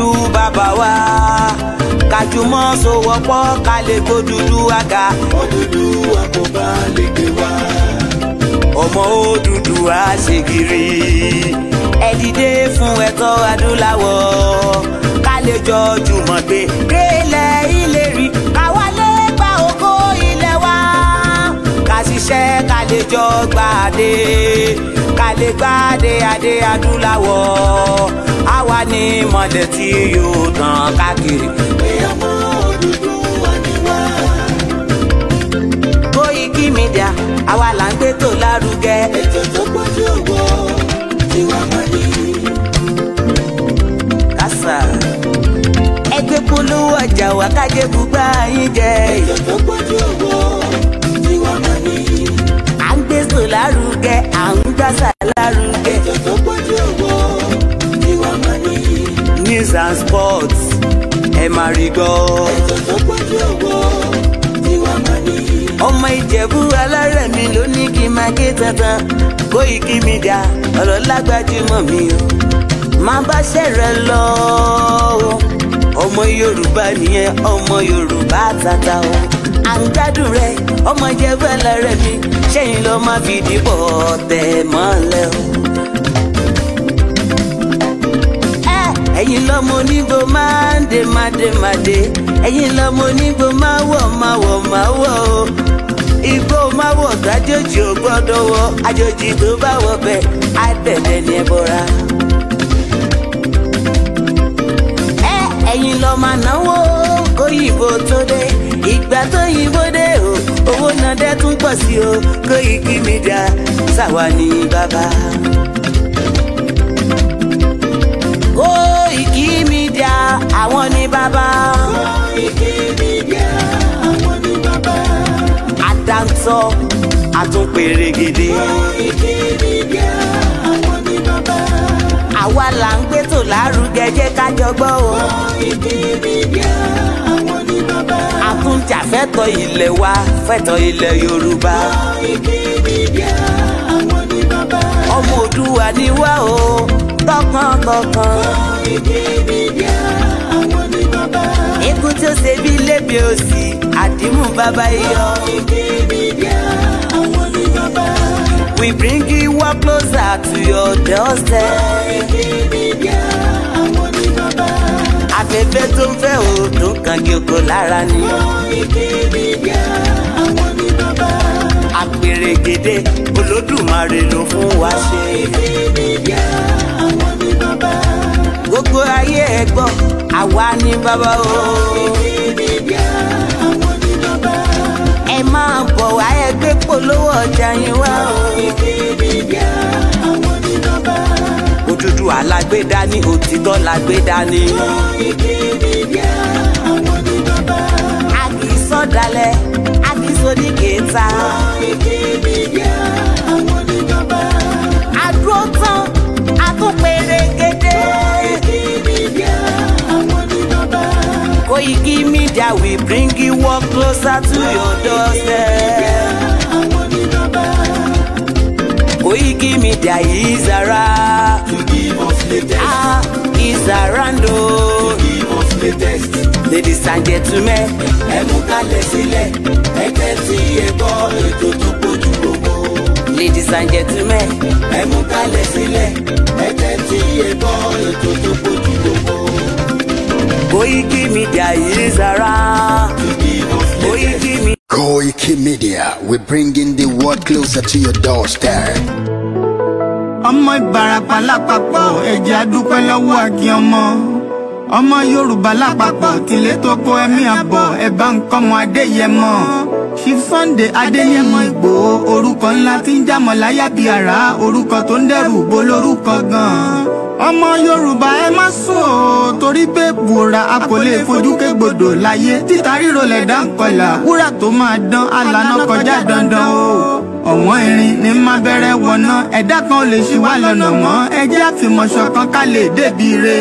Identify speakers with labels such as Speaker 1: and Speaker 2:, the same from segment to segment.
Speaker 1: ìlú bàbá wa kájùmọ̀ sowọ́pọ̀ ká lè gbó dúdú àga. òdúdú àkóbá lè gbé wá. ọmọ òdúdú á ṣe kiri ẹ dìde fún ẹ̀tọ́ adúláwọ̀ ká lè jọ jùmọ̀ gbé délẹ̀ ilé rí káwálé gba ògo ilé wa ká ṣiṣẹ́ adéjọ́ gbàdé kálé gbàdé adé adúláwọ̀ àwa ni mọ̀lẹ̀ tí yóò tàn káàkiri. ìyàmọ́ òdúdú wà ní wá. Koiki Media àwa là ń gbé tó lárugẹ. ètò tó pọ̀jù ògbó tiwa mọ́ ni. kásá ẹgbẹ́ polówó ọjà wa kájẹ́ bùgbà yín jẹ. ètò tó pọ̀jù ògbó. lárugẹ à ń gbàsà lárugẹ. news and sports ẹ máa rí gbọ́. ètò tó pọ̀jù owó ni wọ́n mọ̀ nìyí. ọmọ ìjẹ̀bú alárẹ̀ mi ló ní kí n máa ké tantan Koiki Media ọ̀rọ̀ lágbájúmọ̀ mi o máa bá ṣẹ̀rẹ̀ lọ ọmọ Yorùbá nìyẹn ọmọ Yorùbá tata o à ń gbádùn rẹ ọmọ ìjẹ̀bú ẹlẹ́rẹ̀ mi ṣẹ́yìn ló má fi dìbò tẹ̀ mọ́lẹ̀ o. ẹ̀yin lọ́mọ onígbò máa ń dé máa de, máa dé ẹ̀yin lọ́mọ onígbò máa wọ̀ máa wọ̀ máa wọ̀ o. igbó máa wọ̀ tó àjòjì ò gbọ́dọ̀ wọ àjòjì tó bá wọ bẹ́ẹ̀ á tẹ̀lé ní ẹ bọ́ra. ẹ̀yin lọ́mọ ànáwó kóyìnbó tó dé ìgbà tó yìnbó dé o owó náà dẹ́ tún pọ̀ sí o Koiki Media sáwa ní bàbá. Koiki Media àwọn ní bàbá. Koiki Media àwọn ní bàbá. àdáńtọ́ àtúnpèrè gidi. Koiki Media àwọn ní bàbá àwa là ń gbé tò lárugẹ jẹ́ ká jọ gbọ́ o tún jà fẹ́tọ̀ ilẹ̀ wa fẹ́tọ̀ ilẹ̀ Yorùbá. ọmọ Òdùwà ni wá o tọkàntọkàn. ikú tí ó ṣe bí lébi òsì àdìmú bàbá iyọ. We bring you up closer to your doorstep afẹ́fẹ́ tó ń fẹ́ o tó ń kangi oko lára ni. orin kìíní yá àwọn ní bàbá. àpèrè gèdè olódùmarè ló fún wa ṣe. orin kìíní yá àwọn ní bàbá. gbogbo ayé ẹ gbọ́ àwa ní bàbá o. orin kìíní yá àwọn ní bàbá. ẹ máa bọ̀ wá ẹgbẹ́ polówó ọjà yín wá o. orin kìíní yá dúdú alágbèdá ní òtítọ́ lágbèdá ní. àkìsọ̀dálẹ̀ àkìsọ̀díkẹta. àdúró tán àtúnpẹ̀rẹ̀ gẹ́gẹ́. Koiki Media we bring you work closer to your doorstep. Koiki Media is around. To give us latest. Ah, is around give us latest. Ladies and gentlemen. Ẹ mú kalẹ̀ sílẹ̀, ẹ tẹ́tí ẹ gbọ́ ètò tó kojú gbogbo. Ladies and gentlemen. Ẹ mú kalẹ̀ sílẹ̀, ẹ tẹ́tí ẹ gbọ́ ètò tó kojú gbogbo. Koiki Media is around. To give me. latest. Koiki Media. Koiki Media, we're bringing the world closer to your doorstep
Speaker 2: ọmọ Ìbàràpá lápapọ̀ ẹ̀jẹ̀ adúpẹ́ lọ́wọ́ akin ọmọ ọmọ Yorùbá lápapọ̀ tìlé tó po ẹ̀mí àbọ̀ ẹ̀bá nkọ́mọ Adéyẹmọ Ṣífọ́ǹdé Adéyẹmọ Ìgbòho orúkọ ńlá tí ń jàmọ̀ láyà bí àrá orúkọ tó ń dẹ̀rù bo lórúkọ gan-an ọmọ Yorùbá ẹ má sùn o torí pé bùrà a kò lè fojú kégbodò láyé títa ríro lẹ̀dá ń wúrà tó máa dán alànà kọjá dandan o ọ̀wọ́n irin ní má bẹ̀rẹ̀ wọ̀nà ẹ̀dá kan ò lè ṣí wá lọ́nà mọ́ ẹjẹ́ àfìmọ̀ṣọ kan ká lè débi re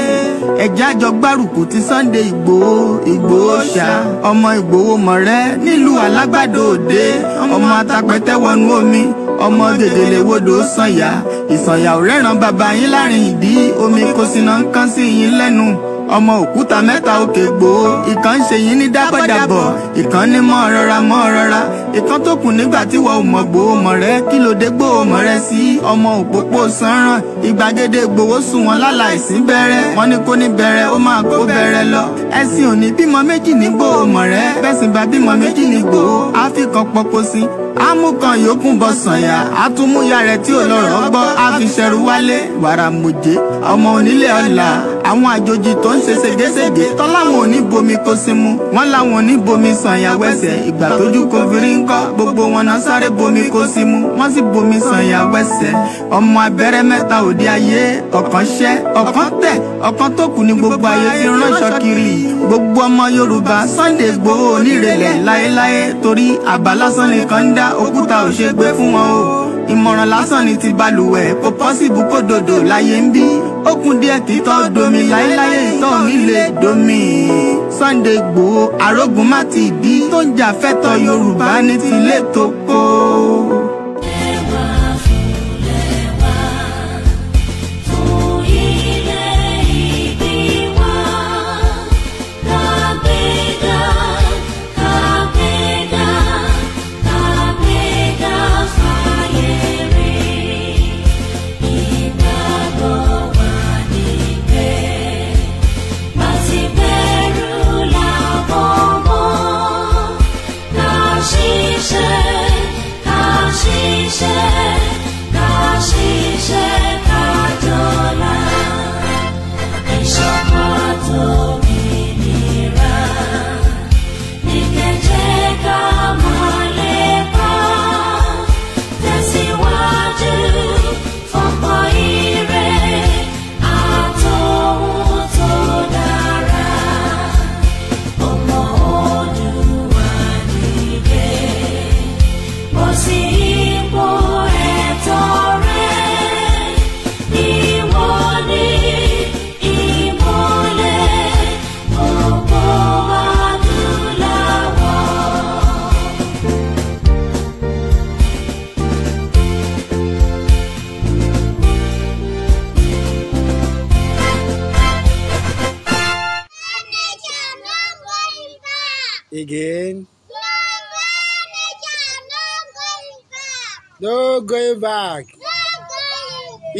Speaker 2: ẹjẹ́ àjọ gbárùkù ti Sunday Ìgbòho Ìgbòho ṣá ọmọ Ìgbòho mọ̀rẹ́ nílùú alágbàdo òde ọmọ atapẹ̀tẹ̀ wọnú omi ọmọ gègèlè wodò sànyà ìsànyà ò rẹ́ràn bàbá yín láàrin ìdí omi kò sí ń kán sí yín lẹ́nu ọmọ òkúta mẹ́ta òkè gbòó ìkan ń ṣe yín ní dábọ̀dàbọ̀ ìkan ní mọ́ rọra mọ́ rọra ìkan tó kù nígbà tí wọ́n ò mọ̀ gbòó mọ̀ rẹ́ kí ló dé gbòó mọ̀ rẹ́ sí ọmọ òpópó sanran ìgbàgede gbowó sùn wọn lálà ìsín bẹ̀rẹ̀ wọn ní kó ní bẹ̀rẹ̀ ó máa kó bẹ̀rẹ̀ lọ ẹ̀sìn òní bímọ méjì ní gbòó mọ̀rẹ́ bẹ́sìn bá bímọ méjì ní gbòó àfikàn pọpọ sí amúkan yòókù bọ sànyà àtúmúyà rẹ tí ò lọ́rọ̀ gbọ́ àfiṣẹrù wálé wàrà mòjé ọmọ onílé ọlà àwọn àjòjì tó ń ṣe ségesège tọ́láwọn ò ní bomi kó símú wọn láwọn ò ní bomi sànyà wẹsẹ̀ ìgbà tójú kò fi rí ń kọ́ gbogbo wọn náà sáré bomi kó símú wọ́n sì bomi sànyà wẹsẹ̀ jẹ́ ọmọ abẹ́rẹ́ mẹ́ta òde ayé ọ̀kan ṣẹ́ ọ̀kan tẹ̀ ọ̀kan tó kù ní gbogbo ayé fi ránṣọ kiri gbogbo ọmọ Yorùbá Sunday Igboho onírẹ̀lẹ̀ láéláé torí àbá lásán nìkan ń dá òkúta ò ṣe gbé fún wọn o ìmọ̀ràn lásán ni ti balùwẹ̀ kò pọ́sìbù kó dòdò láyé ń bí ó kún díẹ̀ títọ́ domi láéláyé ìtọ́ nílé domi Sunday Igboho arógun má ti dí tó ń jà fẹ́tọ̀ Yorùbá ní tilé tó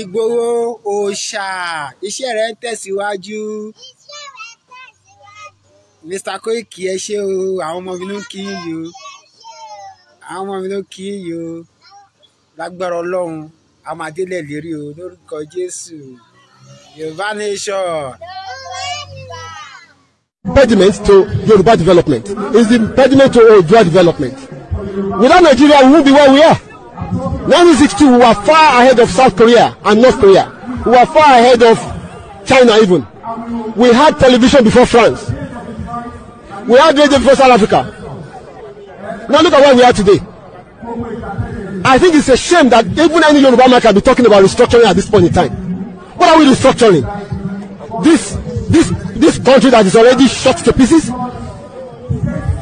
Speaker 3: ìgboro òòṣà iṣẹ́ rẹ̀ ń tẹ̀síwájú Mr. Koiki ẹ ṣé o àwọn ọmọ mi ló ń kí yìí o àwọn ọmọ mi ló ń kí yìí o lágbára Ọlọ́run a máa délẹ̀ lérí o lórúkọ Jésù Yorùbá nation.
Speaker 4: impediment to Yoruba development is the impediment to Oodua development without Nigeria we won't be where we are. 1962, we were far ahead of South Korea and North Korea. We were far ahead of China even. We had television before France. We had radio before South Africa. Now look at where we are today. I think it's a shame that even any Yoruba man can be talking about restructuring at this point in time. What are we restructuring? This this this country that is already shot to pieces?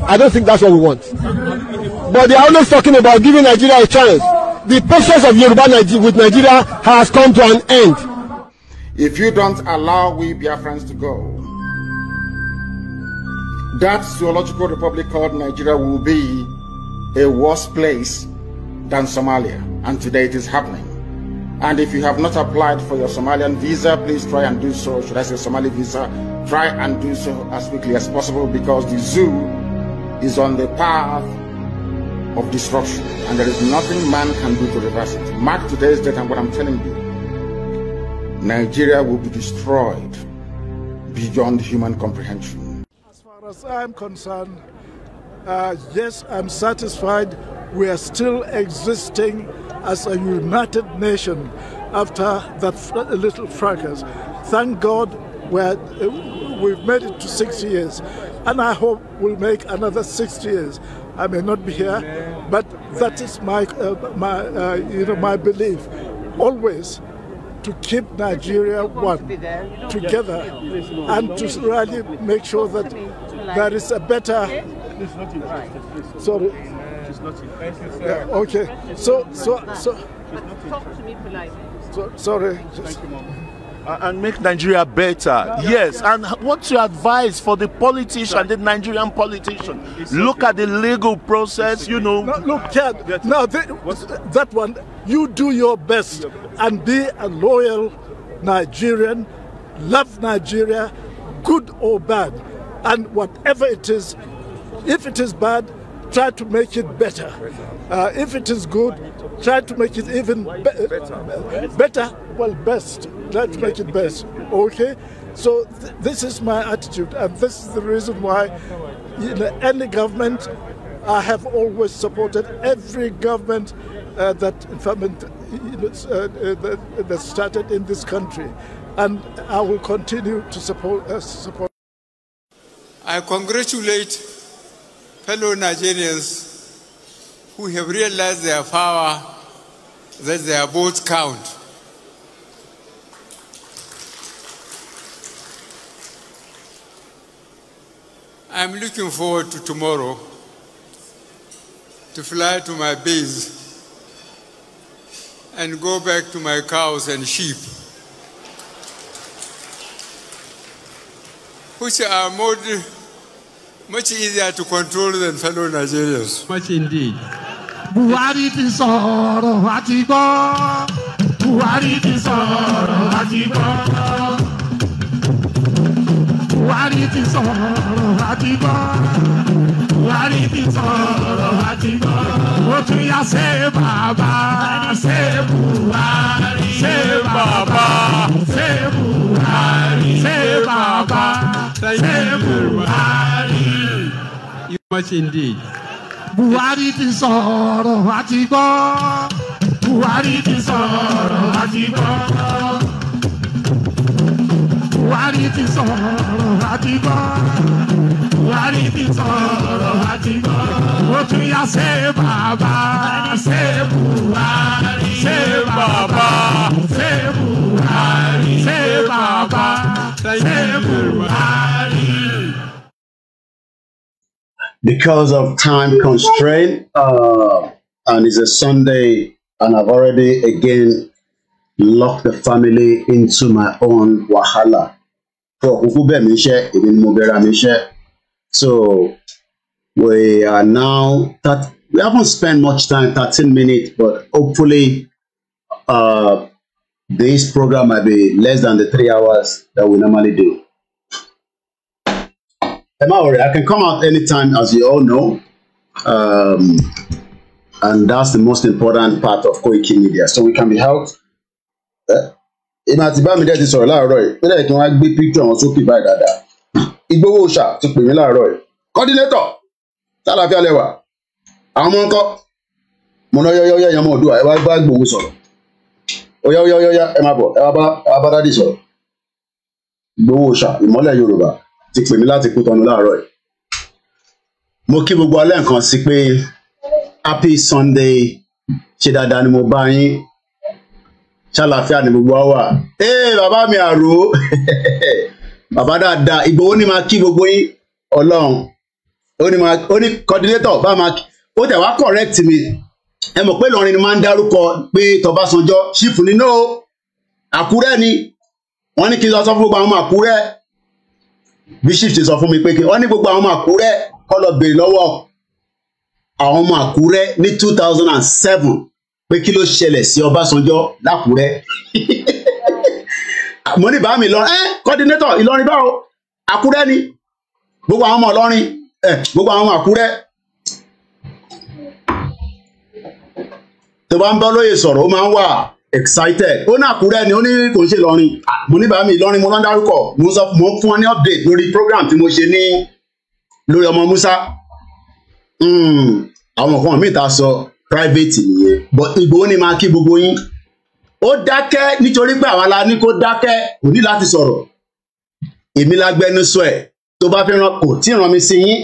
Speaker 4: I don't think that's what we want. But they are always talking about giving Nigeria a chance. the patience of Yoruba with Nigeria has come to an end.
Speaker 5: If you don't allow we Biafrans to go, that zoological republic called Nigeria will be a worse place than Somalia. And today it is happening. And if you have not applied for your Somalian visa, please try and do so. Should I say Somali visa? Try and do so as quickly as possible because the zoo is on the path of disruption, and there is nothing man can do to reverse it. Mark today's date and what I'm telling you. Nigeria will be destroyed beyond human comprehension.
Speaker 6: As far as I'm concerned, uh, yes, I'm satisfied we are still existing as a united nation after that little fracas. Thank God we're, uh, we've made it to six years, and I hope we'll make another six years. I may not be here, but that is my, uh, my uh, you know, my belief always to keep Nigeria one, together, and to really make sure that there is a better. Sorry. Yeah, okay. So, so, so. Talk to me politely. sorry. Thank you, Mom and make Nigeria better. Yeah, yes. Yeah, And what's your advice for the politician, right. the Nigerian politician? It's look okay. at the legal process, you know. No, look, now that one, you do your best and be a loyal Nigerian, love Nigeria, good or bad. And whatever it is, if it is bad, try to make it better. Uh, if it is good, try to make it even be better. Well, best. Let's make it best. Okay? So th this is my attitude, and this is the reason why you know, any government, I have always supported every government uh, that, uh, uh, that, that started in this country, and I will continue to support. Uh, support.
Speaker 5: I congratulate fellow Nigerians who have realized their power, that their votes count. I'm looking forward to tomorrow to fly to my base and go back to my cows and sheep, which are more, much easier to control than fellow Nigerians. Much
Speaker 4: indeed.
Speaker 7: Buhari ti sọ̀rọ̀ àti gbọ́. Buhari ti sọ̀rọ̀ àti gbọ́.
Speaker 5: You much indeed.
Speaker 7: Buhari ti sọ̀rọ̀ àti gbọ́. Buhari bàbá bàbá bàbá
Speaker 3: Because of time constraint, uh, and it's a Sunday, and I've already again locked the family into my own wahala bẹ̀ so we are now that we haven't spent much time 13 minutes but hopefully uh, this program might be less than the three hours that we normally do am i worried i can come out anytime as you all know um, and that's the most important part of Koiki Media so we can be helped uh, èmi àti bá mi dẹ́ ti sọ̀rọ̀ láàárọ̀ yìí pé lẹ́yìn kí wọ́n á gbé píkítọ̀ wọn sókè báyìí dáadáa ìgbówó ṣà ti pè mí láàárọ̀ yìí kọ́dínétọ̀ tálàfíà lẹ́wà àwọn ọmọ ńkọ́ mo ná yọ́yọ́yọ́ ẹ̀yàn mọ̀ọ́dúnwà ẹ wá bá gbòòwò sọ̀rọ̀ oyáyọ́yọ́yá ẹ máa bọ̀ ẹ wá bá ẹ wá bá dádì sọ̀rọ̀ ìgbówó ṣà ìmọ́lẹ̀ Yorùbá ti pè mí láti kú tọ́nu láàárọ̀ yìí mo kí gbogbo alẹ́ nǹkan sí pé happy Sunday ṣe dáadáa ni mo bá yín ṣàlàfíà ní gbogbo àwà ee eh, bàbá mi àrò bàbá dáadáa Ìgbòho ní máa kí gbogbo yín Ọlọ́run ó ní kọdínétọ̀ bá máa kí ó tẹ̀ wá correct mi ẹ mọ̀ pé Ìlọrin ni máa ń dárúkọ pé tọbaṣanjọ ṣìfù nínú Àkúrẹ́ ni wọ́n ní kí n lọ sọ fún gbogbo àwọn ọmọ Àkúrẹ́ bishop ti sọ fún mi pé kí wọ́n ní gbogbo àwọn ọmọ Àkúrẹ́ kọ́ bèrè lọ́wọ́ àwọn ọmọ Àkúrẹ́ ní two thousand and seven pé kí ló ṣẹlẹ̀ sí Ọbásanjọ́ lákùrẹ́ mo ní bàámi lọ ẹ kọ́dínétọ̀ Ìlọrin báwo Àkúrẹ́ ni gbogbo àwọn ọmọ Ìlọrin ẹ gbogbo àwọn ọmọ Àkúrẹ́ tó bá ń bọ́ lóye sọ̀rọ̀ ó máa ń wà excited ó ní Àkúrẹ́ ni ó ní kò ń ṣe Ìlọrin mo ní bàámi Ìlọrin mo lọ́n dárúkọ mo sọ mo fún ọ ní update lórí program tí mo ṣe ní lórí ọmọ Musa hmm, àwọn nǹkan míì tá sọ private ni but Ìgbòho ni máa kí gbogbo yín ó dákẹ́ nítorí pé àwa la ní kó dákẹ́ kò ní láti sọ̀rọ̀ èmi la gbẹnusọ ẹ̀ tó bá fẹ́ ràn kò tí ì ràn mí sí yín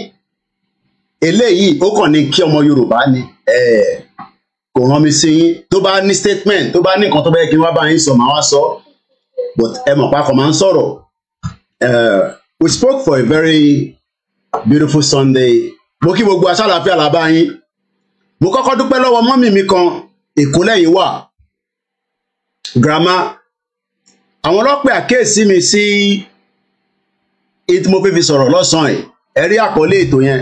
Speaker 3: eléyìí ó kàn ní kí ọmọ Yorùbá ni kò ràn mí sí yín tó bá ní statement tó bá ní nǹkan tó bá yẹ kí n wá bá yín sọ màá wá sọ but ẹ mọ̀ pa kàn máa ń sọ̀rọ̀ we spoke for a very beautiful Sunday mo kí gbogbo aṣáláfíà làbá yín mo kọ́kọ́ dúpẹ́ lọ́wọ́ mọ́mì mi kan èkó lẹ́yìn wà grandma àwọn ọlọ́pẹ́ àkíyèsí mi sí ètò mo fi fi sọ̀rọ̀ lọ́sàn-án ẹ̀ ẹ̀rí àkọlé ètò yẹn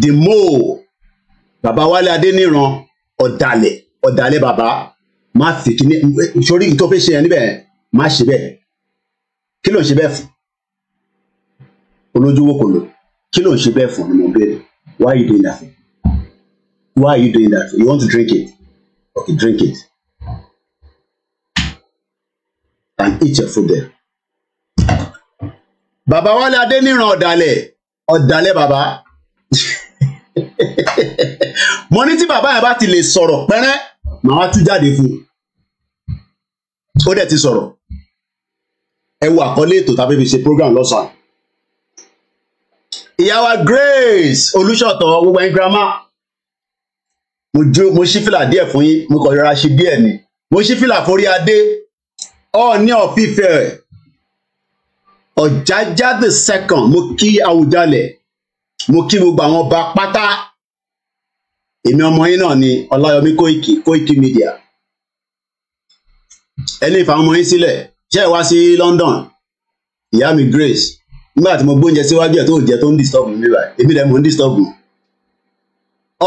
Speaker 3: the mole bàbá wálé adéníran ọ̀dàlẹ̀ ọ̀dàlẹ̀ bàbá má fi kíní sórí tó fi ṣe yẹn níbẹ̀ má ṣe bẹ́ẹ̀ kí ló ń ṣe bẹ́ẹ̀ fún olójúwòkòlò kí ló ń ṣe bẹ́ẹ̀ fún ni mo béèrè why you doing that Why are you doing that? You want to drink it? Okay, drink it. And eat your food there. Baba, Wálé Adéníran ọ̀dàlẹ̀ ọ̀dàlẹ̀ bàbá. Mo ní tí bàbá yẹn bá ti lè sọ̀rọ̀ pẹ́rẹ́, màá wá tú jáde fún un. Ó dẹ̀ ti sọ̀rọ̀. Ẹ wo àkọlé ètò tàbí fi ṣe program lọ́sàn-án. Ìyá wa Grace Olúṣọ̀tọ̀ gbogbo ẹ̀yin girama mo jó mo ṣí fìlà díẹ̀ fún yín mo kàn rọra ṣe díẹ̀ ni mo ṣí fìlà forí adé Ọọ̀ni of Ifẹ̀ Ọ̀jájá the second mo kí Awùjalẹ̀ mo kí gbogbo àwọn ọba pátá èmi ọmọ yín náà ni Ọláyọmí Kóìkì Kóìkì media ẹni ìfà ọmọ yín sílẹ̀ ṣe é wá sí London ìyá mi Grace nígbà tí mo gbóúnjẹ síwájú ẹ̀ tó jẹ́ tó ń disturb mi báyìí èmi rẹ̀ mo ń disturb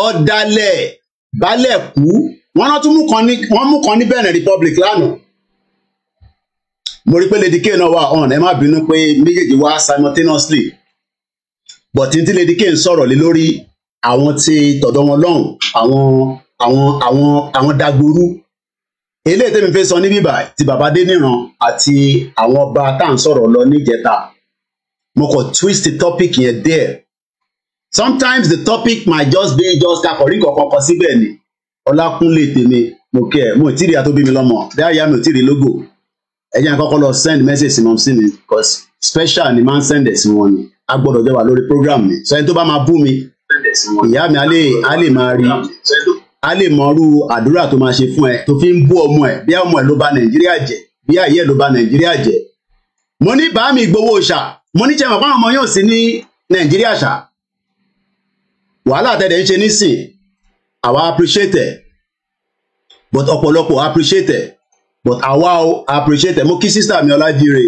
Speaker 3: ọ̀dàlẹ̀ baálẹ̀ kú wọ́n rántí mú kan ní wọ́n mú kan ní Benin Republic lánàá mo rí pé Lady K náà wà on ẹ má bínú pé méjèèjì wá simultaneously but tí Lady K ń sọ̀rọ̀ lé lórí àwọn ti tọ̀dọ̀ wọn lọ́hùn àwọn àwọn àwọn àwọn dagboru eléyìí tẹ́mi fẹ́ sọ ní bíbà ti bàbá Déníran àti àwọn ọba tá à ń sọ̀rọ̀ lọ níjẹta mo kàn twist topic yẹn díẹ̀ sometimes the topic might just be just kakọrí kankan kan síbẹ̀ ni ọlákúnlé tèmi mo kẹ ẹ mo tí ì rí ató bí mi lọ́mọ dáríyá mi ò tí ì rí lógo ẹ jẹ́ lọ send message sí mọ́ sí mi because special ni máa ń send ẹ̀ sí wọn ni a gbọ́dọ̀ jẹ́ wà lórí program mi sọ ẹni tó bá máa bú mi ìyá mi a lè máa rí a lè mọrú àdúrà tó máa ṣe fún ẹ tó fi ń bú ọmọ ẹ bí ọmọ ẹ ló bà nàìjíríà jẹ́ bí ayé ló bà nàìjíríà jẹ́ mo ní bàámi gbowó ṣà mo ní jẹ́ màbá ọmọ yóò sí ní nàìjíríà ṣà wàhálà àtẹ̀dẹ̀ ń ṣe nísìn àwa appreciate but ọ̀pọ̀lọpọ̀ appreciate ẹ̀ but àwa o appreciate ẹ̀ mo kí sísá mi ọlájire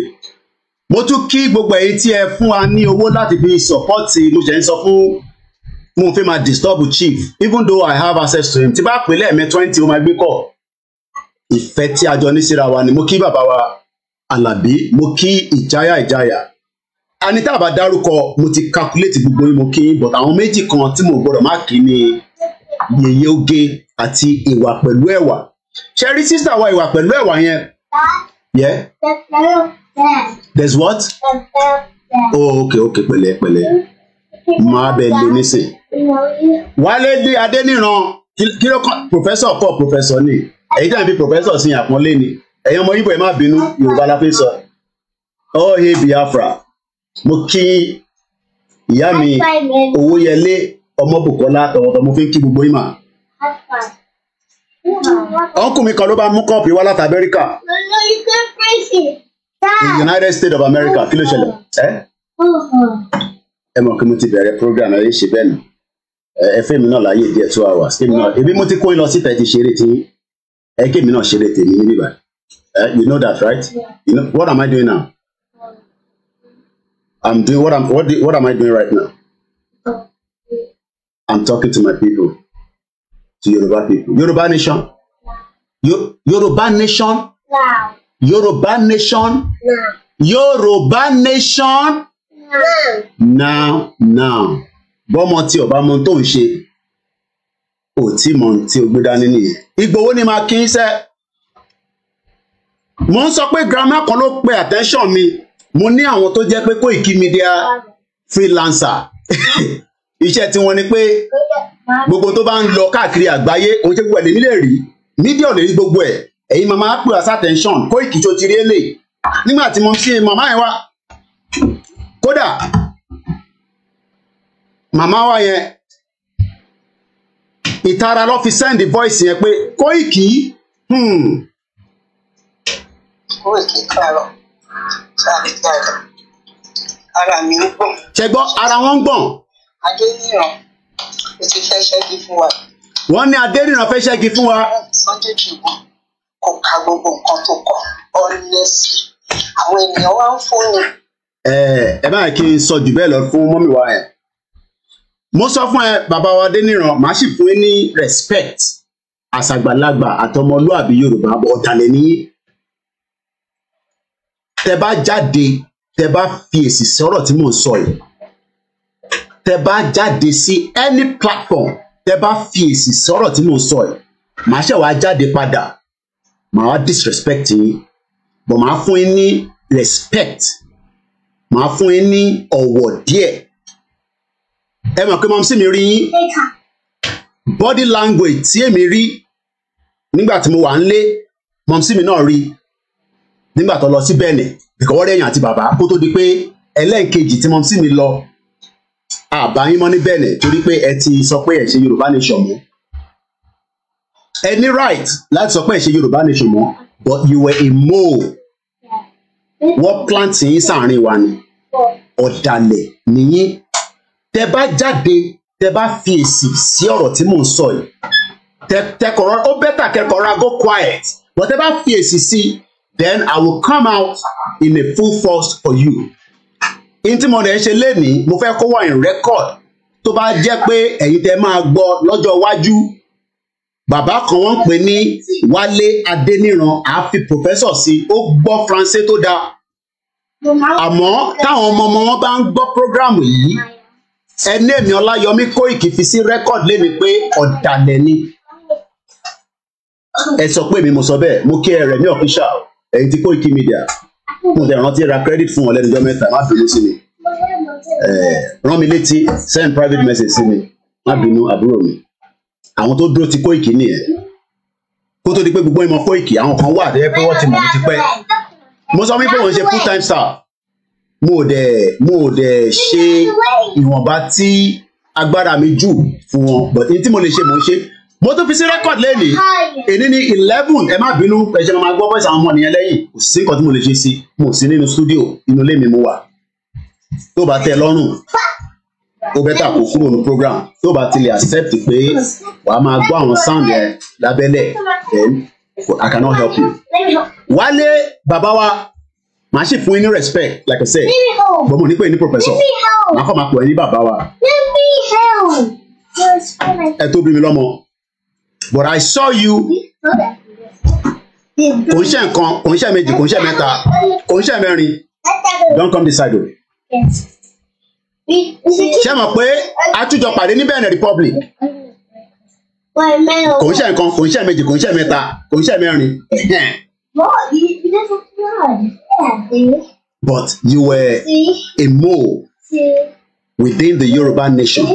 Speaker 3: mo tún kí gbogbo èyí tí ẹ fún wa ní owó láti fi support mo ṣe ń sọ fún mo fẹ́ máa disturb chief even though I have access to him tí bá pè lẹ́ẹ̀mẹ́ twenty ó máa gbé kọ̀ ìfẹ́ tí a jọ ní síra wa ni mo kí bàbá wa Àlàbí mo kí ìjáyà ìjáyà ani tá a bá dárúkọ mo ti calculate gbogbo yín mo kí yín but àwọn méjì kan tí mo gbọ́dọ̀ má kí ni yèyé oge àti ìwà pẹ̀lú ẹ̀wà ṣe rí sísá wa ìwà pẹ̀lú ẹ̀wà yẹn. Yeah. There's what? Oh, okay, okay, pẹ̀lẹ́ pẹ̀lẹ́. Máa bẹ lé nísìn. Wálé dé Adéníran kí ló kàn pòfẹ́sọ̀ kọ̀ pòfẹ́sọ̀ ni èyí tàbí professor. sí àpọ́nlé ni ẹ̀yin ọmọ Yíbọ̀ ẹ má bínú Yorùbá la fi sọ. Oh, hey Biafra mo kí ìyá mi Owóyẹlé Ọmọbùkọ́lá tọ̀wọ̀tọ̀ mo fi ń kí gbogbo yín mà. ọkùnrin kan ló bá mú kọ́ọ̀pù wá láti Amẹ́ríkà. United States of America kí ló ṣẹlẹ̀ ẹ́. Uh-huh. ẹ mọ̀ kí mo ti bẹ̀rẹ̀ program ẹ ṣe bẹ́ẹ̀ nù ẹ fẹ́ mi náà láàyè díẹ̀ two hours kí mi náà ebi mo ti kó yín lọ síta ẹ ti ṣeré tí ẹ kí mi náà ṣeré tèmi níbí báyìí you know that right? You know, what am I doing now? I'm doing what I'm what do, what am I doing right
Speaker 7: now?
Speaker 3: I'm talking to my people, to Yoruba people, Yoruba nation, Yo, Yoruba nation, wow. Yoruba nation, yeah. Yoruba nation. Now, now, bọ́mọ tí ọba mọ tó ń ṣe ò tí mọ tí o gbé dání nìyẹn. Ìgbòho ni màá kí ń sẹ́. Mo ń sọ pé girama kan ló pe attention mi mo ní àwọn tó jẹ́ pé Koiki Media freelancer iṣẹ́ tí wọ́n ni pé gbogbo tó bá ń lọ káàkiri àgbáyé òun ṣe gbogbo ẹ̀ lèmi lè rí mídíọ̀ lè rí gbogbo ẹ̀ ẹ̀yin màmá pè us attention Koiki tó ti rí èlé nígbà tí mo ń sin màmá yẹn wá kódà màmá wa yẹn ìtara ló fi send voice yẹn pé Koiki. Hmm.
Speaker 8: Koiki kàrọ̀ ara mi ń gbọ̀n.
Speaker 3: ṣe gbọ́ ara wọn ń gbọ̀n. adéníran o ti fẹ́ ṣẹ́gi fún wa. wọ́n ní adéníran fẹ́ ṣẹ́gi fún wa. Sunday Tribune kò ka gbogbo nǹkan tó kọ
Speaker 8: honestly àwọn ènìyàn wa ń fún ni.
Speaker 3: ẹ ẹ báyìí kí n sọ jù bẹ́ẹ̀ lọ fún mọ́mì wa ẹ̀ mo sọ fún ẹ bàbá wa adéníran màá sì fún ẹ ní respect àṣàgbàlagbà àtọmọlúàbí yorùbá ọ̀dàlẹ̀ nìyí tẹ bá jáde tẹ bá fi èsì sí ọ̀rọ̀ tí mò ń sọ yìí tẹ jáde sí any platform tẹ bá fi èsì sí ọ̀rọ̀ tí mò ń sọ yìí màá ṣe wá jáde padà màá wá disrespect yín but màá fún yín ní respect màá fún yín ní ọ̀wọ̀ díẹ̀ ẹ mọ̀ pé mọ̀mísí mi rí yín body language tí èmi rí nígbà tí mo wà ń lé mọ̀mísí mi náà rí i nígbà tó lọ sí bẹ́ẹ̀lì ìkọ́wọ́ rẹ̀yìn àti bàbá kó tó di pé ẹlẹ́ẹ̀kejì tí mo sì mi lọ àbá yín mọ́ ní bẹ́ẹ̀lì torí pé ẹ ti sọ pé ẹ̀ ṣe Yorùbá nation mọ́ ẹ ní right láti sọ pé ẹ̀ ṣe Yorùbá nation mọ́ but you were a mole wọ́n plant yín sáàrin wa ni ọ̀dàlẹ̀ nìyín tẹ bá jáde tẹ bá fi èsì sí ọ̀rọ̀ tí mò ń sọ yìí tẹ tẹ kọ̀ọ̀rọ̀ ó bẹ́tà kẹ́kọ̀ọ́ra go quiet but tẹ bá fi èsì sí i then I will come out in a full force for you. in tí mo rẹ̀ ń ṣe lénìí mo fẹ́ kó wà in record to ba jẹ́ pé ẹ̀yin tẹ́ máa gbọ́ lọ́jọ́ iwájú bàbá kan wọ́n ń pè ní Wálé Adéníran àáfi pòfẹ́sọ̀ sí ó gbọ́ faransé tó dáa àmọ́ táwọn ọmọ ọmọ wọn bá ń gbọ́ prógráàmù yìí ẹni Ọláyọmí Kóìkì fi sí record lénìí pé ọ̀dàlẹ̀ ni ẹ sọ pé mi mo sọ bẹ́ẹ̀ mo kí ẹ rẹ̀ ní ọ̀fíṣà o ẹ̀yin tí Koiki Media mo tẹ rántí ra credit fún ọ lẹ́nujọ́ mẹ́ta má bínú sí mi rán mi létí send private message sí mi má bínú àbúrò mi àwọn tó dúró ti Koiki nìyẹn kó tó di pé gbogbo ìmọ̀ Koiki àwọn kan wà àdéhẹ́ pé wọ́n ti mọ̀ mí ti pẹ́ mo sọ wípé wọ́n ṣe full time star mo ò dẹ̀ mo ò dẹ̀ ṣe ìwọ̀nba tí agbára mi jù fún wọn but ní tí mo lè ṣe mo ń ṣe mo tún fi sí rẹ́kọ̀dì lẹ́nìí èní ní eleven ẹ má bínú ẹ̀ṣẹ̀ máa gbọ́ bọ́ọ̀sì àwọn ọmọ nìyẹn lẹ́yìn kò sí nǹkan tí mo lè ṣe sí mo sí nínú stúdíò inú ilé mi mo wà tó bá tẹ́ lọ́rùn ó bẹ́tà kó kúrò ní program tó bá ti accept pé wàá máa gbọ́ àwọn sound yẹn lábẹ́lẹ̀ then I cannot help you. wálé bàbá wa màá sì fún yín ní respect like I said bọ́n mo ní pé ní professor màá kọ́ máa pọ̀ ẹ́ ní bàbá wa ẹ tó bí mi lọ́mọ but I saw you kò ń ṣe nǹkan kò ń ṣe méjì kò ń ṣe mẹ́ta kò ń ṣe mẹ́rin don come this side o. ṣé mọ̀ pé àtújọ pàdé ní Benin Republic kò ń ṣe nǹkan kò ń ṣe méjì kò ń ṣe mẹ́ta kò ń ṣe mẹ́rin. But you were a mole within the Yoruba nation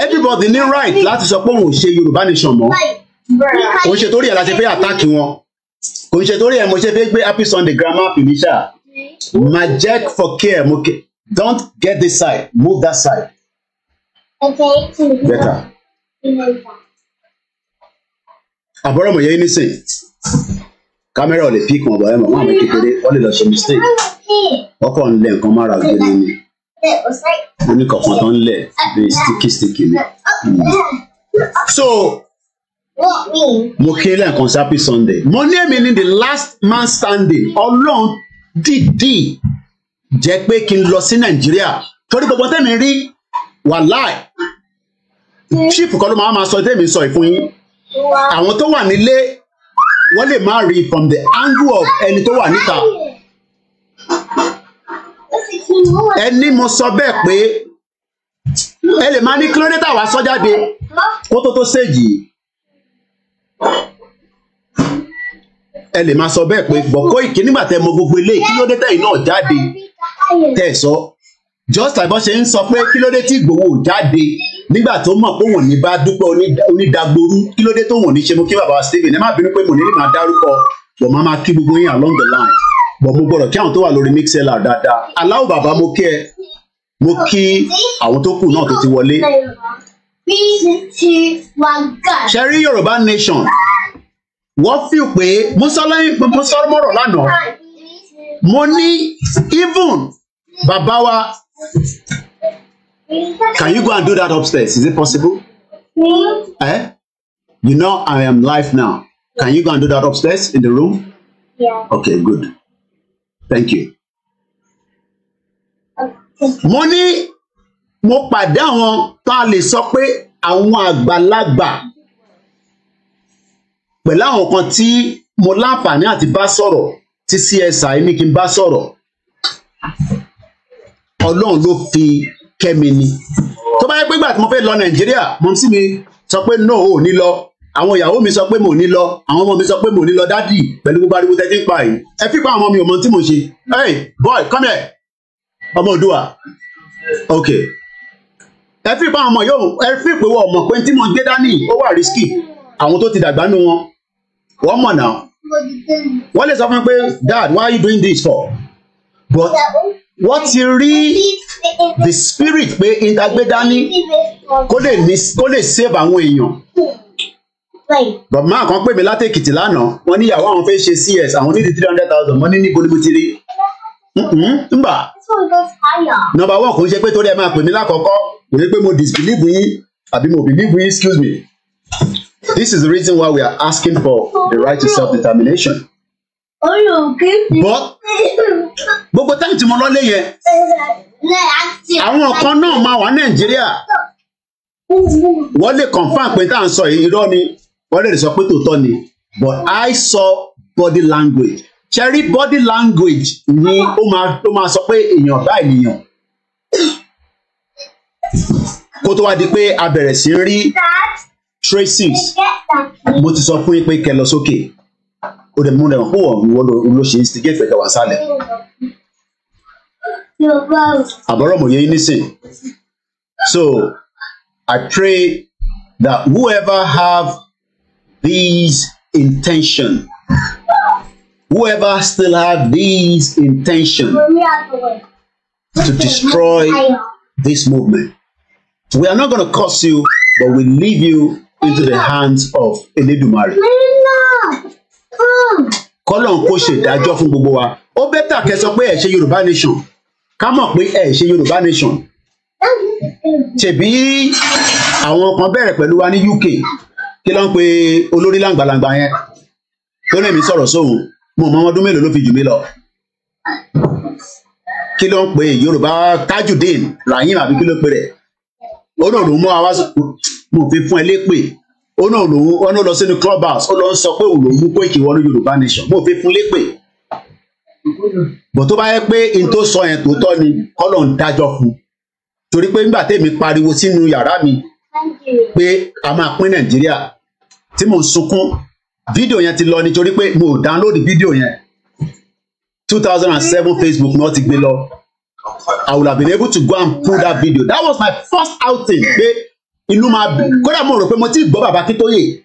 Speaker 3: everybody ní right láti sọ pé òun ò ṣe yorùbá nation mọ́
Speaker 8: kò ń ṣe torí ẹ̀ la ṣe fẹ́
Speaker 3: àtàkì wọn kò ń ṣe torí ẹ̀ mo ṣe fẹ́ gbé happy sunday grammar finisher Jack for care mo ke don't get this side move that side better àbọ̀rọ̀ mọ̀ yẹn nísìn kámẹ́rà ò lè pík wọn bọ̀ ẹ̀ mọ̀ wọn àmì kékeré wọ́n lè lọ ṣe mistake ọkọ̀ ń lẹ nǹkan mára gbé nínú
Speaker 8: mo kọ̀ọ̀kan tó
Speaker 3: ń lẹ̀ bíi sticky sticky ni. so
Speaker 8: mo ké lẹ́ẹ̀kan
Speaker 3: sí sunday mo ní èmi ní the last man standing ọlọ́run dìdì jẹ́ pé kí n lọ sí nàìjíríà torí gbogbo tẹ́mi rí wàláì ṣíìpù kan ló máa máa sọ tẹ́mi sọ ìfún yín àwọn tó wà nílé wọ́n lè má rí from the angle of ẹni tó wà níta ẹni mo sọ bẹ́ẹ̀ pé ẹ lè máa ní kílódétà wá sọ jáde kó tó tó séjì ẹ lè máa sọ bẹ́ẹ̀ pé gbọ̀kọ́ ìkí nígbà tẹ mọ gbogbo ilé kílódétà yìí náà jáde tẹ̀ sọ just àìbọ̀ ṣe ń sọ pé kílódé tí Ìgbòho jáde nígbà tó mọ̀ pé wọ́n ní bá dúpẹ́ onídàgbòrú kílódé tó wọ́n ní ṣe mú kí bàbá Stephen ẹ má bínú pé mo ní lè máa dárúkọ wọ́n máa máa kí gbogbo yín along the line bọ̀ mo gbọ́dọ̀ kí àwọn tó wà lórí mixlr dáadáa aláwọ̀ bàbá mo kí ẹ mo kí àwọn tó kù náà tó ti wọlé.
Speaker 7: ṣe yorùbá nation
Speaker 3: wọ́n fi pé mo sọ̀rọ̀ mọ́rọ̀ lánàá mo ní even bàbá wa can you go and do that upstairs is it possible? Hmm? Eh? You know I am live now. Can you go and do that upstairs in the room? Yeah. Okay, good. Thank you. Mo ní mo pàdé àwọn tá a lè sọ pé àwọn àgbàlagbà pẹ̀lú àwọn kan tí mo láǹfààní àti bá sọ̀rọ̀ tí CSI ní kí n bá sọ̀rọ̀ ọlọ́run ló fi kẹ́mi ni tó bá yẹ pé ìgbà tí mo fẹ́ lọ Nàìjíríà mo sì mi sọ pé no ò ní lọ àwọn ìyàwó mi sọ pé mò ní lọ àwọn ọmọ mi sọ pé mò ní lọ dádì pẹ̀lú gbogbo ariwo tẹ́tí pa yìí ẹ fipá àwọn mi ò mọ tí mò ń ṣe hey boy come here ọmọ Oòduà ok ẹ fipá ọmọ yóò ẹ fipé wọ ọmọ pé tí mò ń gbé dání ó wà risky àwọn tó ti dàgbà nù wọn wọ́n mọ̀ náà wọ́n lè sọ fún mi pé dad why are you doing this for but wọ́n ti rí the spirit pé ìdágbé dání kó lè save àwọn èèyàn bọ̀dùmá kan pè mí látèkìtì lánàá wọn ní ìyàwó àwọn fẹ́ ṣe cs àwọn ní di three hundred thousand wọn ní níbo níbo ti rí mm-hmm, nbà nọ́mbà wọ́ọ̀kù ń ṣe pé torí ẹ máa pè mí lákọ̀ọ́kọ́ kò ní pé mo disbelieve yín àbí mo believe yín excuse me this is the reason why we are asking for the right to self-determination. but gbogbo táyì tí mo lọ lé yẹn
Speaker 8: àwọn kan náà máa wà Nàìjíríà
Speaker 3: wọ́n lè confam pé tá à ń sọ irọ́ ni wọ́n sọ pé tòótọ́ ni but I saw body language ṣẹ́rí body language ni ó máa ó máa sọ pé èèyàn bá ènìyàn kó tó wá di pé a bẹ̀rẹ̀ sí rí traces mo ti sọ fún yín pé kẹ lọ sókè ó dẹ̀ mú lẹ́wọ̀n pọ̀ wọ́n ló ṣe instigate fẹ̀kẹ̀ wá sálẹ̀ àbọ̀rọ̀ mòye yín nísìn so I pray that whoever have these intention. Whoever still have these intention
Speaker 7: to
Speaker 3: destroy this movement. We are not going to curse you, but we leave you into the hands of Elédùmarè. Kọ́lọ́n kó ṣèdájọ́ fún gbogbo wa. Ó bẹ́tà kẹ́ sọ pé ẹ̀ ṣe Yorùbá nation. Ká mọ̀ pé ẹ̀ ṣe Yorùbá nation. Ṣèbí àwọn kan bẹ̀rẹ̀ pẹ̀lú wa ní UK kí ló ń pe olórí làǹgbàlàǹgbà yẹn tó lè mí sọ̀rọ̀ sóhun mo mọ ọdún mélòó ló fi jù mí lọ kí ló ń pe yorùbá tajudeen rahim àbí kí ló pe rẹ ọ̀nà òun mú àwa mo fi fún ẹ lépè ọ̀nà òun ọ̀nà lọ sínú club house ó lọ sọ pé òun lòún mú kó ìkìwọ́ ní yorùbá nation mo fi fún lépè bọ̀ tó bá yẹ pé n tó sọ yẹn tòótọ́ ni kọ́lọ̀ ń dájọ́ fún torí pé nígbà tèmi pariwo sínú yàrá mi pé a máa pín nàìjíríà tí mò ń sunkún fídíò yẹn ti lọ nítorí pé mo download fídíò yẹn two thousand and seven Facebook ni wọ́n ti gbé lọ I would have been able to go and pull that video that was my first outing pé inú máa bì kódà mo rò pé mo ti gbọ́ bàbá Akíntóyè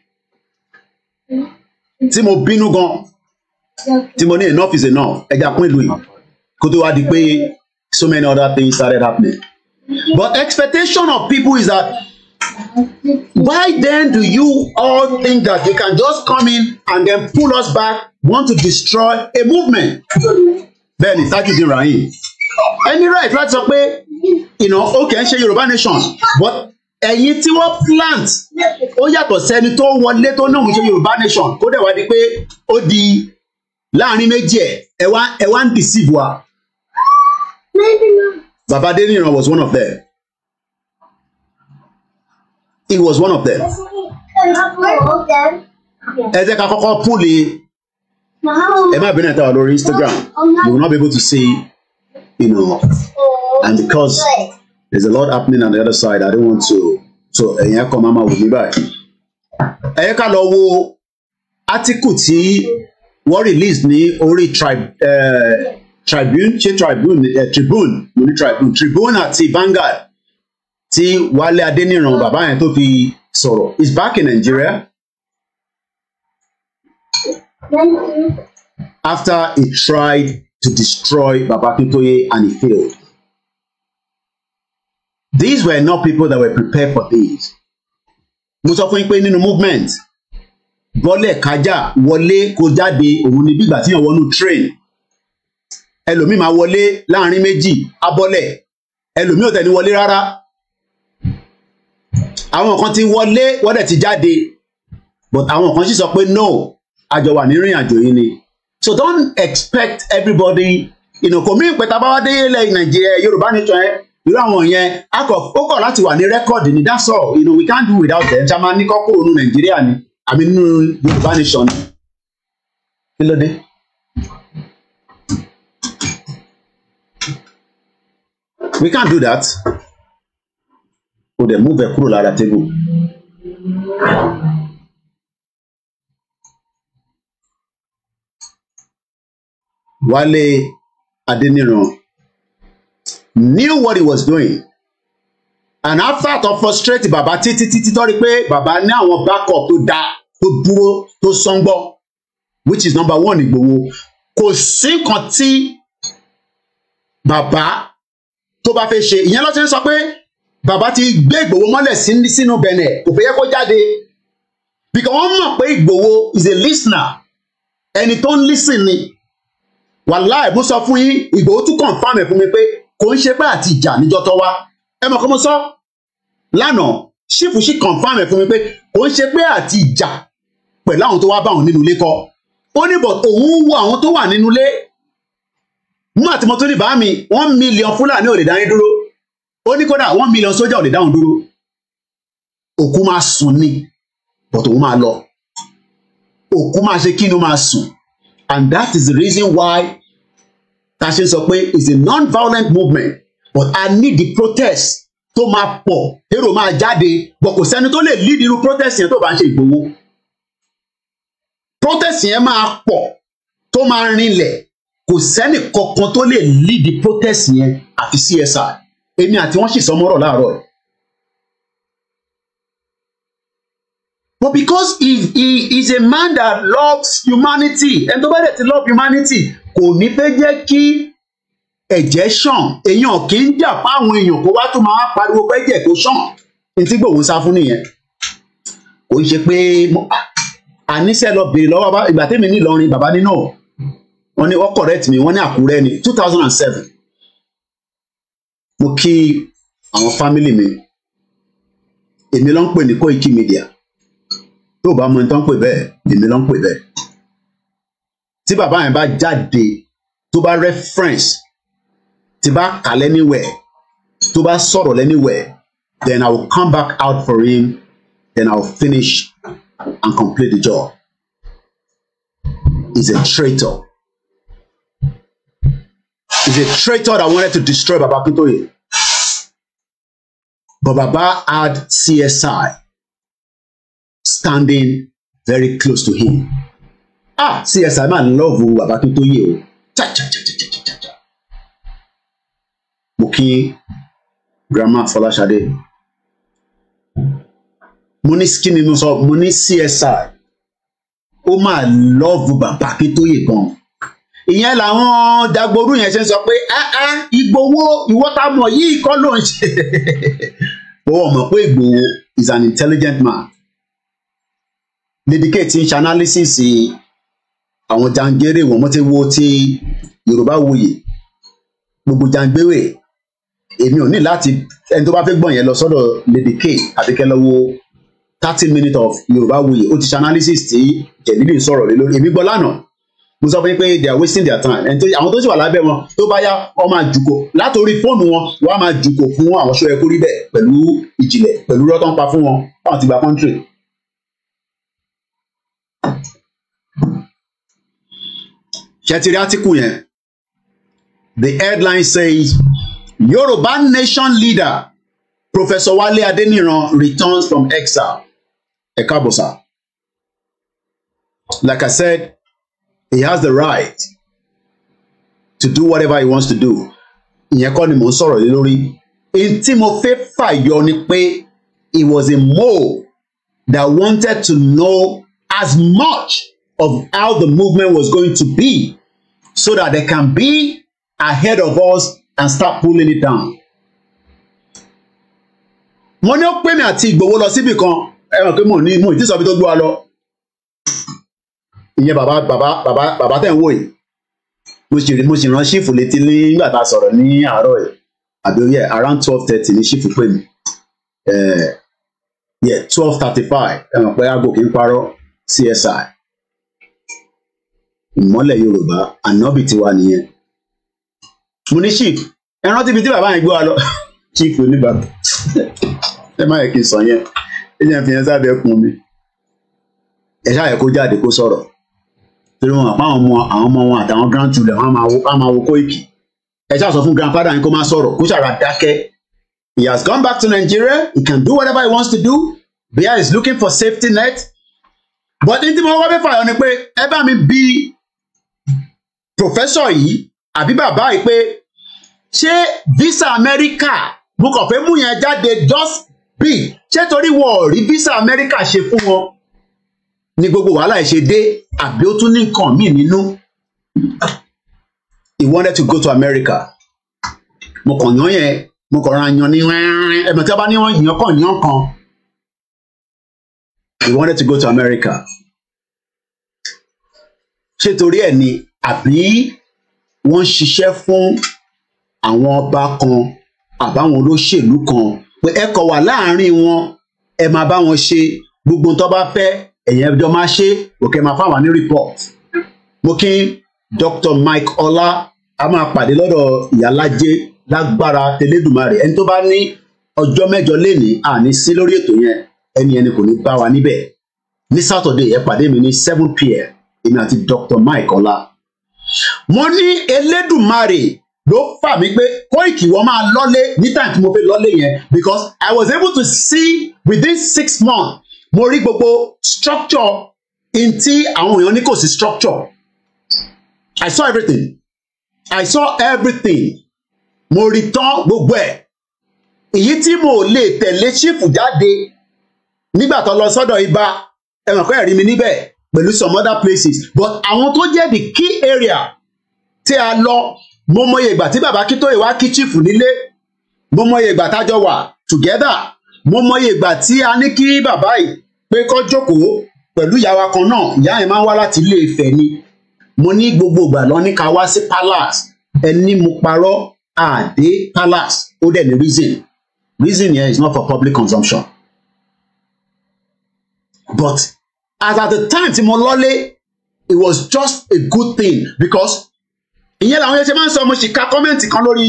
Speaker 3: tí mo bínú gan tí mo ní enough is enough ẹja kún ìlú yìí kó tó wá di pé so many other things started happening but expectation of people is that Why then do you all think that you can just come in and then pull us back, want to destroy a movement? Bẹ́ẹ̀ni, Sákìdì Rahim. Any right Right, sọ You know, okay. Share your Yorùbá nation but ẹ̀yin tí wọ́n plant ó yàtọ̀ sẹ́ni tó wọlé tó náà ń ṣe Yorùbá nation kó dẹ̀ wá di pé ó di láàrin méjì ẹ̀ wá ń deceive wa. Bàbá was one of them he was one of them. ẹ jẹ́ ká kọ́kọ́ púlì e. ẹ má bínú ẹ̀ tàwa lórí Instagram
Speaker 7: you
Speaker 8: will
Speaker 3: not be able to see you know and because there's a lot happening on the other side I don't want to so ẹ̀yìn ẹ̀kọ́ máa ma wò mí báyìí ẹ jẹ́ ká lọ wo átíkù tí wọ́n release ní orí eh, tribune ṣe tribune eh, tribune tribune tribune àti Vanguard tí Wálé Adéníran hmm. bàbá yẹn tó fi sọ̀rọ̀ is back in Nigeria after he tried to destroy Baba Akintoye and he failed. These were not people that were prepared for this. Mo sọ fún yín pé nínú movement bọ́lẹ̀ kájà wọlé kó jáde òun ni bígbà tíyàn wọnú train ẹlòmíì máa wọlé láàrin méjì abọ́lẹ̀ ẹlòmíì ò tẹ̀lé wọlé rárá àwọn kan ti wọlé wọ́dẹ̀ ti jáde but àwọn kan sì sọ pé no àjọ wà nírìn àjò yìí ni so don't expect everybody ìnàkó mi pẹ̀tà bá wá dé ilẹ̀ nàìjíríà yorùbá nìkan ẹ̀ eh, irú àwọn yẹn akọ ó kọ̀ láti wà ní rẹ́kọ̀dì ní that's all you know we can't do without them ṣá máa ní kọ́kọ́ òun nàìjíríà ni àmì nínú yorùbá nation ni kí ló dé. we can't do that dẹ̀ múfẹ̀ kúrò lára tébù. Wálé Adéníran knew what he was doing and after to frustrate bàbá títí títí tó rí pé bàbá ní àwọn backup to dáa tó dúró tó sángbọ́ which is number one Ìgbòho kò sí nǹkan tí Baba, tó bá fẹ́ ṣe ìyẹn ló ti ń sọ pé bàbá ti gbé ìgbòho mọ́lẹ̀ sínú bẹ̀nẹ̀ kò fẹ́ yẹ kó jáde because wọ́n mọ̀ pé ìgbòho is a listener ẹni tó ń listen ni wàláì mo sọ fún yín ìgbòho tún confirm ẹ̀ fún mi pé kò ń ṣe pé àti ìjà níjọ́ tó wá ẹ mọ̀ kó mo sọ lánàá ṣífù sí confirm ẹ̀ fún mi pé kò ń ṣe pé àti ìjà pẹ̀lú àwọn tó wá bá òun nínú ilé kọ́ ó ní bọ̀ òun wo àwọn tó wà nínú ilé mú àtìmọ́tò ní bá mi one million fúlàní ò lè dání dúró ó ní kódà one million sójà ò lè dáhùn dúró òkú máa sùn ni but òun máa lọ òkú máa ṣe kínú máa sùn and that is the reason why ta ṣe sọ pé it's a non-violent movement but I need the protest tó máa pọ̀ èrò máa jáde bọ̀ kò sẹ́ni tó lè lead irú protest yẹn tó bá ń ṣe ìgbowó protest yẹn máa pọ̀ tó máa rinlẹ̀ kò sẹ́ni kankan tó lè lead the protest yẹn àfi CSI èmi àti wọn sì sọmọ́rọ̀ láàárọ̀ ẹ̀. But because he, he is a man that loves humanity ẹni tó bá dẹ̀ ti love humanity kò ní fẹ́ jẹ́ kí ẹ̀jẹ̀ ṣàn èèyàn kì í jà fáwọn èèyàn kó wá tó máa pariwo pé ẹ̀jẹ̀ tó ṣàn ní tí gbòòwò sá fún nìyẹn kò ṣe pé àníṣe ah, lọ bèrè lọ́wọ́ ìgbà tèmi ní Ìlọrin bàbá nínú wọn ni wọ́n correct mi wọ́n ní Àkúrẹ́ ni two thousand and seven mo kí àwọn fámìlì mi èmi ló ń pè ní Koiki Media tó bá mọ ní tó ń pè bẹ́ẹ̀ èmi ló ń pè bẹ́ẹ̀ tí bàbá yẹn bá jáde tó bá reference tí bá kà lẹ́niwẹ̀ẹ́ tó bá sọ̀rọ̀ lẹ́niwẹ̀ẹ́ then I will come back out for him then I will finish and complete the job Is a traitor is a traitor that wanted to destroy Baba Akintoye. But Baba had CSI standing very close to him. Ah, CSI man, love you, Baba Akintoye cha cha cha cha. Fọláṣadé. grandma ní kí ni mo sọ, mo ní CSI. Ó máa lọ́ọ̀bù Baba Akintoye gan ìyẹn làwọn dagboru yẹn ṣe ń sọ pé ah, ah, Ìgbòho ìwọ́tàmọ̀ yìí kọ́ ló ń ṣe owó ọmọ pé Ìgbòho is an intelligent man dedicate ń ṣe analysis àwọn jàǹgẹ́rẹ́ wọn wọ́n ti wo ti Yorùbá Wuyì gbogbo jàǹgbéwè èmi ò ní láti ẹni tó bá fẹ́ gbọ̀n yẹn lọ sọ́dọ̀ lady k thirty minutes of Yorùbá Wuyì ó ti ṣe analysis tí jẹ̀lílì sọ̀rọ̀ lé lórí èmi gbọ́ lánàá mo sọ fún yín pé they are wasting their time ẹni tó àwọn tó sì wà lábẹ́ wọn tó bá yá wọ́n máa jùkò látòrí fóònù wọn wọ́n á máa jùkò fún àwọn ṣọ́ ẹkú rí bẹ́ẹ̀ pẹ̀lú ìjìnlẹ̀ pẹ̀lú rọ́tọ́ ń pa fún wọn báwọn ti gba country. ṣètìrí átíkù yẹn the headline says Yorùbá nation leader Professor Wale Adeniran returns from exile ẹ̀ka bọ̀sà like I said he has the right to do whatever he wants to do ìyẹn kọ́ ni mò ń sọ̀rọ̀ lé lórí in tí mo fẹ́ fàyọ ni pé it was a mole that wanted to know as much of how the movement was going to be so that they can be ahead of us and start pulling it down. wọ́n ní ó pè mí àti Ìgbòho lọ síbì kan ẹ̀rọ pé mo ní mo ì tí sọ tó gbó wa lọ ìyẹn bàbá bàbá bàbá bàbá tẹ̀ ń wò yìí mo sì mo sì rán ṣífù létí nígbà tá a sọ̀rọ̀ ní àárọ̀ yìí àbí yẹ around twelve thirty ní ṣífù pè mí eh, yẹ twelve thirty five ẹ mọ̀ pé aago kì í parọ́ csi ìmọ́lẹ̀ yorùbá ànábì tiwa nìyẹn mo ní chief ẹ rántí ibi tí bàbá yẹn gbé wa lọ chief oníbàbà ẹ má yẹ kí n sọ yẹn ẹ jẹ́ fi yẹn sábẹ́ kún mi ẹ ṣáà yẹ kó jáde kó sọ̀rọ̀ torí wọn àpá àwọn ọmọ àwọn ọmọ wọn àtàwọn grand children wọn á máa wo Koiki ẹ ṣáà sọ fún grandfather yín kó má sọ̀rọ̀ kó ṣàrà dákẹ́ he has gone back to Nigeria he can do whatever he wants to do Bia is looking for safety net but ní tí mo wá fẹ́ fààyàn ni pé ẹ bá mi bí professor yìí àbí bàbá yìí pé ṣé visa America mo kàn fẹ́ mú yẹn jáde just be. ṣé torí wọn ò rí visa America ṣe fún wọn ni gbogbo wàhálà ẹ̀ ṣe dé àbí ó tún ní nǹkan míì nínú he wanted to go to America mo kàn yán yẹn mo kàn ra yan ní rẹ́rẹ́rẹ́ ẹ̀mọ̀ tí a bá ní wọ́n yàn kàn yàn kan he wanted to go to America ṣé torí ẹ̀ ni àbí wọ́n ń ṣiṣẹ́ fún àwọn ọba kan àbáwọn olóṣèlú kan pé ẹ kọ̀ wà láàárín wọn ẹ máa bá wọn ṣe gbogbo tó bá fẹ́ ẹ̀yin ẹjọ́ máa ṣe òkè máa fáwọn ní report mo kí Dr. Mike Ọlá a máa pàdé lọ́dọ̀ ìyálàjẹ lágbára tẹlẹ́dùmarè ẹni tó bá ní ọjọ́ mẹ́jọ lénìí àní sí lórí ètò yẹn ẹni ẹni kò ní bá wa níbẹ̀ ní Saturday ẹ pàdé mi ní seven pm èmi àti Dr. Mike Ọlá mo ní Elédùmarè ló fà mí pé Koiki wọ́n máa lọ́lé ní time mo fẹ́ lọ́lé yẹn because I was able to see within six months mo rí gbogbo structure in tí àwọn èèyàn ní kò sí structure I saw everything I saw everything mo rí tán gbogbo ẹ̀ èyí tí mo lè tẹ̀lé ṣífù jáde nígbà tó lọ sọ́dọ̀ ibà ẹ̀wọ̀n kọ́ ẹ̀rí mi níbẹ̀ pẹ̀lú some other places but àwọn tó jẹ́ the key area tí a lọ mo mọye ìgbà tí bàbá Akíntóyè wá kí ṣífù nílé mo mọye ìgbà tájọ wà together mo mọyì ìgbà tí a ní kí bàbá yìí pé kọ́ jókòó pẹ̀lú ìyàwó kan náà ìyá yẹn máa ń wá láti ilé Ifẹ̀ ni mo ní gbogbo ìgbà lọ ní ká wá sí palace ẹni mo parọ́ àdé palace ó dẹ̀ ní reason reason yẹn is not for public consumption but as at the time tí mo lọ́lé it was just a good thing because ìyẹn làwọn yẹn ṣe máa ń sọ mo sì ka kọ́mẹ̀ntì kan lórí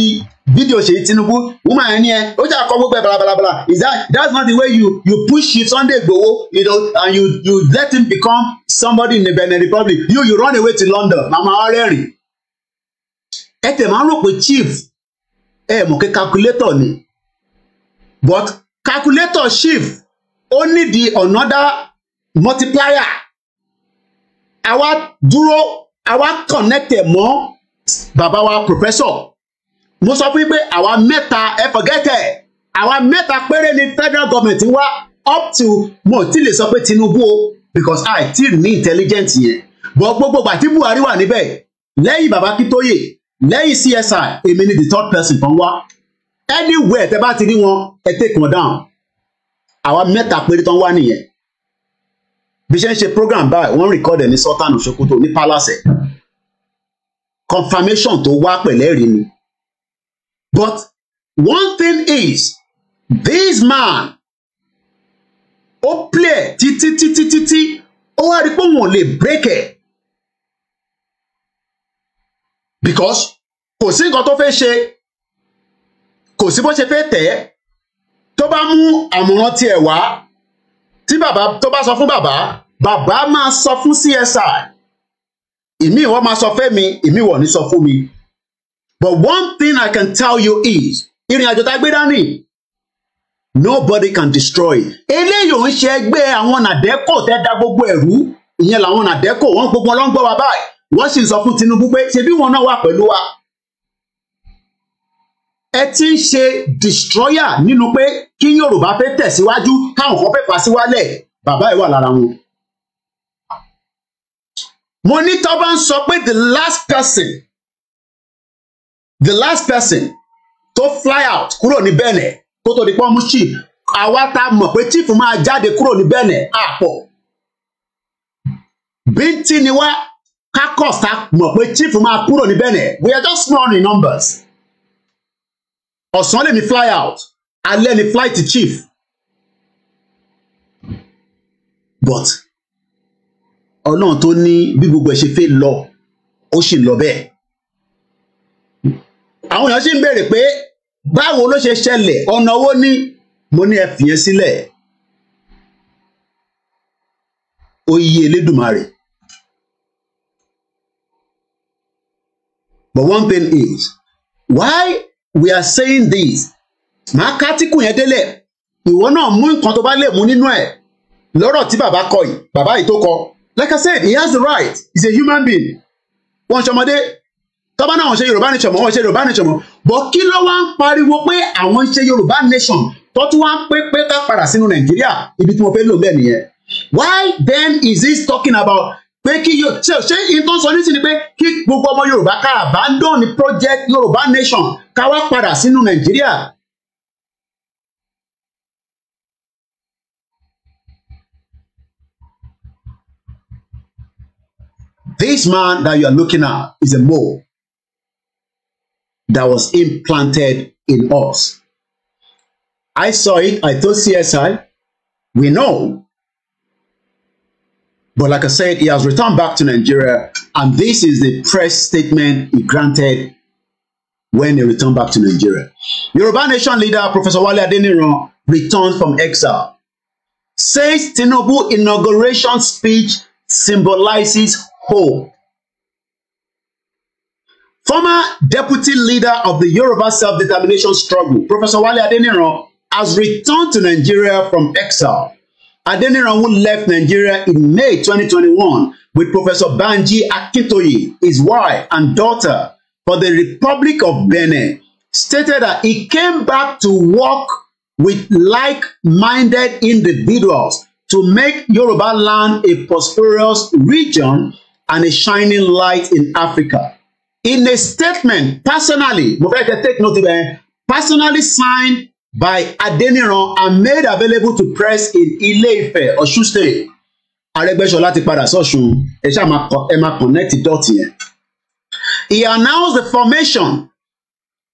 Speaker 3: fídíò Ṣèyí Tinubu woman ẹni ẹ ó jà kọ́ gbogbo ẹ̀ balabalabala is that that's not the way you you push Sunday Igboho you know and you you let him become somebody in the Benin Republic you you run away to London mama ọrẹ́rìn ẹ tẹ̀ máa ń rò pé chief ẹ mọ̀ pé calculator ni but calculator chief ó nídìí another multiplier àwa dúró àwa connect ẹ̀ mọ́ bàbá wa professor mo sọ fún yín pé àwa mẹ́ta ẹ fọ̀gẹ́tẹ̀ àwa mẹ́ta péré ni federal government wá up to mo ti lè sọ pé Tinubu o because i still ní intelligence yẹn bọ́ gbogbo ìgbà tí Buhari wà níbẹ̀ lẹ́yìn bàbá Kítóyè lẹ́yìn CSI èmi ni the third person kan wá anywhere tẹ bá ti rí wọn ẹ take wọn down àwa mẹ́ta péré tán wá nìyẹn bí ṣe ń ṣe program báyìí wọ́n record ẹ̀ ní Sultan Sokoto ní palace ẹ̀ confirmation tó wá pẹ̀lẹ́rìí ni but one thing is this man ó play títí títí títí ó wá rí pé òun ò lè break it, because kò sí nǹkan tó fẹ́ ṣe kò sí bó ṣe fẹ́ tẹ̀ ẹ́ tó bá mú àmọ̀ràn tiẹ̀ wá tí bàbá tó bá sọ fún bàbá bàbá máa sọ fún CSI ìmí ìwọ máa sọ fẹ́ mi ìmí ìwọ ní sọ fún mi but one thing I can tell you is ìrìn àjò tá a gbé dání nobody can destroy eléyìí ò ṣe ẹgbẹ́ àwọn nàdẹ́kọ̀ tẹ́ da gbogbo ẹ̀rú ìyẹn làwọn nàdẹ́kọ̀ wọ́n gbogbo ọlọ́ngbọ́n wa báyìí wọ́n sì ń sọ fún Tinubu pé ṣebí wọn náà wà pẹ̀lú wa ẹ ti ń ṣe destroyer nínú pé kí Yorùbá fẹ́ tẹ̀síwájú káwọn kan fẹ́ fà síwálẹ̀ bàbá ẹ̀ wà lára wọn mo ní tó bá ń sọ pé the last person the last person to fly out kúrò ní Benin kó tó di pọ́n mú chief àwa tá mọ̀ pé chief máa jáde kúrò ní Benin àpọ̀ bíntì ni wá kakọ́s tá mọ̀ pé chief máa kúrò ní Benin we are just small in numbers ọ̀sán lèmi fly out alẹ́ ni flight chief but ọlọ́run tó ní bí gbogbo ẹ̀ ṣe fẹ́ lọ ó sì lọ bẹ́ẹ̀. àwọn èèyàn sì ń béèrè pé báwo ló ṣe ṣẹlẹ̀ ọ̀nà owó ní mo ní ẹ fìyẹn sílẹ̀ ó yí Elédùmarè. But one thing is why we are saying this màá kátìkù yẹn délẹ̀ ìwọ náà mú nǹkan tó bá lè mú nínú ẹ̀ lọ́rọ̀ tí bàbá kọ yìí bàbá yìí tó kọ like I said he has the right he's a human being wọ́n ṣọmọdé tọ́ba náà wọ́n ṣe Yorùbá nation mọ́ wọ́n ṣe Yorùbá nation mọ́ bọ́ kí ló wá ń pariwo pé àwọn ṣe Yorùbá nation tó tún wá ń pé pé ká padà sínú Nàìjíríà ibi tí mo fẹ́ lò bẹ́ẹ̀ nìyẹn why then is this talking about pé kí yóò ṣe ṣe nǹkan sọ ní sí ni pé kí gbogbo ọmọ Yorùbá ká abandon project Yorùbá nation ká wá padà sínú Nàìjíríà This man that you are looking at is a mole that was implanted in us. I saw it. I told CSI, we know. But like I said, he has returned back to Nigeria. And this is the press statement he granted when he returned back to Nigeria. Yoruba Nation leader Professor Wale Adeniran returned from exile. Says Tinubu inauguration speech symbolizes hope. Former deputy leader of the Yoruba self-determination struggle, Professor Wale Adeniran, has returned to Nigeria from exile. Adeniran, who left Nigeria in May 2021 with Professor Banji Akintoye, his wife and daughter, for the Republic of Benin, stated that he came back to work with like-minded individuals to make Yoruba land a prosperous region and a shining light in Africa. In a statement, personally, mo fẹ́ kẹ́ take note ibẹ̀ personally signed by Adeniran and made available to press in Ile-Ife, Osun State. Arẹ́gbẹ́ṣọlá ti padà sọ́ṣun ẹ ṣáà ẹ máa connect dot yẹn. He announced the formation.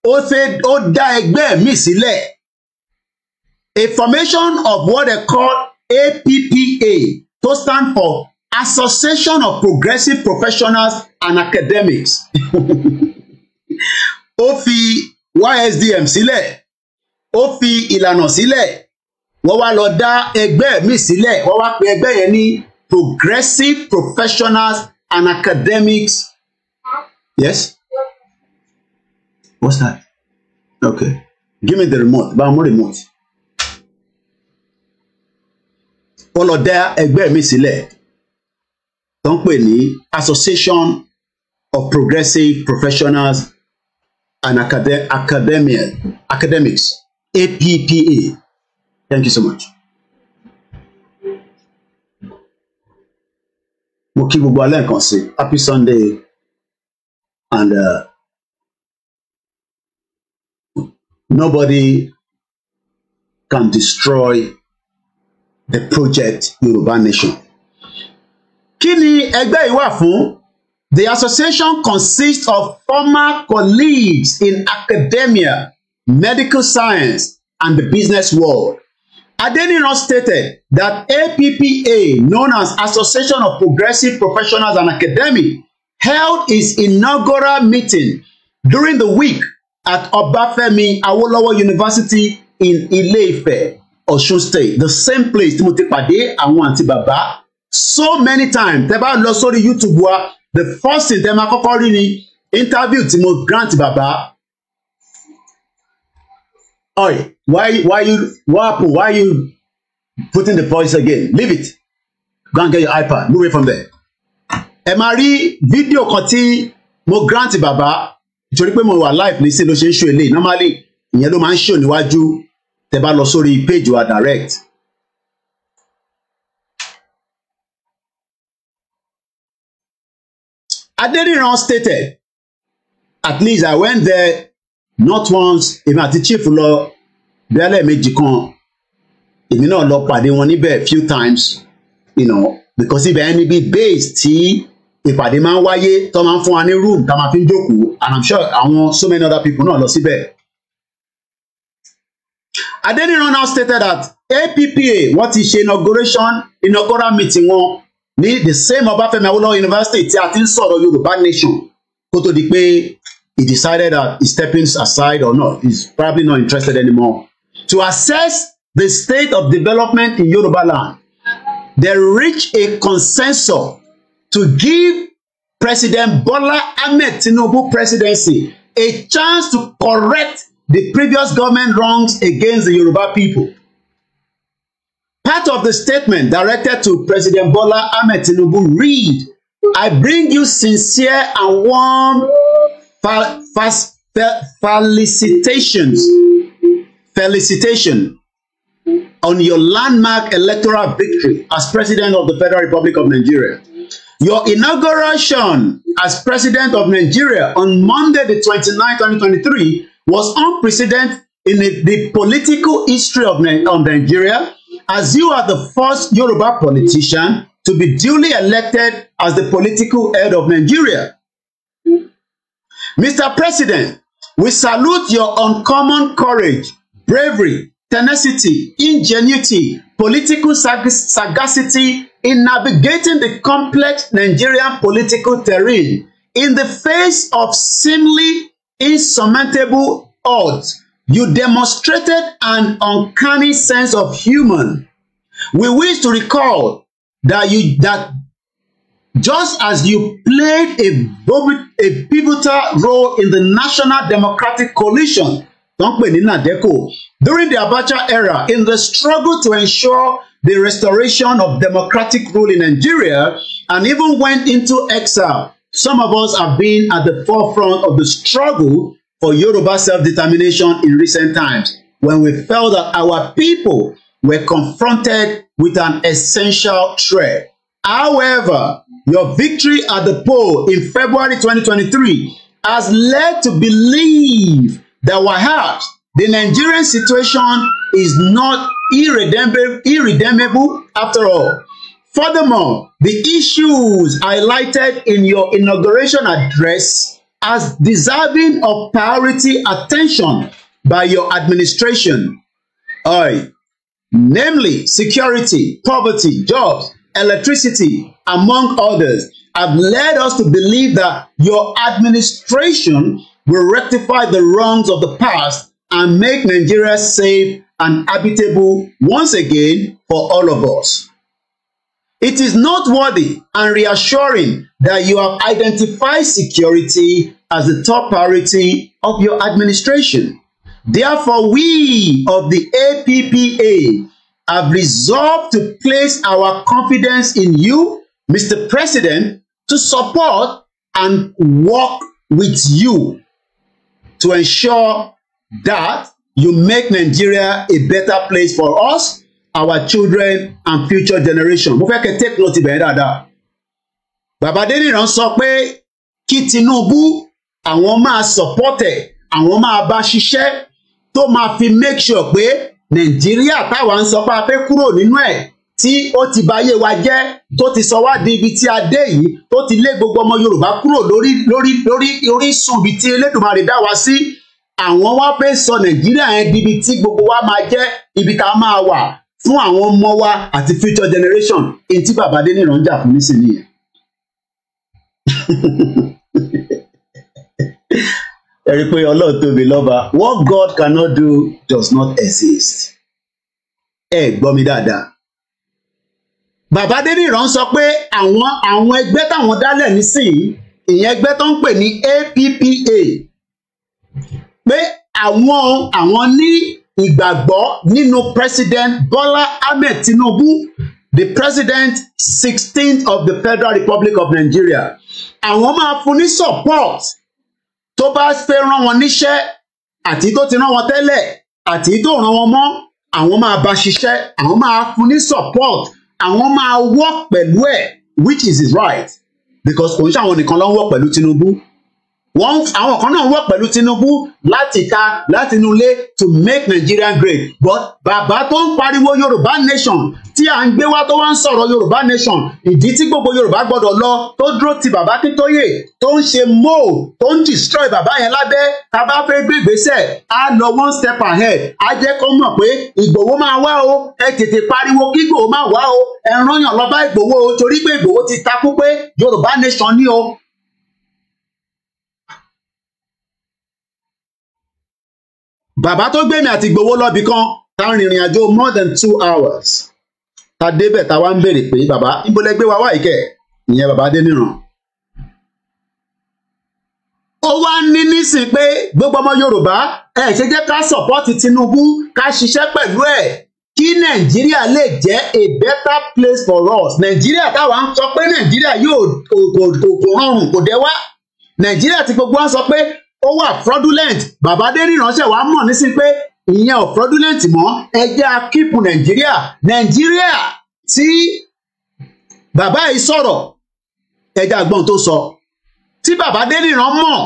Speaker 3: Ó ṣe ó dá ẹgbẹ́ mi sílẹ̀. A formation of what they call APPA to stand for Association of Progressive Professionals and Academics ó fi YSDM sílẹ̀ ó fi ìlànà sílẹ̀ wọ́n wá lọ dá ẹgbẹ́ mi sílẹ̀ wọ́n wá pe ẹgbẹ́ yẹn ní Progressive Professionals and Academics yes what's that okay give me the remote bá a remote wọ́n lọ dá ẹgbẹ́ mi sílẹ̀ tó ń pè ní association of progressive professionals and Academ academia academics APPA thank you so much. mo kí gbogbo alẹ́ kan sí happy sunday and uh, nobody can destroy the project Yoruba Nation kí ni ẹgbẹ́ yìí wà fún the association consists of former colleagues in academia medical science and the business world Adeniran stated that APPA, known as Association of Progressive Professionals and Academics, held its inaugural meeting during the week at Obafemi Awolowo University in Ile-Ife, Osun State, the same place tí mo ti pàdé àwọn àti bàbá so many times tẹ bá lọ sórí youtube wa the first thing tẹ máa kọ́kọ́ rí ni interview tí mo grant Baba. oy why why you what happen why you putting the voice again leave it go and get your ipad move away from there ẹ máa rí fídíò kan tí mo grant bàbá nítorí pé mo wà live ní sí ló ṣe ń ṣó eléyìí normally ìyẹn ló máa ń ṣó níwájú tẹ bá lọ sórí page wa direct Aderiran stated, at least I went there not once, èmi àti chief lọ bí alẹ́ méjì kan, èmi náà lọ pàdé wọn níbẹ̀ few times, you know, because ibẹ̀ ẹni bíi base tí ìpàdé máa ń wáyé tó máa ń fún wa ní room tá máa fi ń jókòó and I'm sure àwọn so many other people náà lọ síbẹ̀. Adeniran now stated that APPA wọ́n ti ṣe inauguration inaugural meeting wọn ní the same Ọbáfẹ́mi Awólọ́wọ̀ University tí a ti ń sọ̀rọ̀ Yorùbá nation kó tó di pé he decided that he's stepping aside or not he's probably not interested anymore to assess the state of development in Yoruba land they reach a consensus to give President Bola Ahmed Tinubu presidency a chance to correct the previous government wrongs against the Yoruba people Part of the statement directed to President Bola Ahmed Tinubu read, I bring you sincere and warm felicitations, felicitation on your landmark electoral victory as President of the Federal Republic of Nigeria. Your inauguration as President of Nigeria on Monday, the 29th, 2023, was unprecedented in the, the political history of, of Nigeria as you are the first Yoruba politician to be duly elected as the political head of Nigeria. Mr. President, we salute your uncommon courage, bravery, tenacity, ingenuity, political sag sagacity in navigating the complex Nigerian political terrain in the face of seemingly insurmountable odds You demonstrated an uncanny sense of human. We wish to recall that you that just as you played a, a pivotal role in the National Democratic Coalition during the Abacha era in the struggle to ensure the restoration of democratic rule in Nigeria and even went into exile. Some of us have been at the forefront of the struggle for Yoruba self-determination in recent times when we felt that our people were confronted with an essential threat. However, your victory at the poll in February 2023 has led to believe that perhaps the Nigerian situation is not irredeemable, irredeemable after all. Furthermore, the issues highlighted in your inauguration address as deserving of priority attention by your administration. Right. Namely, security, poverty, jobs, electricity, among others, have led us to believe that your administration will rectify the wrongs of the past and make Nigeria safe and habitable once again for all of us. It is noteworthy and reassuring that you have identified security as the top priority of your administration. Therefore, we of the APPA have resolved to place our confidence in you, Mr. President, to support and work with you to ensure that you make Nigeria a better place for us our children and future generations. mo fẹ́ kẹ́ take note ibẹ̀ yẹn dáadáa bàbá Adéníran sọ pé kí Tinubu àwọn máa support àwọn máa bá ṣiṣẹ́ tó máa fi make sure pé Nàìjíríà táwa ń sọ pé a fẹ́ kúrò nínú ẹ̀ tí ó ti báyé wa jẹ́ tó ti sọ wá di ibi tí a dé yìí tó ti lé gbogbo ọmọ Yorùbá kúrò lórí lórí lórí orísun ibi tí Elédùmarè dá wa sí àwọn wá fẹ́ sọ Nàìjíríà yẹn di ibi tí gbogbo wa máa jẹ́ ibi tá a máa wà fún àwọn ọmọ wa àti future generation èyí tí bàbá Adéníran ń jà fún nísìnyí yẹn. ẹ rí i pé ọlọ́run tóbi lọ́ba what God cannot do does not exist. ẹ gbọ́ mi dáadáa. bàbá Adéníran sọ pé àwọn àwọn ẹgbẹ́ táwọn dálẹ̀ nísìnyí ìyẹn ẹgbẹ́ tó ń pè ní APPA pé àwọn àwọn ní ìgbàgbọ́ nínú president Bola Ahmed Tinubu the president sixteenth of the Federal Republic of Nigeria àwọn máa fún ní support tó bá fẹ́ rán wọn níṣẹ́ àti tó ti rán wọn tẹ́lẹ̀ àti tó rán wọn mọ́ àwọn máa bá ṣiṣẹ́ àwọn máa fún ní support àwọn máa work pẹ̀lú ẹ̀ which is his right because kò ń ṣàwọn nìkan ló work pẹ̀lú Tinubu wọ́n àwọn kan náà wọ̀ pẹ̀lú Tinubu láti ta láti inú ilé to make Nigeria great but bàbá tó ń pariwo Yorùbá nation tí à ń gbé wá tó wá ń sọ̀rọ̀ Yorùbá nation ìdí tí gbogbo Yorùbá gbọ́dọ̀ lọ tó dúró ti bàbá Akíntóyè tó ń ṣe mo tó ń destroy bàbá yẹn lábẹ́ tá a bá fẹ́ gbé ìgbésẹ̀ á lọ one step ahead á jẹ́ kó mọ̀ pé Ìgbòho máa wá o ẹ tètè pariwo kí Ìgbòho máa wá o ẹ rányàn lọ bá Ìgbòho o torí pé Ìgbòho ti takú pé Yorùbá nation ni o bàbá tó gbèmí àti gbowó lọ́bì kan tá a rìnrìn àjò more than two hours ta débẹ̀ ta wá ń béèrè pé bàbá níbo lẹ gbé wa wá ìkẹ́ ìyẹn bàbá dé nìran. ó wá ní nísìn pé gbogbo ọmọ Yorùbá ẹ ṣe jẹ́ ká sọ̀pọ́tì Tinubu ká ṣiṣẹ́ pẹ̀lú ẹ̀ kí Nàìjíríà lè jẹ́ a better place for us Nàìjíríà táwa ń sọ pé Nàìjíríà yóò kò rọrùn kò dẹ́wà Nàìjíríà tí gbogbo wa ń sọ pé ó wà fraudulent bàbá Adéníran ṣe wàá mọ̀ nísìn pé ìyẹn ò fraudulent mọ́ ẹjẹ́ akíkun nàìjíríà nàìjíríà tí bàbá yìí sọ̀rọ̀ ẹjẹ́ àgbọ̀n tó sọ tí bàbá Adéníran mọ̀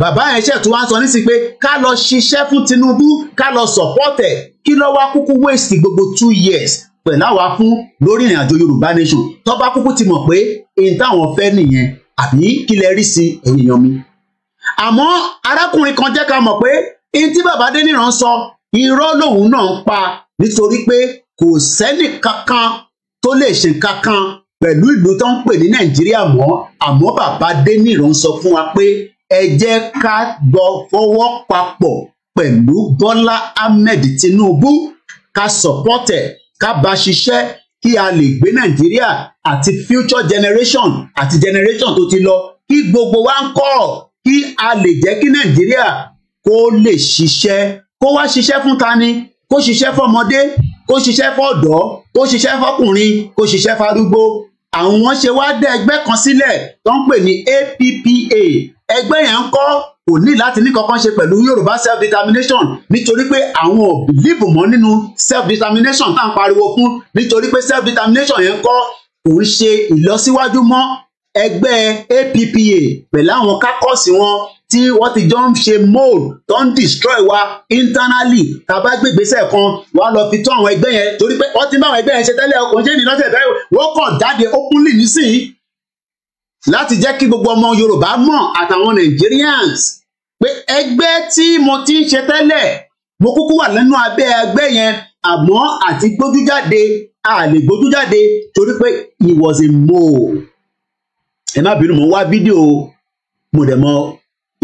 Speaker 3: bàbá yẹn ṣe tó wá ń sọ nísìn pé ká lọ ṣiṣẹ́ fún Tinubu ká lọ sọ̀pọ̀tẹ̀ kí lọ́ wá kúkú waste gbogbo two years pẹ̀lú àwa fún lórí ìrìn àjò Yorùbá nation tó bá kúkú ti mọ̀ pé èyí táwọn fẹ́ nìyẹn àbí kí lẹ rí sí ẹ̀yìn mi àmọ́ arákùnrin kan jẹ́ ká mọ̀ pé ihun tí bàbá Adéníran sọ irọ́ lòun náà ń pa nítorí pé kò sẹ́nì kankan tó lè ṣe kankan pẹ̀lú ìlú tó ń pè ní Nàìjíríà mọ́ àmọ́ bàbá Adéníran sọ fún wa pé ẹ jẹ́ ká gbọ́ fọwọ́ papọ̀ pẹ̀lú Bọ́lá Ahmed Tinubu ká sọ̀pọ̀tẹ̀ ká bá ṣiṣẹ́ kí a lè gbé Nàìjíríà àti future generation àti generation tó ti lọ kí gbogbo wa ń kọ́ kí a lè jẹ́ kí nàìjíríà kó lè ṣiṣẹ́ kó wá ṣiṣẹ́ fún tani kó ṣiṣẹ́ fọmọdé kó ṣiṣẹ́ fọ́dọ̀ kó ṣiṣẹ́ fọkùnrin kó ṣiṣẹ́ farúgbó àwọn ṣe wá dá ẹgbẹ́ kan sílẹ̀ tó ń pè ní APPA ẹgbẹ́ yẹn ń kọ́ kò ní láti ní kankan ṣe pẹ̀lú Yorùbá self determination nítorí pé àwọn ò bìlíìfù mọ́ nínú self determination tá à ń pariwo fún nítorí pé self determination yẹn ń kọ́ kò ń ṣe ìlọsíwájú mọ́ ẹgbẹ́ APPA pẹ̀lú àwọn kákọ́ọ̀sì wọn tí wọ́n ti jọ ń ṣe mold tó ń destroy wa internally tá a bá gbé ìgbésẹ̀ kan wà á lọ fi tó àwọn ẹgbẹ́ yẹn torí pé wọ́n ti bá àwọn ẹgbẹ́ yẹn ṣe tẹ́lẹ̀ ọkùnrin ṣé ìnira tẹ̀lé wọ́n kàn jáde openly nísìnyí láti jẹ́ kí gbogbo ọmọ Yorùbá mọ̀ àtàwọn Nigerians pé ẹgbẹ́ tí mo ti ń ṣe tẹ́lẹ̀ mo kúkú wà lẹ́nu abẹ́ ẹgbẹ́ yẹn àmọ́ àti gbójújáde a lè gbójújáde torí pé he was a mole ẹ má bínú mo wá fídíò mo dẹ̀ mọ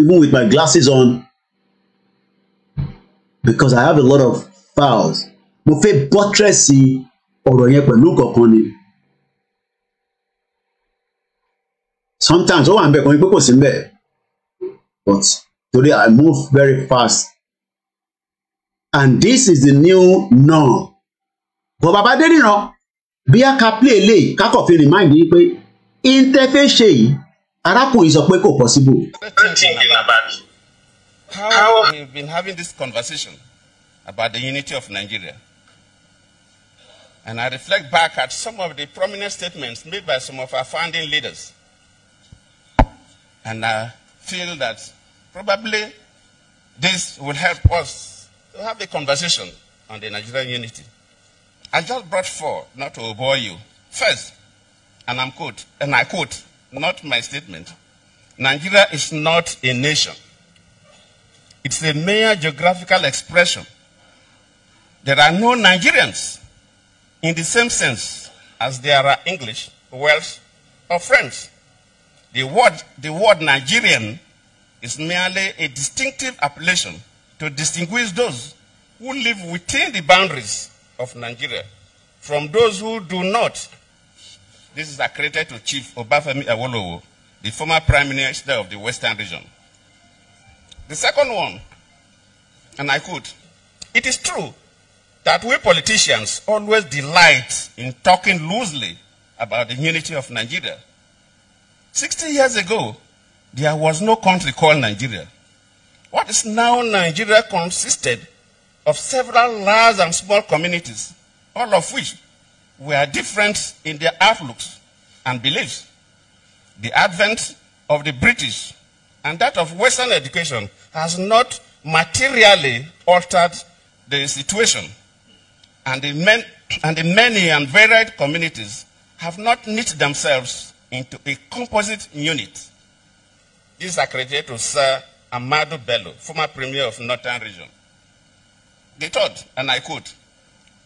Speaker 3: even with my glasses on because I have a lot of files mo fẹ́ bọ́tírẹ̀sì ọ̀rọ̀ yẹn pẹ̀lú kọ̀ọ̀kan ni sometimes ó wà nbẹ kan pé kò sí nbẹ but today I move very fast and this is the new norm bọ̀ bàbá Adéníran bí a ka play lè kákọ̀ fi remind yín pé. ìtẹ́fẹ́ ṣe yìí arákùnrin sọ pé kò possible.
Speaker 5: about how, how we've been having this conversation about the unity of Nigeria. And I reflect back at some of the prominent statements made by some of our founding leaders. And I feel that probably this will help us to have a conversation on the Nigerian unity. I just brought four, not to bore you. First, and I'm quote, and I quote, not my statement. Nigeria is not a nation. It's a mere geographical expression. There are no Nigerians in the same sense as there are English, Welsh, or French. The word, the word Nigerian is merely a distinctive appellation to distinguish those who live within the boundaries of Nigeria from those who do not this is accredited to Chief Obafemi Awolowo, the former Prime Minister of the Western Region. The second one, and I quote, it is true that we politicians always delight in talking loosely about the unity of Nigeria. 60 years ago, there was no country called Nigeria. What is now Nigeria consisted of several large and small communities, all of which were different in their outlooks and beliefs. The advent of the British and that of Western education has not materially altered the situation. And the, men, and the many and varied communities have not knit themselves into a composite unit. This is accredited to Sir Amado Bello, former Premier of Northern Region. The third, and I quote,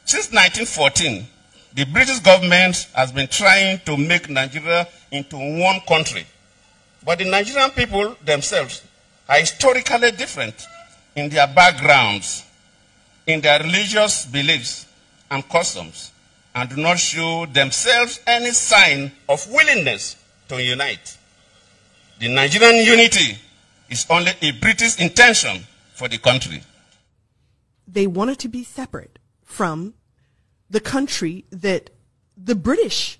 Speaker 5: since 1914, the British government has been trying to make Nigeria into one country. But the Nigerian people themselves are historically different in their backgrounds, in their religious beliefs and customs, and do not show themselves any sign of willingness to unite. The Nigerian unity is only a British intention for the country.
Speaker 9: They wanted to be separate from the country that the British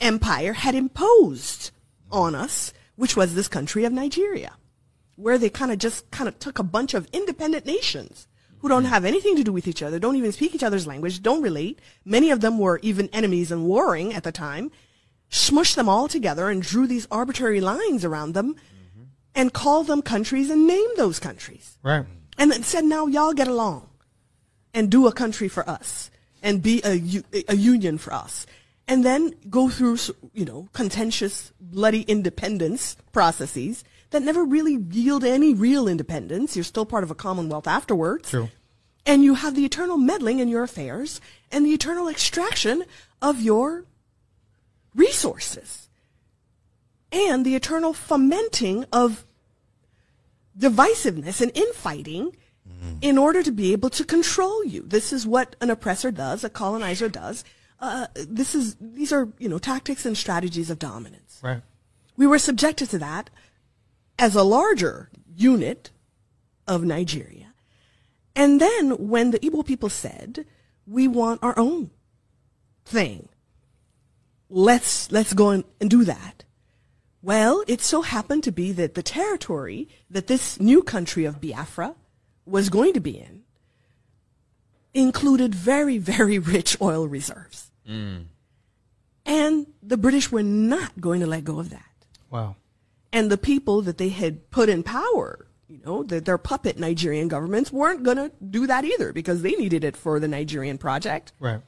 Speaker 9: Empire had imposed on us, which was this country of Nigeria, where they kind of just kind of took a bunch of independent nations who don't have anything to do with each other, don't even speak each other's language, don't relate. Many of them were even enemies and warring at the time, smushed them all together and drew these arbitrary lines around them mm-hmm. and called them countries and named those countries. Right. And then said, now y'all get along and do a country for us and be a, a union for us. And then go through, you know, contentious, bloody independence processes that never really yield any real independence. You're still part of a commonwealth afterwards. True. And you have the eternal meddling in your affairs and the eternal extraction of your resources and the eternal fomenting of divisiveness and infighting in order to be able to control you. This is what an oppressor does, a colonizer does. Uh, this is these are you know tactics and strategies of dominance. Right. We were subjected to that as a larger unit of Nigeria, and then when the Ibo people said, "We want our own thing," let's let's go and do that. Well, it so happened to be that the territory that this new country of Biafra was going to be in included very, very rich oil reserves. Mm. And the British were not going to let go of that. Wow. And the people that they had put in power, you know, the, their puppet Nigerian governments weren't going to do that either because they needed it for the Nigerian project. Right.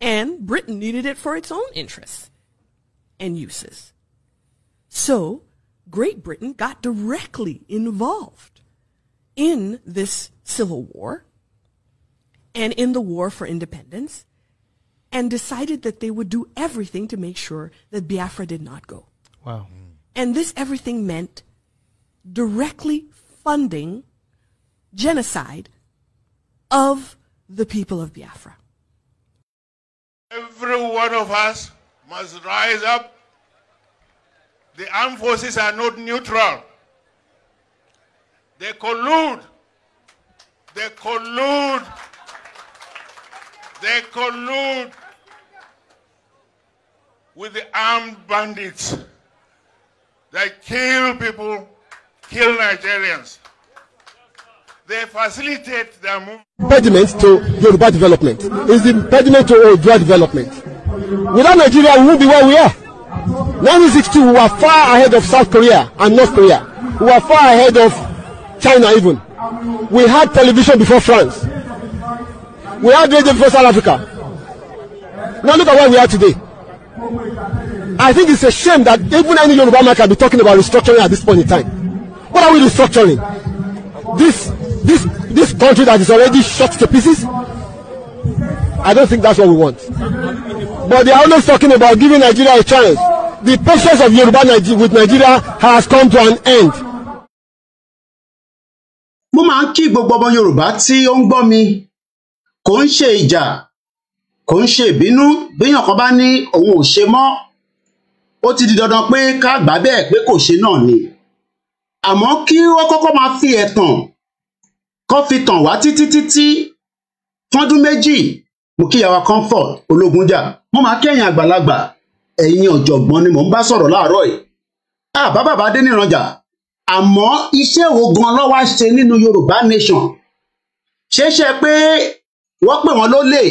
Speaker 9: And Britain needed it for its own interests and uses. So Great Britain got directly involved in this Civil War and in the War for Independence and decided that they would do everything to make sure that Biafra did not go. Wow. And this everything meant directly funding genocide of the people of Biafra.
Speaker 6: Every one of us must rise up. The armed forces are not neutral. They collude. They collude. They collude with the armed bandits that kill people, kill Nigerians.
Speaker 7: They facilitate their
Speaker 4: movement. Impediment to Yoruba development is the impediment to Odua development. Without Nigeria, we won't be where we are. 1962, we were far ahead of South Korea and North Korea. We were far ahead of China even. We had television before France. We had radio before South Africa. Now look at where we are today. I think it's a shame that even any Yoruba man can be talking about restructuring at this point in time. What are we restructuring? This this this country that is already shot to pieces? I don't think that's what we want. But they are always talking about giving Nigeria a chance. The process of Yoruba Niger with
Speaker 3: Nigeria has come to an end mo máa ń kí gbogbo ọmọ yorùbá tí ó ń gbọ́ mi kò ń ṣe ìjà kò ń ṣe ìbínú béèyàn kan bá ní òun ò ṣe mọ́ ó ti di dandan pé ká gbà bẹ́ẹ̀ pé kò ṣe náà ni àmọ́ kí wọ́n kọ́kọ́ máa fi ẹ̀tàn kọ́ fi tàn wá títí títí fọ́dún méjì mo kí yàrá comfort ológunjà mo máa kẹ́yìn àgbàlagbà ẹ̀yin ọ̀jọ̀gbọ́n ni mò ń bá sọ̀rọ̀ láàárọ̀ yìí àbá bàbá níranjà àmọ́ iṣẹ́ wo gan ló wá ṣe nínú Yorùbá nation ṣeéṣe pé wọ́n pè wọ́n lólè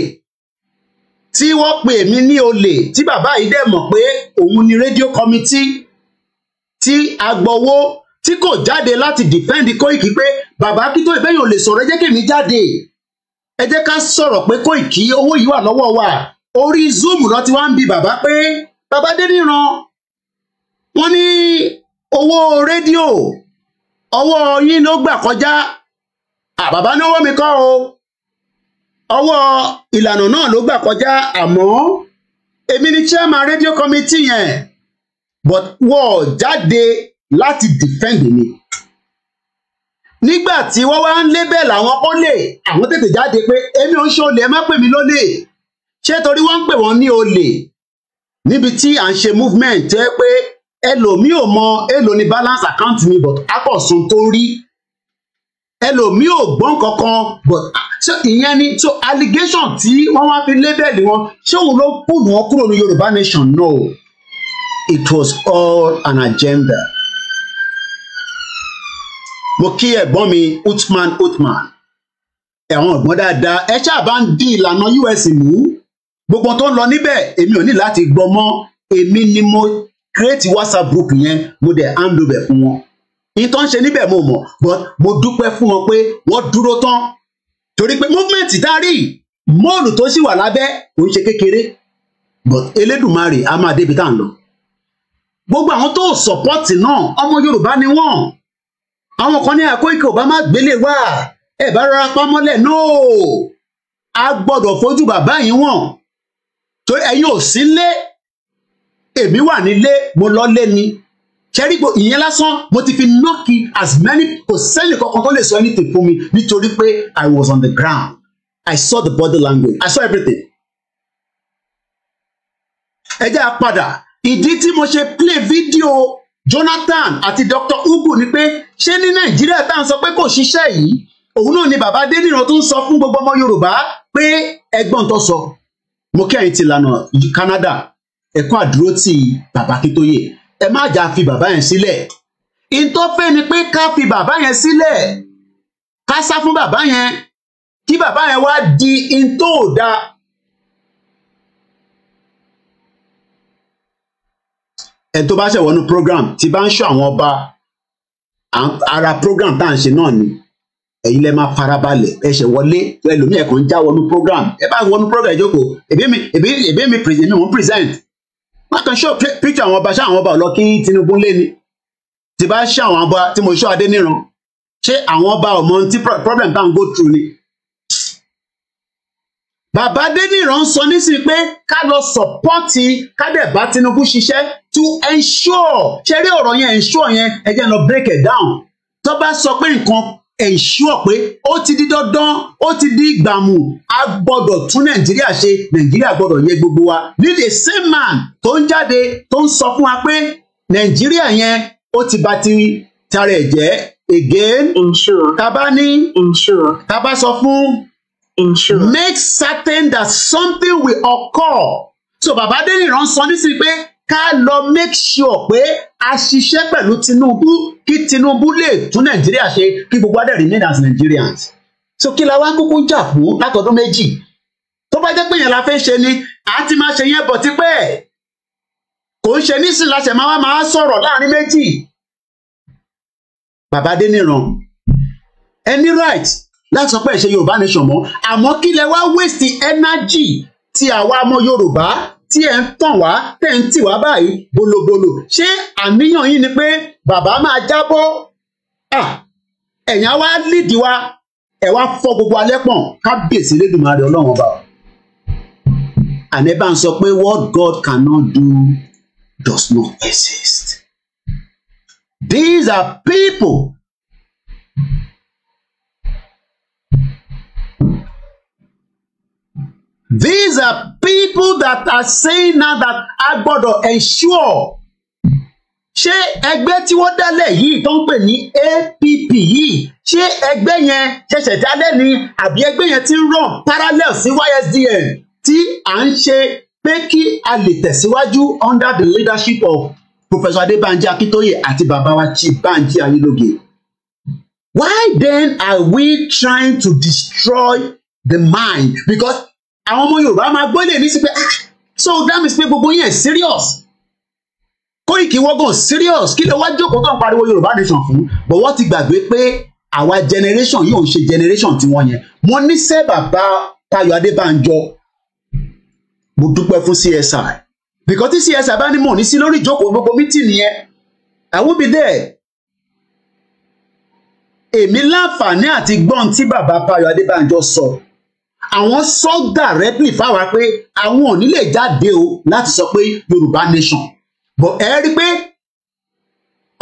Speaker 3: tí wọ́n pè mí ní olè tí bàbá yìí dẹ̀ mọ̀ pé òun ni rédíò kọmitì tí agbowó tí kò jáde láti dìpẹ́ǹdì Kóìkì pé bàbá Akíntóyè ìbẹ́yìn ò lè sọ̀rọ̀ ẹ jẹ́ kèmí jáde ẹ jẹ́ ká sọ̀rọ̀ pé Kóìkì owó yìí wà lọ́wọ́ wa orí Zoom lọ ti wá ń bi bàbá pé bàbá dé níran wọ́n ní owó rédíò ọwọ́ yín ló gbà kọjá àbàbá náwó mi kọ́ o ọwọ́ ìlànà náà ló gbà kọjá àmọ́ èmi ni chairman rédíò committee yẹn but wọ́ọ̀ jáde láti defend mi nígbà tí wọ́n wá ń lébẹ̀ làwọn olè àwọn tètè jáde pé èmi ò ń ṣe olè ẹ má pè mí lólè ṣé torí wọ́n ń pè wọ́n ní olè níbi tí à ń ṣe movement jẹ́ pé ẹlòmíì ò mọ èlò ní balance account mi but akọ̀sùn tó rí ẹlòmíì ò gbọ́n kankan but so ìyẹn ni so allegation tí wọ́n wá fi lébẹ̀lì wọn ṣé òun ló pùlù wọn kúrò ní Yorùbá nation no it was all an agenda mo kí ẹ̀gbọ́n mi Uthman Uthman ẹ̀wọ̀n ọ̀gbọ́n dáadáa ẹ ṣáà bá ń di ìlànà US mú gbogbo tó ń lọ níbẹ̀ èmi ò ní láti gbọ́ mọ́ èmi ni mo create whatsapp group yẹn mo dẹ̀ hand over fún wọn ìtàn ṣe níbẹ̀ mo mọ̀ but mo dúpẹ́ fún wọn pé wọ́n dúró tán torí pé movement tá a rí mọ́ọ̀lù tó sì wà lábẹ́ kò ń ṣe kékeré but elédùnmarè a máa débi tá à ń lọ gbogbo àwọn tó sọpọ́tì náà ọmọ yorùbá ni wọ́n àwọn kan ní àkókò ọba má gbélé wá ẹ bá rárá pamọ́lẹ̀ nóò a gbọ́dọ̀ fojú bàbá yìí wọ̀n torí ẹ̀yin ò sí lé èmi wà nílé mo lọ lé ni ṣẹ́rígbò ìyẹn lásán mo ti fi nọ́ọ̀kì as many kò sẹ́ni kankan tó lè sọ anything fún mi nítorí pé I was on the ground I saw the body language I saw everything. ẹ jẹ́ a padà ìdí tí mo ṣe play video. Jonathan àti Dr. Ugu ni pé ṣé ní Nàìjíríà tá à ń sọ pé kò ṣiṣẹ́ yìí òun náà ni bàbá Adéníran tó ń sọ fún gbogbo ọmọ Yorùbá pé ẹgbọ́n tó sọ mo kẹ́yìn ti lànà Canada ẹ̀kọ́ àdúrótì bàbá Akíntóyè ẹ má jà fi bàbá yẹn sílẹ̀ ìtọ́ fẹ́ ni pé ká fi bàbá yẹn sílẹ̀ ká sá fún bàbá yẹn kí bàbá yẹn wá di ìtọ́ òda. ẹ tó bá ṣẹ̀wọ́nú program tí bá ń ṣọ́ àwọn ọba ara program tá à ń ṣe náà ni ẹ̀yin lẹ máa farabalẹ̀ ẹ ṣe wọlé ẹlòmíì ẹ kàn já wọnú program ẹ bá wọnú program ẹ jókòó mi èbí mi èmi mo ń present bákan ṣó píkì àwọn ọba ṣá àwọn ọba ọlọ kí Tinubu lé ni tí bá ṣe àwọn ọba tí mo ṣọ adé níran ṣé àwọn ọba ọmọ tí problem tá ń go through ni. bàbá Adéníran sọ nísìnyí pé ká lọ sọpọ́ọ̀tì kádẹ́bá Tinubu ṣiṣẹ́ to ensure ṣe rí ọ̀rọ̀ yẹn ensure yẹn ẹ jẹ́ lọ break it down tó bá sọ pé nǹkan ensure pé ó ti di dandan ó ti di gbàmù a gbọ́dọ̀ tún nàìjíríà ṣe nàìjíríà gbọ́dọ̀ yẹ gbogbo wa ní the same man tó ń jáde tó ń sọ fún wa pé nàìjíríà yẹn ó ti ba ti tara ẹ̀ jẹ́ again ensure taba ní ensure taba sọ fún ensure make certain that something will occur so bàbá Adéníran sọ nísìnyí pé ká lọ make sure pé a ṣiṣẹ́ pẹ̀lú Tinubu kí Tinubu lè tún Nàìjíríà ṣe kí gbogbo adẹ́rì remain as Nigerians so kí la wá kúkú jà fún látọdún méjì tó bá jẹ́ pé yẹn la fẹ́ ṣe ni a ti máa ṣe yẹn bọ̀ tipẹ́ kò ń ṣe nísìnyí la ṣe máa máa sọ̀rọ̀ láàrin méjì bàbá Adéníran ẹni right láti sọ pé ẹ ṣe Yorùbá nation mọ́ àmọ́ kí lẹ wá waste energy ti àwa ọmọ Yorùbá tí ẹ ń tàn wá tẹ̀ ń tì wá báyìí bolobolo ṣé àníyàn yín ni pé bàbá máa jábọ́ ẹ̀yàn wá lídìí wa ẹ̀ wá fọ́ gbogbo alẹ́ pọ̀n kábíyèsí lédùmarè ọlọ́run ọba àní ń sọ pé what God cannot do does not exist. These are people These are people that are saying now that a gbọ́dọ̀ ensure ṣé ẹgbẹ́ tí wọ́n dálẹ̀ yìí tó ń pè ní APP yìí ṣé ẹgbẹ́ yẹn ṣẹ̀ṣẹ̀ dálẹ̀ ni àbí ẹgbẹ́ yẹn ti ń ràn parallel sí YSDM tí à ń ṣe pé kí a lè tẹ̀síwájú under the leadership of Professor Adébánjí Akíntóyè àti bàbá wa Chief Why then are we trying to destroy the mind? Because àwọn ọmọ Yorùbá máa gbọ́ lè ní sí pé ah so that means pé gbogbo yẹn serious Kóìkì wọ́gàn serious kí ló wá jókòó tó ń pariwo Yorùbá nation fún but wọ́n ti gbàgbé pé àwa generation yóò ń ṣe generation tiwọn yẹn mo ní sẹ́ bàbá Táyọ̀ Adébánjọ mo dúpẹ́ fún CSI because tí CSI bá ní mò ní sí lórí ìjókòó gbogbo mítìnì yẹn I will be there èmi láǹfààní àti gbọ́n tí bàbá Táyọ̀ Adébánjọ sọ. So àwọn sọ directly fáwa pé àwọn ò ní lè jáde o láti sọ pé yorùbá nation bọ̀ ẹ rí pé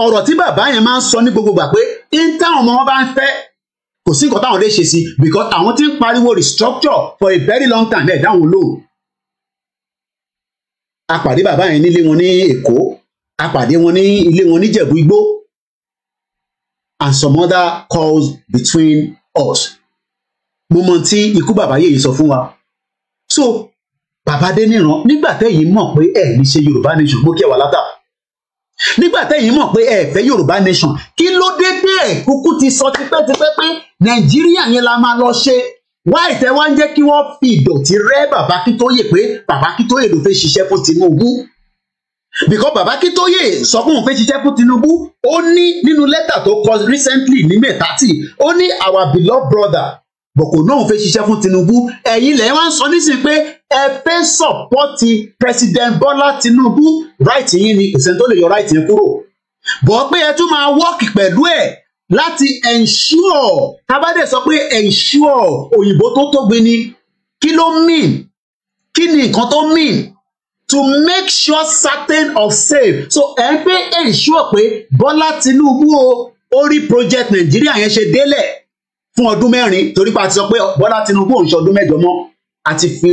Speaker 3: ọ̀rọ̀ tí bàbá yẹn máa ń sọ ní gbogbo gbà pé ń táwọn ọmọ wọn bá ń fẹ́ kò sí nǹkan táwọn lè ṣe sí because àwọn ti ń pariwo restructure for a very long time ẹ̀ dáhùn lóhùn. a pàdé bàbá yẹn nílé wọn ní èkó a pàdé wọn ní ilé wọn ní jẹ̀bú igbó and some other calls between us mo mọ tí ikú bàbá yèyí sọ fún wa so bàbá Adéníran nígbà tẹ́yìn mọ̀ pé ẹ̀ ní ṣe Yorùbá nation mo kẹwàá látà nígbà tẹ́yìn mọ̀ pé ẹ̀ fẹ́ Yorùbá nation kí ló dé dé ẹ̀ kúkú ti sọ tipẹ́tipẹ́ pé Nàìjíríà yẹn la máa lọ ṣe wá ìtẹ́ wá ń jẹ́ kí wọ́n fi ìdọ̀tí rẹ́ bàbá Akíntóyè pé bàbá Akíntóyè ló fẹ́ ṣiṣẹ́ fún Tinubu because bàbá Akíntóyè sọ fún òun fẹ́ ṣiṣẹ́ fún Tinubu ó ní nínú lẹ́tà tó kọ recently ní mẹ́tàtì ó ní our beloved brother bọ̀kò náà fẹ́ ṣiṣẹ́ fún Tinubu ẹ̀yin lẹ́yìn wá ń sọ nísìnyí pé ẹ fẹ́ sọ̀pọ́tì president Bọ́lá Tinubu right yín ni kò sẹ́ni tó lè yọ right yín kúrò bọ̀ pé ẹ tún máa work pẹ̀lú ẹ̀ láti ensure tábàdé sọ pé ensure òyìnbó tó tóbi ni kí ló mean kí ni nǹkan tó mean to make sure certain of safe so ẹ ń pé ensure pé Bọ́lá Tinubu o ó project Nàìjíríà yẹn ṣe délẹ̀ fún ọdún mẹ́rin torí pa ti sọ pé Bọ́lá Tinubu òun ṣe ọdún mẹ́jọ mọ́ àti fi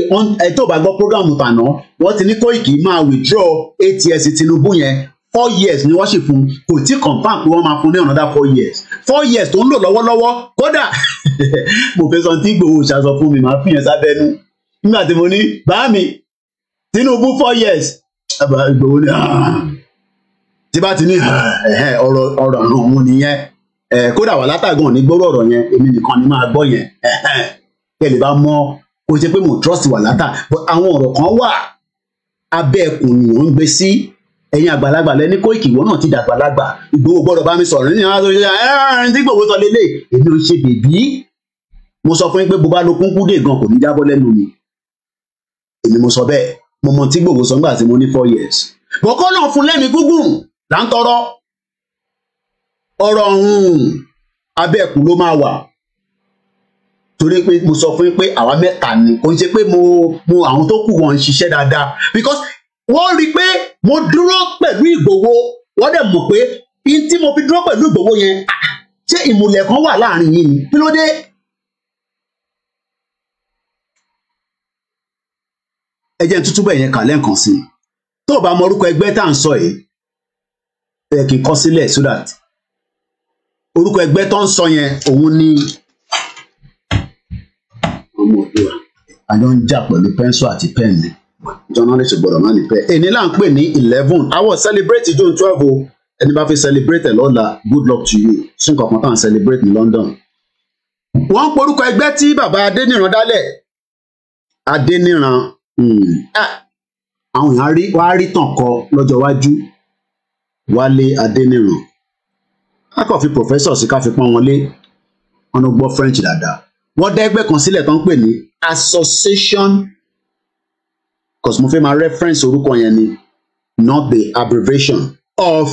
Speaker 3: ẹ̀tọ́ bá gbọ́ programu tàná wọ́n ti ní Kóìkì máa withdraw eight years Tinubu yẹn four years ni wọ́n sì fún kò tí confam pé wọ́n máa fún ní another four years four years tó ń lò lọ́wọ́lọ́wọ́ kódà mo fẹ́ sọ tí gbòòwò ṣàṣọ fún mi màá fìyẹn sábẹ́nu nígbà tí mo ní bàámi Tinubu four years gbòòwò ni tí bá ti ní ọ̀rọ̀ ọ̀rọ̀ ọ̀hún nìyẹn kódà wà látàgàn ní gbọ́rọ̀ ọ̀rọ̀ yẹn èmi nìkan ni máa gbọ́ yẹn kí ẹ lè bá mọ kó jẹ́ pé mo trust wà látà but àwọn ọ̀rọ̀ kan wà abẹ́ ẹkùn ni wọ́n ń gbé sí ẹ̀yin àgbàlagbà lẹ́ni kó ìkìwọ́ náà ti dàgbàlagbà ìgbòho gbọ́dọ̀ bá mi sọ̀rọ̀ nínú àwọn àti ẹ̀rìn tí gbòho sọ lélẹ̀ èmi ò ṣe bèbí mo sọ fún yín pé bó bá lo kúnkúndé gan kò ní jábọ́ lẹ́nu mi èmi mo sọ bẹ́ẹ̀ mo mọ tí gbòho sọ nígbà tí mo ní four years bọ́kọ́ náà fún lẹ́mi gúngùn là ń tọrọ ọ̀rọ̀ ọ̀hún abẹ́ẹ̀kú ló máa wà torí pé mo sọ fún yín pé àwa mẹ́ta ni kò ń ṣe pé mo mo àwọn tó kù wọn ń ṣiṣẹ́ dáadáa because wọ́n rí i pé mo dúró pẹ̀lú Ìgbòho wọ́n dẹ̀ mọ̀ pé bí tí mo fi dúró pẹ̀lú Ìgbòho yẹn ah, ṣé ìmùlẹ̀ kan wà láàrin yìí ni kí ló dé ẹ jẹ́ n tútú bẹ̀ yẹn kà lẹ́ǹkan sí i tó o bá mọ orúkọ ẹgbẹ́ tá à ń sọ yìí ẹ kì í kọ sílẹ̀ so that orúkọ ẹgbẹ́ tó ń sọ yẹn òun ni ọmọ òdua àjọ ń jà pẹ̀lú pẹ́ńsù àti pẹ́ẹ̀nì journalist gbọ́dọ̀ máa ní pẹ́ èní là ń pè ní eleven àwọn celebrate june twelve o ẹni bá fi celebrate ẹ̀ lọ́la good luck to you sún kankan tá à ń celebrate ní London. wọ́n ń porúkọ ẹgbẹ́ tí bàbá Adéníran dálẹ̀ Adéníran hmm. ah, àwọn èèyàn wá rí tàn kọ lọ́jọ́ iwájú Wálé Adéníran kàn fi professor sí ká fi pọ́n wọn lé wọn ló gbọ́ French dáadáa wọ́n dá ẹgbẹ́ kan sílẹ̀ tó ń pè ní association cause mo fẹ́ máa reference orúkọ yẹn ni not the abbreviation of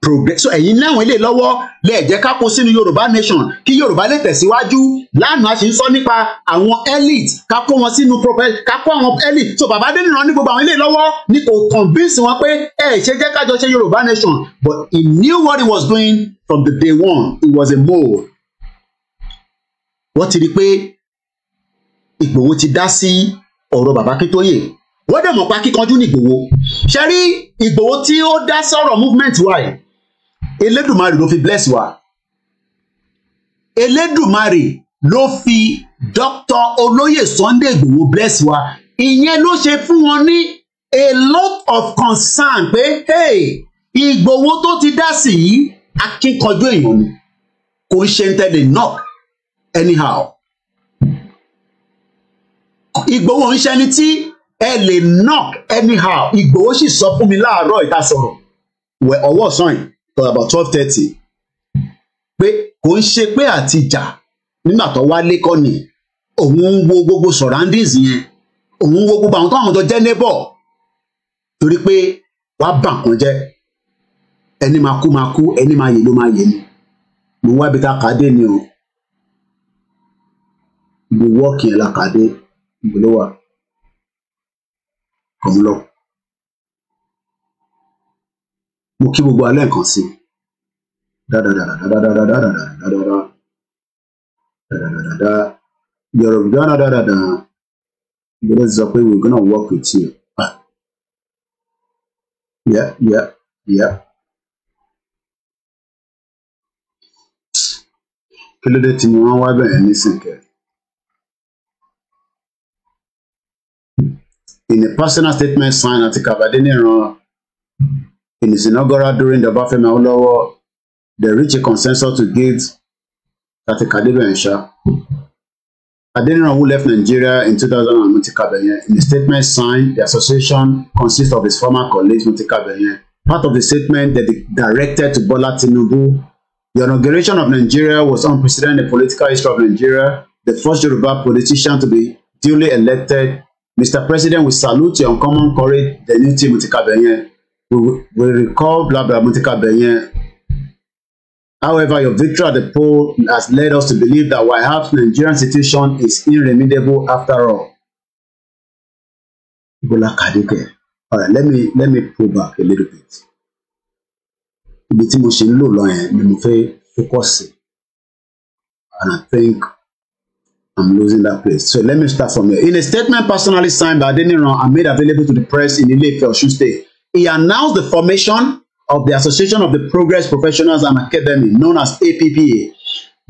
Speaker 3: progress so ẹ̀yin láwọn ilé lọ́wọ́ lẹ́ẹ̀jẹ́ ká kó sínú yorùbá nation kí yorùbá lè tẹ̀síwájú lánàá ṣe ń sọ nípa àwọn elite ká kó wọn sínú propel ká kó àwọn elite so bàbá adéníran ní gbogbo àwọn ilé lọ́wọ́ ní kò convince wọn pé ẹ ṣe jẹ́ kájọ ṣe yorùbá nation but he knew what he was doing from the day one he was a mole wọ́n ti rí i pé ìgbòho ti dá sí ọ̀rọ̀ bàbá kítóyè wọ́n dẹ̀ mọ̀ pa kíkanjú ní ìgbòho ṣe rí ìgbòho tí ó dá sọ̀rọ̀ movement wa elédùmarè ló fi bless wa elédùmarè ló fi Dr. olóyè Sunday Igboho bless wa ìyẹn ló ṣe fún wọn ní a lot of concern pé hey Ìgbòho tó ti dá sí yìí akínkanjú èèyàn ni kò ń ṣe ń tẹ̀lé náà anyhow Ìgbòho ń ṣẹni tí ẹ lè knock anyhow Ìgbòho sì sọ fún mi láàárọ̀ ìta sọ̀rọ̀ wẹ̀ ọwọ́ ọ̀sán yìí about twelve thirty pé kò ń ṣe pé àtijà nígbà tó wálé kọ́ ni òun ń wo gbogbo surroundings yẹn òun ń wo gbogbo àwọn táwọn tó jẹ́ neighbor torí pé wàá bà kàn jẹ́ ẹni máa kú máa kú ẹni máa yè ló máa yè ni mo wá ibi tá a kà á dé ni o mo wọ́ọ̀kì yẹn la kà á dé mo ló wà kàn lọ. mo kí gbogbo alẹ́ nǹkan sí yorùbá work with you yeah yeah yeah in a personal statement signed àti kàbádé ní ìran. In his inaugural during the Bafemi Awolowo, they reached a consensus to give Tati Kadebe Ensah. Adeniran, who left Nigeria in 2000 and Muti in a statement signed, the association consists of his former colleagues Muti Kabenye. Part of the statement that directed to Bola Tinubu, the inauguration of Nigeria was unprecedented in the political history of Nigeria, the first Yoruba politician to be duly elected. Mr. President, we salute your uncommon courage, the new team Muti Kabenye we recall blah blah mutika ti However, your victory at the poll has led us to believe that perhaps Nigerian situation is irremediable after all. Bola Kadike. All right, let me let me pull back a little bit. Ibi tí mo ṣe ń lò lọ yẹn ni mo fẹ́ fókọ̀sì. And I think I'm losing that place. So let me start from here. In a statement personally signed by Adeniran and made available to the press in Ile-Ife, Osun State, he announced the formation of the Association of the Progress Professionals and Academy, known as APPA.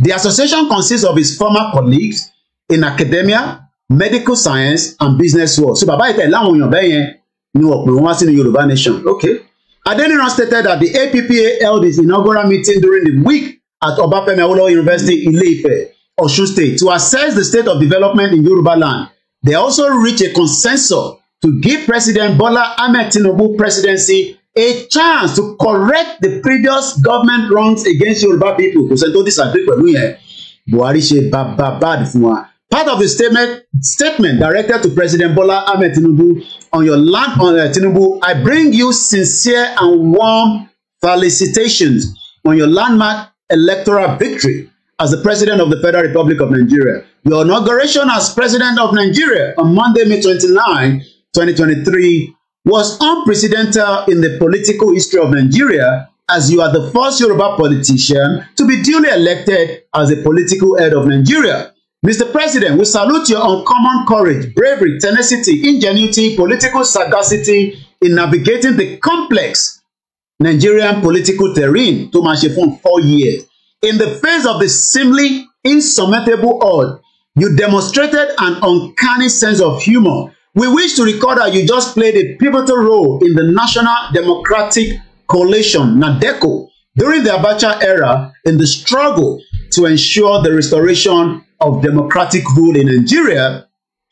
Speaker 3: The association consists of his former colleagues in academia, medical science, and business world. So Baba, ìtẹ̀ láwọn èèyàn bẹ́ẹ̀ ni wọ́n pè wọ́n wá sínú Yorùbá nation. Okay. Adeniran stated that the APPA held its inaugural meeting during the week at Obafemi Awolowo University in Ile-Ife, Osun State, to assess the state of development in Yoruba land. They also reached a consensus to give President Bola Ahmed Tinubu presidency a chance to correct the previous government wrongs against Yoruba people. Kò sẹ́ni tó disagree pẹ̀lú yẹn. Buhari ṣe bàbá bad fún wa. Part of the statement, statement directed to President Bola Ahmed Tinubu on your land on uh, Tinubu, I bring you sincere and warm felicitations on your landmark electoral victory as the President of the Federal Republic of Nigeria. Your inauguration as President of Nigeria on Monday, May 29 2023 was unprecedented in the political history of Nigeria as you are the first Yoruba politician to be duly elected as the political head of Nigeria. Mr. President, we salute your uncommon courage, bravery, tenacity, ingenuity, political sagacity in navigating the complex Nigerian political terrain to máa ṣe fún four years. In the face of the seemingly insurmountable odds, you demonstrated an uncanny sense of humor We wish to record that you just played a pivotal role in the National Democratic Coalition, NADECO, during the Abacha era in the struggle to ensure the restoration of democratic rule in Nigeria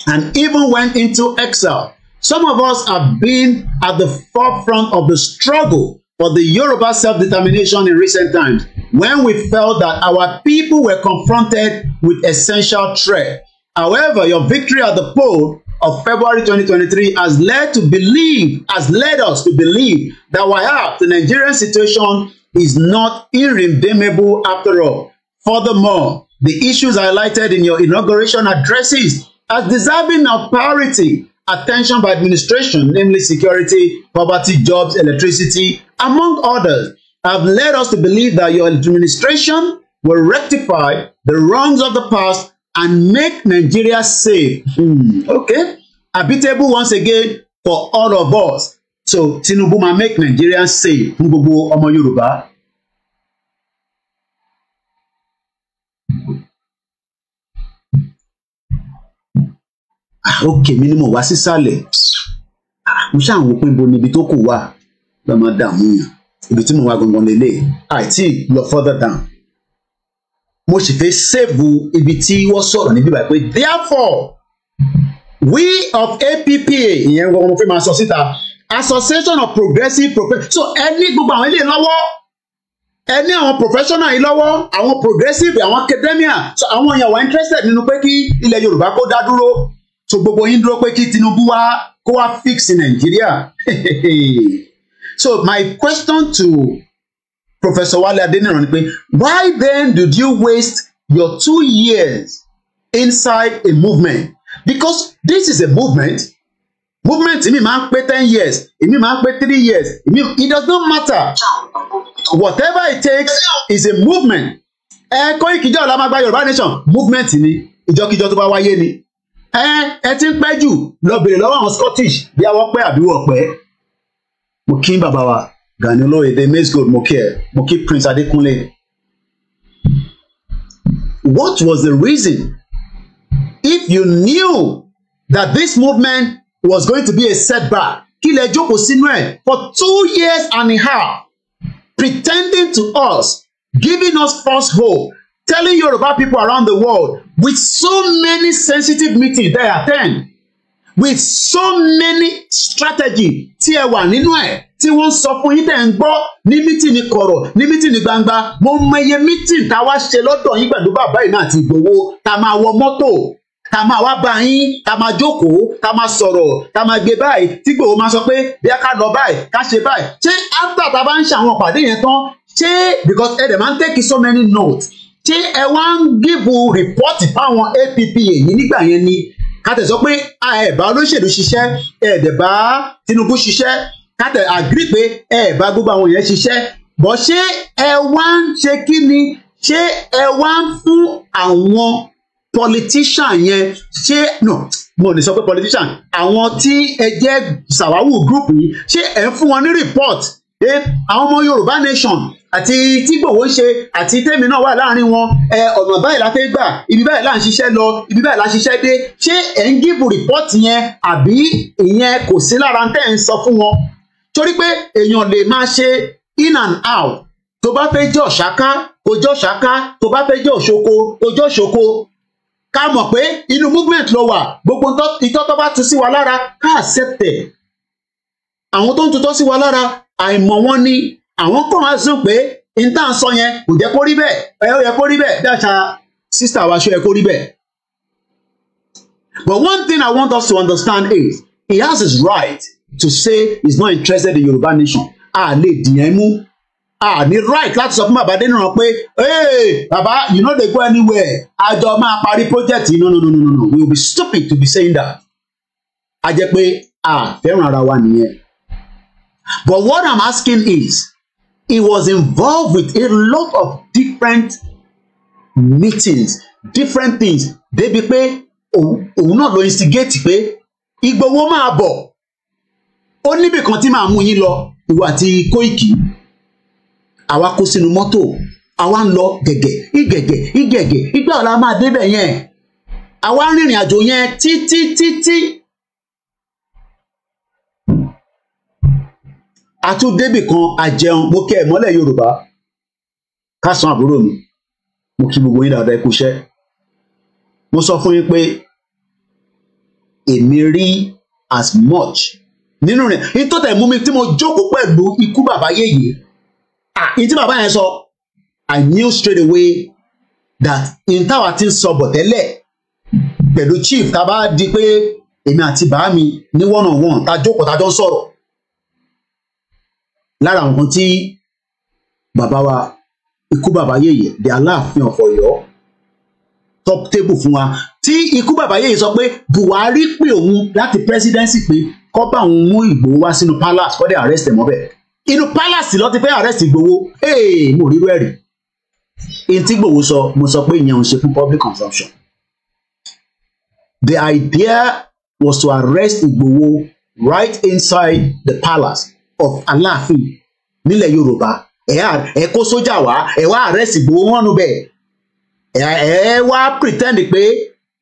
Speaker 3: and even went into exile. Some of us have been at the forefront of the struggle for the Yoruba self-determination in recent times when we felt that our people were confronted with essential threat. However, your victory at the poll of February 2023 has led to believe, has led us to believe that perhaps ah, the Nigerian situation is not irredeemable after all. Furthermore, the issues highlighted in your inauguration addresses as deserving of priority attention by administration, namely security, poverty, jobs, electricity, among others, have led us to believe that your administration will rectify the wrongs of the past and make Nigeria safe. Mm, okay, habitable once again for all of us. So Tinubu ma make Nigeria safe fún gbogbo ọmọ Yorùbá. òkè ah, mi ni mo wá sísàlẹ̀ ah, mo ṣáà wò pé bo níbi tó kù wà lọ́mọdàmú yàn ibi tí mo wá gangan lélẹ̀ àìtí lọ further down mo sì fẹ́ sèbù ibi tí wọ́n sọ̀rọ̀ níbí báyìí pé therefore we of APPA ìyẹn wọn mo fẹ́ máa sọ síta association of progressive professionals so ẹ ní gbogbo àwọn ilé lọ́wọ́ ẹ àwọn professional yìí lọ́wọ́ àwọn progressive àwọn academia so àwọn èèyàn wà interested nínú pé kí ilẹ̀ Yorùbá kó dá dúró so gbogbo yín dúró pé kí Tinubu wá kó wá fix Nàìjíríà so my question to Professor Wale Adeniran ni pé why then did you waste your two years inside a movement because this is a movement movement èmi máa ń ten years èmi máa ń three years èmi it does not matter whatever it takes is a movement ẹ kọ́ ìkìjọ́ ọ̀la máa gba Yorùbá nation movement ni ìjọkíjọ tó bá wáyé ni ẹ ẹ ti ń pẹ́ jù lọ bèrè lọ́wọ́ àwọn Scottish bí awọ́ pẹ́ àbí wọ̀ pẹ́ mo kí bàbá wa Gani Olóyèdè Maize Gold mo kí Prince Adekunle. What was the reason if you knew that this movement was going to be a setback kí lẹ jókòó for two years and a half pretending to us giving us false hope telling Yoruba people around the world with so many sensitive meetings they attend with so many strategy tí ẹ wà nínú ẹ tí wọ́n sọ fún yín tẹ́ ń gbọ́ ní mítìn ní kọ̀rọ̀ ní mítìn ní gbangba mo mọye mítìn tá a wá ṣe lọ́dọ̀ yín pẹ̀lú bàbá yìí náà ti gbowó tá a máa wọ mọ́tò tá a máa wá bá yín tá a máa jókòó tá a máa sọ̀rọ̀ tá a máa gbé báyìí tí gbòó máa sọ pé bí a ká lọ báyìí ká ṣe báyìí ṣé after tá a bá ń ṣe àwọn pàdé yẹn tán ṣé because ẹ dẹ̀ máa ń take so many notes ṣé ẹ wá ń gíbu rìpọ́ọ̀tì fáwọn APPA yìí nígbà yẹn ni kátẹ sọ pé ẹ̀bá olóṣèlú ṣiṣẹ́ ẹ̀dẹ̀bá Tinubu ṣiṣẹ́ kátẹ àgírí pé ẹ̀bá gbogbo àwọn yẹn ṣiṣẹ́ bọ́ ṣé ẹ wá ń ṣe kí ni ṣé ẹ wá ń fún àwọn politician yẹn ṣé no mo ní sọ pé politician àwọn tí ẹ jẹ́ sàwáwù group yìí ṣé ẹ ń fún wọn ní report pé àwọn ọmọ Yorùbá nation àti tí Ìgbòho ṣe àti tèmi náà wà láàrin wọn ẹ ọ̀nà báyìí la fẹ́ gbà ibi báyìí là ń ṣiṣẹ́ lọ ibi báyìí la ṣiṣẹ́ dé ṣé ẹ̀ ń gíbù rìpọ́ọ̀tì yẹn àbí ìyẹn kò sí lára tẹ́ ẹ̀ ń sọ fún wọn torí pé èèyàn lè máa ṣe in and out tó bá fẹ́ jẹ́ ọ̀ṣáká kò jẹ́ ọ̀ṣáká tó bá fẹ́ jẹ́ òṣoko kò jẹ́ òṣoko ká mọ̀ pé inú movement ló wà gbogbo ìtọ́ tó bá tu sí wa lára ká accept ẹ̀ àìmọ̀ wọn ni àwọn kọ́ máa sọ pé n tá à ń sọ yẹn kò jẹ́ kó rí bẹ́ẹ̀ ẹ ó yẹ kó rí bẹ́ẹ̀ dáṣà sísà wa ṣó yẹ kó rí bẹ́ẹ̀. But one thing I want us to understand is he has his right to say he's not interested in Yoruba nation. A lè dìyẹn mú. A ní right láti sọ fún bàbá Adéníran pé hey bàbá you no dey go anywhere. Àjọ máa parí project yìí no no no no no we will be stupid to be saying that. A jẹ́ pé a fẹ́ràn ara wa nìyẹn. But what I'm asking is he was involved with a lot of different meetings different things débi pé òun náà ló instigate pé Ìgbòho máa bọ̀ ó níbì kan tí màá mú yín lọ ìwà àti Kóìkì àwa kó sínú mọ́tò àwa ń lọ gẹ̀gẹ̀ ìgẹ̀gẹ̀ ìgẹ̀gẹ̀ ìgbà ọ̀la máa débẹ̀ yẹn àwa ń rìnrìn àjò yẹn títí títí àtúndébì kan àjẹun mo kẹ́ ẹ̀ mọ́lẹ̀ yorùbá kásán àbúrò mi mo kí gbogbo yín dáadáa ikú iṣẹ́ mo sọ fún yín pé èmi rí as much nínú rẹ̀ yín tó tẹ̀ mú mi tí mo jókòó pẹ̀lú ikú bàbá yéyé ah yín tí bàbá yẹn sọ I knew straight away that in táwa ti ń sọ bọ̀ tẹ́lẹ̀ pẹ̀lú chief tá a bá di pé èmi àti bàá mi ní one on one tá a jókòó tá a jọ ń sọ̀rọ̀ lára nǹkan tí bàbá wa ikú bàbá yèyè di aláàfin of Ọ̀yọ́ top table fún wa tí ikú bàbá yèyè sọ pé Buhari pè òun láti presidency pé kó bá òun mú Ìgbòho wá sínú palace kó dẹ̀ arrest ẹ̀ mọ́bẹ̀ inú palace ló ti fẹ́ arrest Ìgbòho ee mo rí rẹ́ẹ̀rì in tí Ìgbòho sọ mo sọ pé ìyẹn ò ṣe fún public consumption the idea was to arrest Ìgbòho right inside the palace of aláàfin nílẹ̀ yorùbá ẹ kó sójà wá ẹ wá àrẹ́sì Ìgbòho hànú bẹ́ẹ̀ ẹ wá pretend pé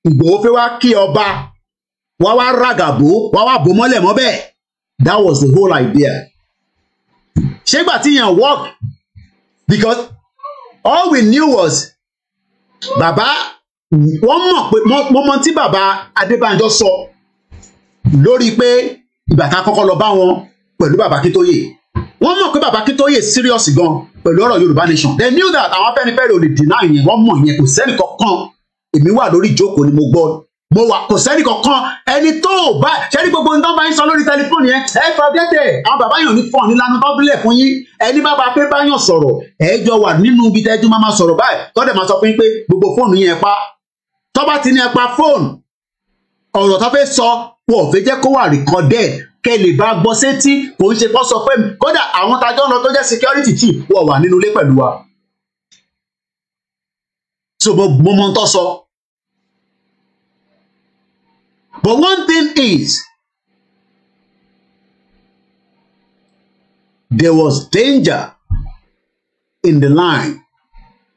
Speaker 3: Ìgbòho fẹ́ wá kí ọba wá wá ràgàbó wá wá bò mọ́lẹ̀ mọ́ bẹ́ẹ̀ that was the whole idea ṣégbà tí yẹn work because all we knew was Baba wọ́n mọ̀ pé mo mọ̀ tí bàbá Adébánjọ sọ lórí pé ìgbà tá a kọ́kọ́ lọ bá wọn pẹ̀lú bàbá Akíntóyè wọ́n mọ̀ pé bàbá Akíntóyè serious gan pẹ̀lú ọ̀rọ̀ Yorùbá nation they knew that àwọn Afẹ́nifẹ́re ò lè deny yẹn wọ́n mọ̀ yẹn kò sẹ́ni kankan èmi wà lórí ìjókòó ni mo gbọ́ mo wà kò sẹ́ni kankan ẹni tó o bá sẹ́ni gbogbo nǹkan bá ń sọ lórí tẹlifóònù yẹn ẹ fọdẹ́tẹ̀ àwọn bàbá yàn ní fọ́ọ̀n nílànà tó bílẹ̀ fún yín ẹni bá bá pé bá yàn sọ̀rọ̀ ẹ jọ wà nínú ibi tẹ́jú máa sọ̀rọ̀ báyìí tọ́dẹ̀ máa sọ fún yín pé gbogbo fóònù yẹn pa tọ́ba ti ní ẹ pa fóònù ọ̀rọ̀ tó fẹ́ sọ wọn ò fẹ́ jẹ́ kó wà rìkọ́dẹ̀ kẹ lè bá gbọ́ sétí kò ń ṣe kó sọ pé kódà àwọn tajọ́ lọ tó jẹ́ security chief wọ̀ wà nínú ilé pẹ̀lú wa. so mo mọ tó sọ. but one thing is there was danger in the line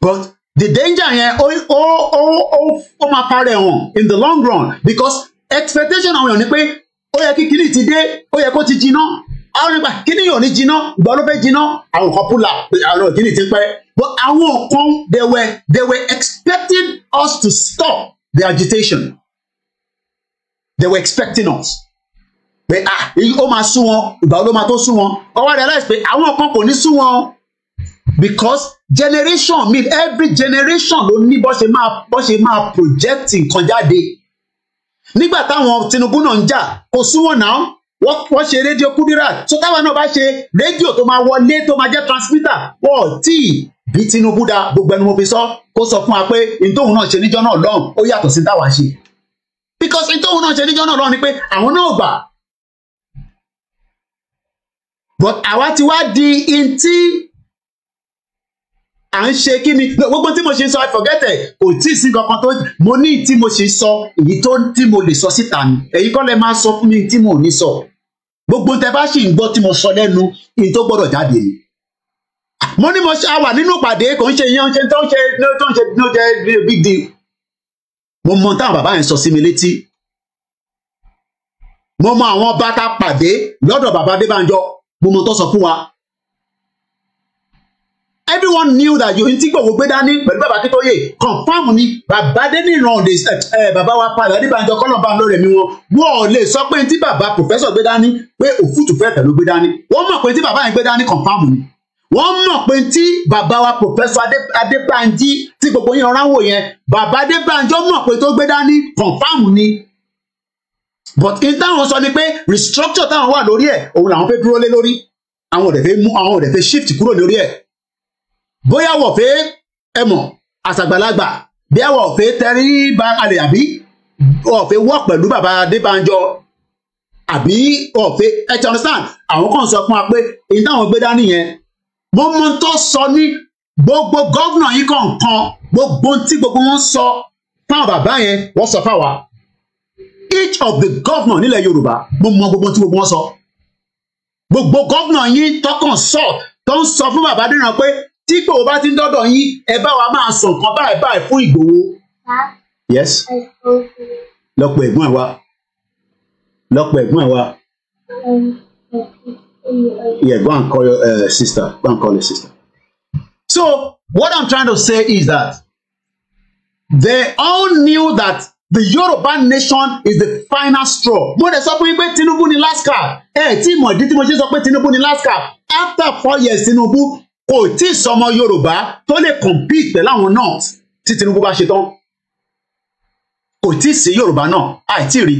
Speaker 3: but the danger yẹn ó ó ó ó ó máa parẹ́ wọn in the long run because expectation àwọn èèyàn ni pé ó yẹ kí kinní ti dé ó yẹ kó ti jiná àwọn nípa kinní yóò ní jiná ìgbà ló fẹ́ jiná àwọn kan púlà àwọn kinní ti pẹ́ but àwọn kan they were they were expecting us to stop the agitation they were expecting us pé ah ó máa sú wọn ìgbà ló máa tó sú wọn ọwọ́ rẹ̀ láìsí pé àwọn kan kò ní sú wọn because generation mean every generation ló ní bó ṣe máa bó ṣe máa project nǹkan jáde nígbà táwọn Tinubu náà ń jà kò súnwọ̀n náà wọ́n ṣe rédíò Kudirat tó táwọn náà bá ṣe rédíò tó máa wọlé tó máa jẹ́ transmitter wọ́n tí bí Tinubu da gbogbo ẹni mo fi sọ kó sọ fún wa pé ìtòhun náà ṣe níjọ́ náà lọ́hùn ó yàtọ̀ sí táwa ṣe because ìtòhun náà ṣe níjọ́ náà lọ́hùn ni pé àwọn náà gbà but àwa ti wá di in à ń ṣe kí ni gbogbo tí mo ṣe sọ I forget it kò tí ì sí kankan tó mo ní tí mo ṣe sọ èyí tó tí mo lè sọ síta ni èyí kọ́ lẹ máa sọ fún mi tí mo ò ní sọ gbogbo tẹ bá sì ń gbọ́ tí mo sọ lẹ́nu èyí tó gbọ́dọ̀ jáde ni. mo ní mo wà nínú ìpàdé kò ń ṣe ìyẹn ṣe tó ń ṣe tó ń ṣe tó ń ṣe big deal mo mọ táwọn bàbá yẹn sọ sí mi létí mo mọ àwọn bàtà pàdé lọ́dọ̀ bàbá Adébánjọ mo mọ tó sọ fún wa everyone knew that you ti gbogbo gbé dání pẹ̀lú bàbá akíntóye confam ni bàbá dénìràn ọ̀dẹ ẹ eh, eh, bàbá wa padà adébànjọ kọ́nàbà lórí ẹ̀mí wọn wọn ò lè sọ pé ti bàbá professor gbé dání pé òfútù fẹ́ tẹ̀lé gbé dání wọ́n mọ̀ pé ti bàbá yẹn gbé dání confam ni wọ́n mọ̀ pé tí bàbá wa professor adébànjí tí gbogbo yẹn ọ̀rá wò yẹn bàbá adébànjọ mọ̀ pé tó gbé dání confam ni but in táwọn sọ ni pé restructure táwọn wà lórí ẹ̀ òun làwọn fẹ́ dúró lé lórí àwọn ò mú àwọn ò shift kúrò lórí ẹ̀ bóyá wọ̀ pé ẹ mọ̀ àṣàgbàlagbà bí ẹ wọ̀ pé tẹrí ba alẹ̀ àbí wọ̀ pé wọ̀ pẹ̀lú bàbá Adébánjọ àbí wọ̀ pé ẹ ti understand àwọn kan sọ fún wa pé èyí táwọn gbé dání yẹn mo mọ tó sọ ní gbogbo gọ́vnà yìí kọ̀ọ̀kan gbogbo tí gbogbo wọn sọ fáwọn bàbá yẹn wọ́n sọ fáwa each of the gọ́vnà nílẹ̀ Yorùbá mo mọ gbogbo tí gbogbo wọn sọ gbogbo gọ́vnà yìí tọkàn sọ tó ń sọ fún bàbá Adéran pé tí Ìgbòho bá ti ń dọ́dọ̀ yín ẹ bá wa máa sọ nǹkan báyìí báyìí fún Ìgbòho. yes lọ́pọ̀ ẹ̀gbọ́n ẹ̀ wa lọ́pọ̀ ẹ̀gbọ́n ẹ̀ wa yeah go and call your uh, sister go and call your sister. so what I'm trying to say is that they all knew that the Yoruba nation is the final straw. mo dẹ̀ sọ fún yín pé Tinubu ni last card ẹ̀ tí mo ìdí tí mo ṣe sọ pé Tinubu ni last card after four years Tinubu kò tí ì sọmọ yorùbá tó lè compete pẹ̀lú àwọn north tí tinubu bá ṣe tán kò tí ì sí yorùbá náà àìtí rí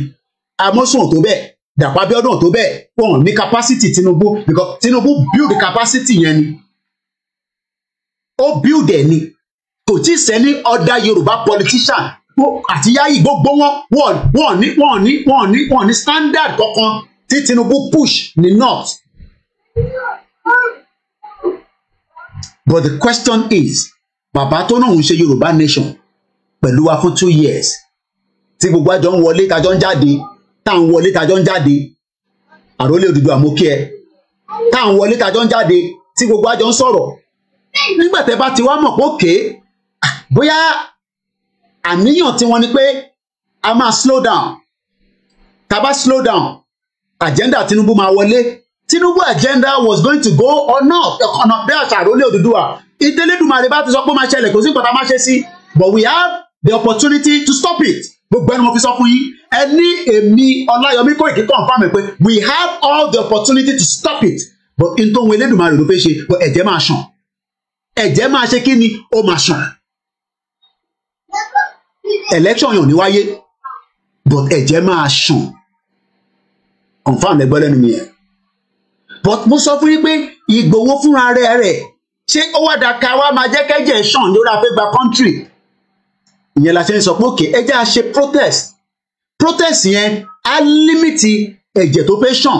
Speaker 3: amósùn tó bẹ́ẹ̀ dàpọ̀ abíọ́dún tó bẹ́ẹ̀ wọn ní capacity tinubu because tinubu build capacity yẹn ni ó build ẹ̀ ni kò tí ì sẹ́ni ọ̀dà yorùbá politician àti yáyì gbogbo wọn wọn ní wọn ní wọn ní wọn ní standard kankan tí tinubu push ní north but the question is bàbá tó náà ń ṣe yorùbá nation pẹ̀lú wa fún two years tí gbogbo àjọ ń wọlé tàjọ ń jáde tá à ń wọlé tàjọ ń jáde àròlé Odùduwà mo kí ẹ tá à ń wọlé tàjọ ń jáde tí gbogbo àjọ ń sọ̀rọ̀ nígbà tẹ́ bá ti wá mọ̀ pé òkè bóyá àníyàn tiwọn ni pé a máa slow down tá a bá slow down agenda Tinubu máa wọlé Tinubu agenda was going to go or not ọ̀nà bẹ́ẹ̀ àṣàrólé Odùduwà ìdẹ́lẹ́dùmarè bá ti sọ pé ó máa ṣẹlẹ̀ kò sí nǹkan tá a máa ṣe sí but we have the opportunity to stop it gbogbo ẹni mo fi sọ fún yín ẹ ní èmi Ọláyọmí Kóìkí confam pé we have all the opportunity to stop it but n tó ń Ẹlẹ́dùmarè ló fẹ́ ṣe but ẹ̀jẹ̀ máa ṣàn ẹ̀jẹ̀ máa ṣe kí ni ó máa ṣàn election yàn ní wáyé but ẹ̀jẹ̀ máa ṣàn confam lẹ́gbẹ́ lẹ́nu mi yẹn but mo sọ fún yín pé Ìgbòho fúnra rẹ̀ rẹ̀ ṣé ó wá da ká wá máa jẹ́ kẹ́jẹ̀ ṣàn lórí afẹ́gbà country ìyẹn la ṣe ń sọ pé òkè ẹ jẹ́ à ṣe protest protest yẹn á límìtì ẹ̀jẹ̀ tó fẹ́ ṣàn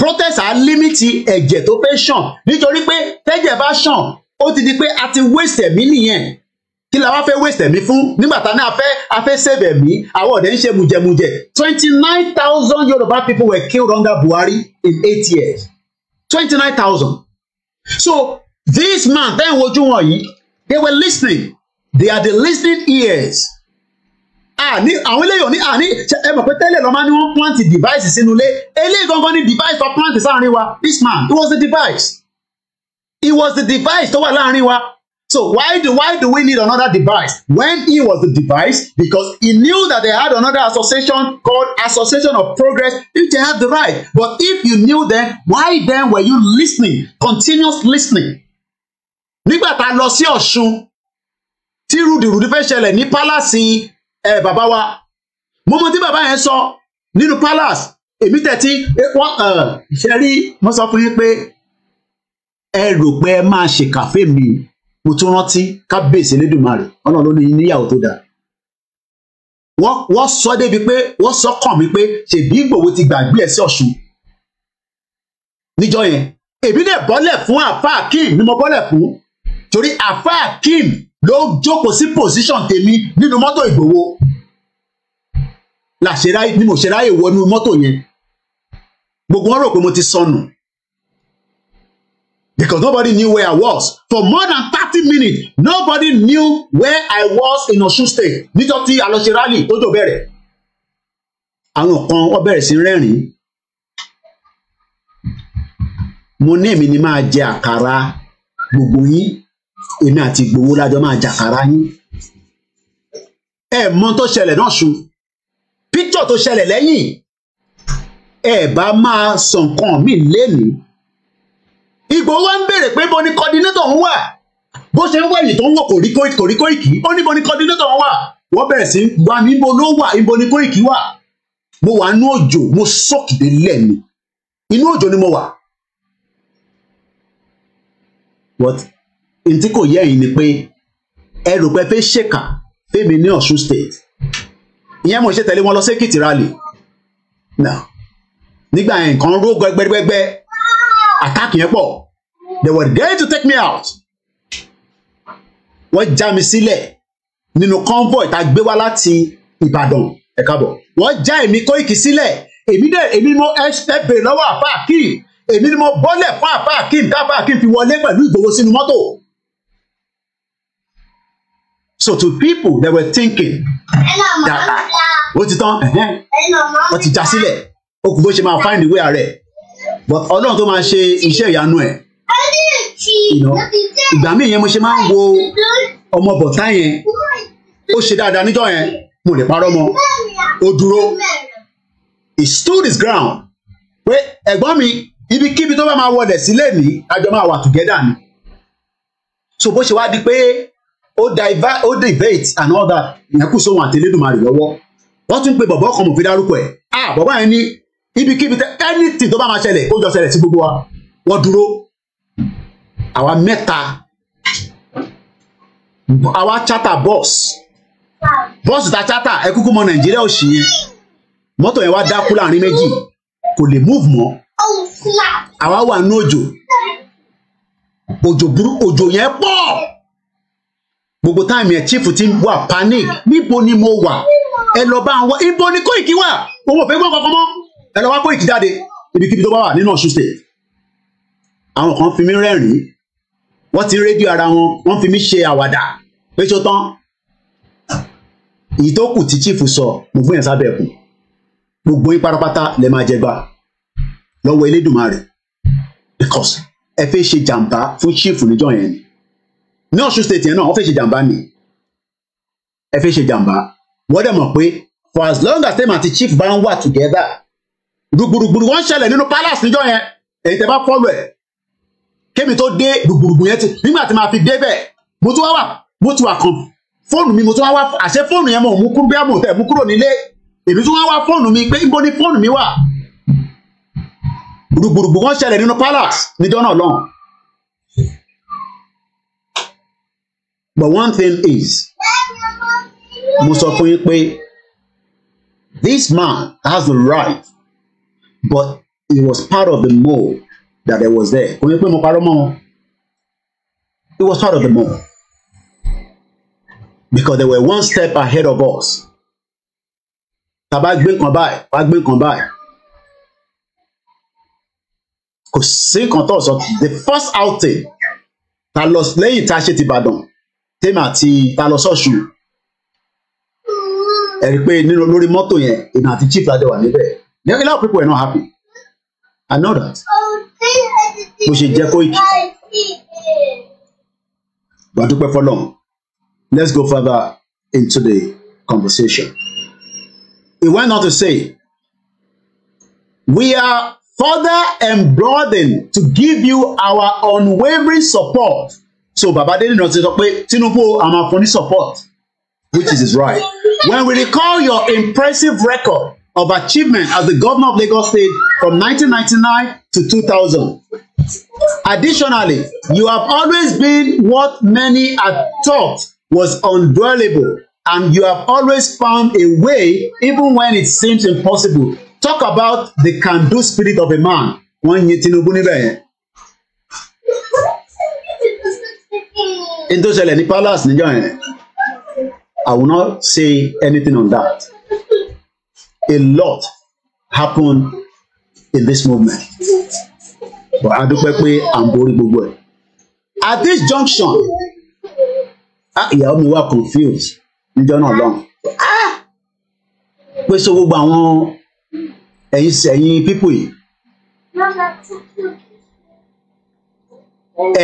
Speaker 3: protest á límìtì ẹ̀jẹ̀ tó fẹ́ ṣàn nítorí pé tẹ́jẹ̀ bá ṣàn ó ti di pé a ti waste ẹ̀mí nìyẹn kí la wá fẹ́ waste ẹ̀mí fún nígbà tá a ní a fẹ́ a fẹ́ save ẹ̀mí àwọn ọ̀dẹ̀ ń ṣe mujẹmujẹ twenty nine thousand Yoruba people were killed under Buhari in eight years twenty nine thousand so this man tẹ́ ń wojú wọn yìí they were listening they are the listening ears àní àwọn eléyìí òní àní ẹ mọ̀ pé tẹ́lẹ̀ lọ́mọ ni wọ́n plant device sínú ilé eléyìí gangan ni device tó plant sáàrin wa this man it was the device it was the device tó wà láàrin wa So why do why do we need another device? When he was the device, because he knew that they had another association called Association of Progress, if they had the right. But if you knew then, why then were you listening, continuous listening? Nígbà tá a lọ sí Ọ̀ṣun tí rúdìrúdì fẹ́ ṣẹlẹ̀ ní pálásì ẹ̀ bàbá wa. Mo mọ tí bàbá yẹn sọ nínú palace èmi tẹ̀tí wọ́n ṣe rí wọ́n sọ fún yín pé ẹ rò pé ẹ máa ṣèkàfé mi mo tún rántí kábíyèsí elédùnmarè Ọlọ́run ló ní níyàwó tó dáa wọ́n wọ́n sọ débi pé wọ́n sọ kàn mí pé ṣèbí Ìgbòho ti gbàgbé ẹ̀ sí Ọ̀ṣun níjọ́ yẹn èmi dẹ̀ bọ́lẹ̀ fún àfa akeem ni mo bọ́lẹ̀ fún torí àfa akeem ló jókòó sí pòsíṣàn tèmi nínú mọ́tò Ìgbòho làṣẹ ni mo ṣe ráyè wọnú mọ́tò yẹn gbogbo wọn rò pé mo ti sọnù because nobody knew where I was. For more than thirty minutes, nobody knew where I was in Osun State níjọ́ tí a lọ ṣe rally tó tó bẹ̀rẹ̀. Àwọn kan wọ́n bẹ̀rẹ̀ sí rẹ́rìn-ín. Mo ní èmi ni máa jẹ àkàrà gbogbo yín, èmi àti Ìgbòho lájọ máa jẹ àkàrà yín. Ẹ mọ tó ṣẹlẹ̀ náà ṣu. Píkítọ̀ tó ṣẹlẹ̀ lẹ́yìn. Ẹ bá máa sọ nǹkan mi lénìí Ìgbòho wa ń béèrè pé bo ni coordinator ń wà bó ṣe ń wẹ̀yìn tó ń wò kòrí Kóìkì ó ní bo ni coordinator ń wà wọ́n bẹ̀rẹ̀ sí wá níbo ló wà níbo ni Kóìkì wà mo wà nú òjò mo sọ́kìdé lẹ́nu inú òjò ni mo wà. but n tí kò yẹ yìí ni pé ẹ rò pé fẹ́ ṣèkà fẹ́mi ní Ọ̀ṣun state ìyẹn mo ṣe tẹ̀lé wọn lọ sí Èkìtì rally nígbà yẹn nǹkan ró gbẹgbẹgbẹ Attack yẹn pọ̀ they were there to take me out wọ́n já mi sílẹ̀ nínú convoy tá a gbé wá láti Ìbàdàn ẹ káàbọ̀ wọ́n já èmi Kóìkì sílẹ̀ èmi dẹ̀ èmi ni mo ẹ bèrè lọ́wọ́ àpá akeem èmi ni mo bọ́lẹ̀ fún àpá akeem tápá akeem fi wọlé pẹ̀lú Ìgbòho sínú mọ́tò. So to people they were thinking that ó ti tán ó ti já sílẹ̀ ó kù bó ṣe máa find the way rẹ̀ but ọlọ́run tó máa ṣe iṣẹ́ ìyanu ẹ̀ ìgbà míì yẹn mo ṣe máa ń wo ọmọ bọ̀tá yẹn ó ṣe dáadáa níjọ́ yẹn mo lè parọ́ mọ́ ó dúró he stood his ground pé ẹ̀gbọ́n mi ibikíbi tó bá máa wọlé sílé mi àjọ máa wà together ni so bó ṣe wá di pé ó debate and all that ìyẹn kù sóhun àti Elédùmarè lọ́wọ́ wọ́n tún pe bọ̀bọ́ kan mọ̀ fi dárúkọ ẹ̀ ah bọ̀bá yẹn ní ibikíbi tẹ anything tó bá máa ṣẹlẹ̀ ó jọ ṣẹlẹ̀ sí gbogbo wa wọ́n dúró àwa mẹ́ta àwa charter bus bọ́ọ̀sì ta charter ẹ kúkú mọ nàìjíríà òsì yẹn mọ́tò yẹn wá dákú láàrin méjì kò lè move mọ́ àwa wà ní òjò òjò burú òjò yẹn pọ̀ gbogbo táìmù yẹn chief ti wà panic níbo ni mo wà ẹ lọ bá ń ibo ni Koiki wà òun ò fẹ́ gbọ́ kankan mọ́ ẹ lọ wá kó ìkí jáde ibikíbi tó bá wà nínú Ọ̀ṣun state àwọn kan fi mí rẹ́rìn-ín wọ́n ti rédíò ara wọn wọ́n fi mí ṣe àwàdà pé tó tán èyí tó kù tí chief sọ mo fún yẹn sábẹ́ ẹ̀kún gbogbo yín pátápátá lè máa jẹ gbà lọ́wọ́ Elédùmarè because ẹ fẹ́ ṣe jàǹbá fún chief níjọ́ yẹn ni ní Ọ̀ṣun state yẹn náà wọ́n fẹ́ ṣe jàǹbá ni ẹ fẹ́ ṣe jàǹbá wọ́n dẹ̀ mọ̀ pé for as long as them àti chief bá ń wà together gbùgbùrùgbùrù wọn ṣẹlẹ̀ nínú palace níjọ́ yẹn èyí tẹ bá fọlù ẹ kémi tó dé gbùgbùrùgbùrù yẹn ti nígbà tí màá fi dé mo tún wá wà mo tún wà kan fóònù mi mo tún wá wá àṣẹ fóònù yẹn mo mú kúrú bí àmọ̀ tẹ mú kúrò nílé èmi tún wá wá fóònù mi pé ibo ni fóònù mi wà gbùgbùrùgbùrù wọn ṣẹlẹ̀ nínú palace níjọ́ náà lọ́hùn. But one thing is mo sọ fún yín pé this man has the right but it was part of the mold that I was there kò yẹ pé mo parọ́ mọ́ wọn it was part of the mold because they were one step ahead of us tàbá gbé kan báyìí wá gbé kan báyìí kò sí kan tó sọ the first outing ta lọ lẹ́yìn tá a ṣe ti Ìbàdàn tèmi àti ta lọ sọ́ọ̀ṣù ẹ̀rí pé nínú lórí mọ́tò yẹn èmi àti chief adéwà níbẹ̀ There are a lot of people were not happy. I know that.
Speaker 8: We should just wait.
Speaker 3: But to Koiki. for long, Let's go further into the conversation. He went on to say, We are further emboldened to give you our unwavering support. So Babadele náà ti sọ pé Tinubu a máa fún ní support, which is right. When we recall your impressive record of achievement as the governor of Lagos State from 1999 to 2000. Additionally, you have always been what many had thought was undwellable, and you have always found a way even when it seems impossible. Talk about the can-do spirit of a man. Wọ́n yin Tinubu níbẹ̀ yẹn. N tó palace níjọ́ yẹn. I will not say anything on that a lot happened in this movement
Speaker 8: but a dúpẹ́ pé à ń borí
Speaker 3: gbogbo ẹ̀ at this junction ìyàwó mi wà confused níjọ́ náà lọ́hùn ah! pé so gbogbo àwọn ẹ̀yin ẹ̀yin pípò yìí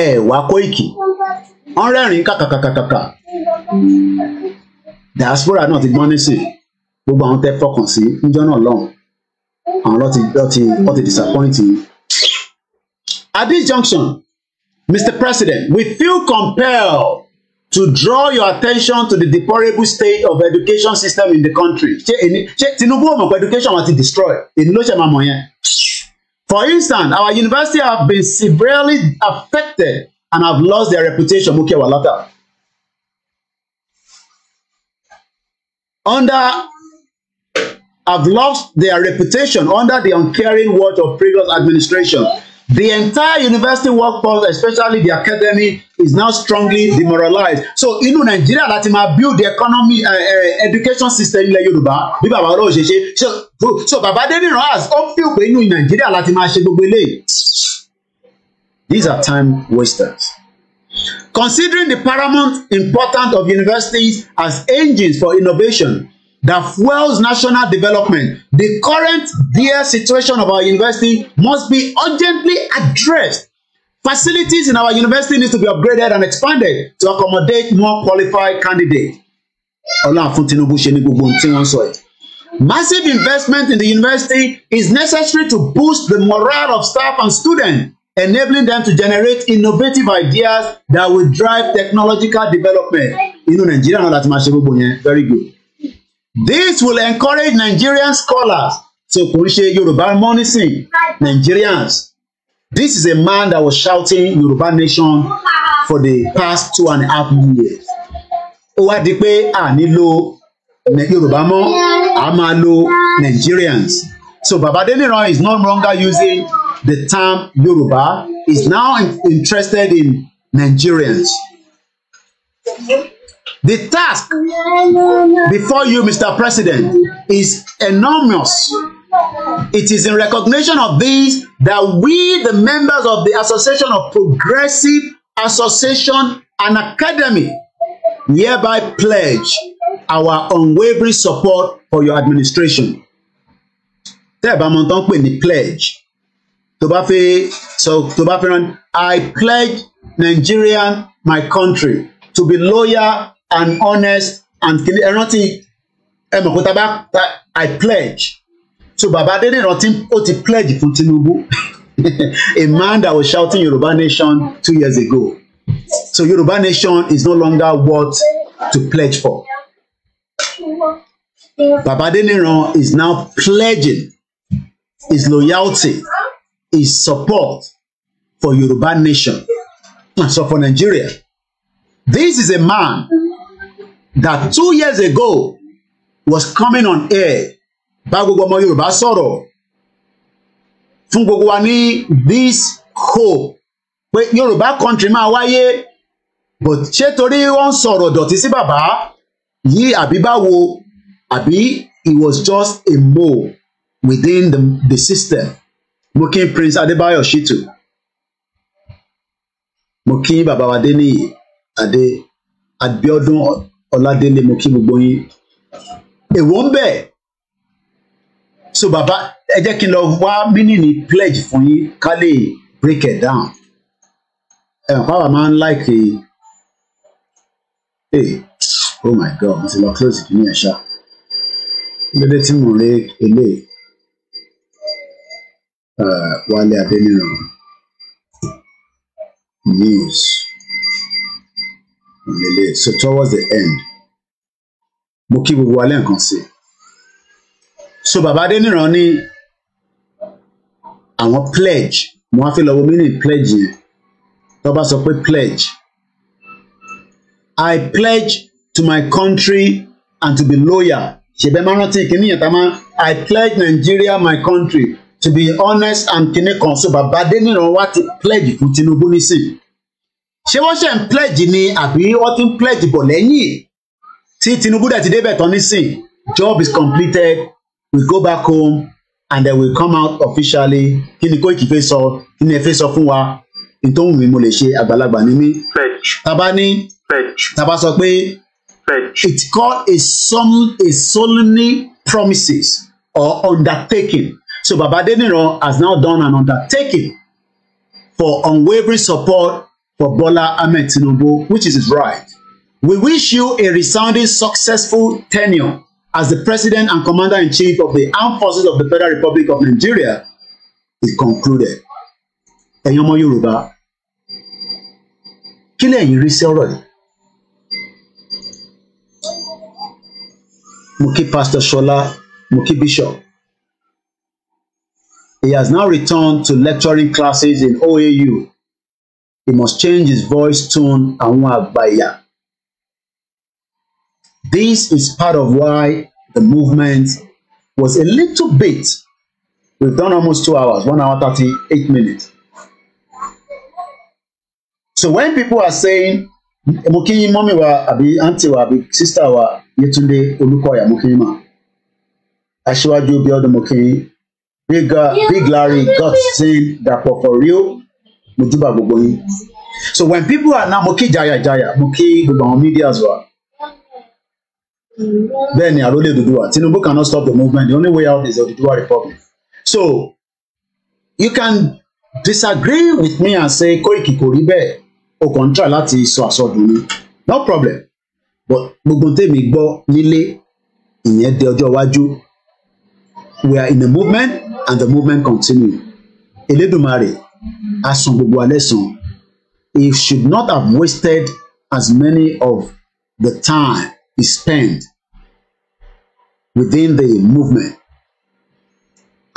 Speaker 3: ẹ wá Koiki wọ́n rẹ́rìn-ín kàkàkàkàkà diaspora náà ti gbọ́n nísìnyí gbogbo àwọn tẹ́ fọkàn sí níjọ́ náà lọ́hùn àwọn lọ́ti lọ́ti lọ́ti disappoint yìí. At this junction, Mr. President, we feel compelled to draw your attention to the deplorable state of education system in the country. ṣé èni ṣé Tinubu ò mọ̀ education wa ti destroy èni ló ṣe máa mọ̀ yẹn. For instance, our universities have been severely affected and have lost their reputation. Mukewa Lata. Under have lost their reputation under the uncaring watch of previous administration. The entire university workforce, especially the academy, is now strongly demoralized. So in Nigeria, that máa build the economy uh, uh, education system ilẹ̀ Yorùbá bí bàbá ọlọ́run ṣe ṣe. So, so Bàbá Adéníran has ó fi pé inú Nàìjíríà láti These are time wasters. Considering the paramount importance of universities as engines for innovation, that fuels national development. The current dire situation of our university must be urgently addressed. Facilities in our university need to be upgraded and expanded to accommodate more qualified candidates. Ọlọ́run fún Tinubu ṣe ni gbogbo ti tí sọ yìí. Massive investment in the university is necessary to boost the morale of staff and students, enabling them to generate innovative ideas that will drive technological development. Inú Nàìjíríà náà láti máa ṣe gbogbo yẹn very good. This will encourage Nigerian scholars to appreciate Yoruba monism Nigerians. This is a man that was shouting Yoruba nation for the past two and a half years. Ó wá di pé a nílò Yorùbá mọ́, a máa lo Nigerians. So Baba is no longer using the term Yoruba. He's now interested in Nigerians. The task before you, Mr. President, is enormous. It is in recognition of this that we, the members of the Association of Progressive Association and Academy, hereby pledge our unwavering support for your administration. Tẹ́ ẹ̀ bá mọ̀ tó pledge. Tó bá fẹ́ sọ tó bá I pledge Nigeria, my country, to be loyal and honest and kìnìún ẹ rántí ẹ mọ̀ i pledge so Baba Adédènà tí ó ti pledge fún Tinubu a man that was shouting Yoruba nation two years ago so Yoruba nation is no longer worth to pledge for bàbá Adédènà is now pledging his loyalty his support for Yoruba nation and so for Nigeria this is a man that two years ago was coming on air bá gbogbo ọmọ Yorùbá sọ̀rọ̀ fún gbogbo wa ní this hope pé Yorùbá country máa wáyé but ṣé torí wọ́n ń sọ̀rọ̀ dọ̀tí sí bàbá yìí àbí báwo àbí it was just a mole within the, the system mo kí Prince Adébáyọ̀ Ṣítù mo kí bàbá wa dé níyì adé Abíọ́dún ọládélé mo kí gbogbo yín èwo ń bẹ so Baba, ẹ jẹ́ kí n lọ wá mínìní pledge fún yín ká lè break it down ẹ mọ̀ pàápàá máa ń like ẹ eh, oh my god mo ti lọ close kìíní ẹ̀ ṣá lédè tí mo rí eléyìí eh, Wálé Adéníran news so towards the end mo kí gbogbo wa lẹ́ẹ̀kan sí i so bàbá adéníran ní àwọn pledge mo wá fi lọ́wọ́ meaning pledge yẹn tó bá sọ pé pledge I pledge to my country and to be loyal ṣèbẹ́ máa rántí kìíní yẹn tá máa I pledge Nigeria my country to be honest and kìíní kan so bàbá adéníran wá ti pledge fún Tinubu nísìnyí ṣé wọ́n ṣe ń pledge ni àbí wọ́n tún pledge bọ̀ lẹ́yìn tí Tinubu dẹ̀ ti débẹ̀ tán nísìn job is completed we go back home and then we come out officially kí ni Koiki fẹ́ sọ kí ni ẹ fẹ́ sọ fún wa ní tó wù mí mo lè ṣe àgbàlagbà ní mí taba ní taba sọ pé it's called a solemn a solemnly promises or undertaking so Baba Adeniran has now done an undertaking for unwavering support for Bola Ahmed Tinubu, which is his right. We wish you a resounding successful tenure as the President and Commander-in-Chief of the Armed Forces of the Federal Republic of Nigeria is concluded. Ẹ̀yin Yoruba, Yorùbá, kí lẹ̀yin rí Pastor Shola, Muki Bishop. He has now returned to lecturing classes in OAU He must change his voice tone àwọn àgbàyà. This is part of why the movement was a little bit. We've done almost two hours, one hour, thirty-eight minutes. So when people are saying, mo mommy, yín mọ́mí wa àbí àǹtí wa àbí sísá wa Yétúndé Olúkọ̀yà mo kí yín mà. Aṣíwájú Big, uh, big Larry God seen Dàpọ̀ for real mo júbà gbogbo yín so when people are now mo kí jaya jaya mo kí gbogbo àwọn medias wa bẹ́ẹ̀ ni àrólé Odùduwà Tinubu cannot stop the movement the only way out is Odùduwà republic so you can disagree with me and say Koiki kò rí bẹ́ẹ̀ o kàn ń try láti sọ àsọdùn mi no problem but gbogbo tèmi gbọ́ nílé ìyẹn di ọjọ́ iwájú we are in a movement and the movement continue Elédùmarè á san gbogbo alẹ́ san he should not have wasted as many of the time he spent within the movement.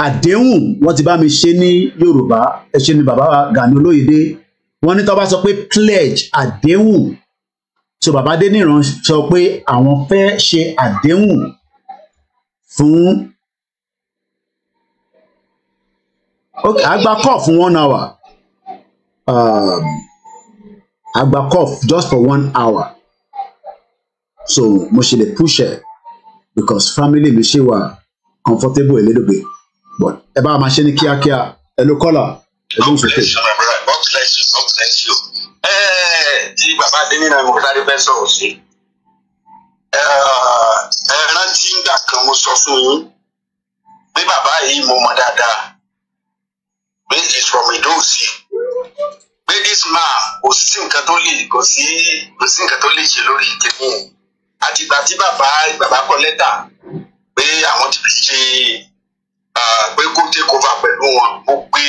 Speaker 3: àdéhùn wọ́n ti bá mi ṣe ní Yorùbá ẹ ṣe ni bàbá Gani Olóyèdé wọ́n ní tó bá sọ pé pledge àdéhùn so bàbá Adéníran sọ pé àwọn fẹ́ ṣe àdéhùn fún okay a gba call fún one hour um, a gba call just for one hour so mo ṣe lè push ẹ because family mi ṣe wà comfortable a little bit but ẹ bá máa ṣe ní kíákíá ẹ ló kọ́là ẹ ló ń sọ
Speaker 8: pé. Eh, tí bàbá adéní náà mo sáré fẹ́ sọ̀rọ̀ sí eh, ẹ rántí ńgbà kan mo sọ fún yín pé bàbá yìí mo mọ̀ dáadáa pé is from Edo sí pé this man kò sí nǹkan tó lè kò sí kò sí nǹkan tó lè ṣe lórí kìnìún àtìgbà tí bàbá bàbá kọ lẹ́tà pé àwọn ti fi ṣe pé kó take over pẹ̀lú wọn mo pe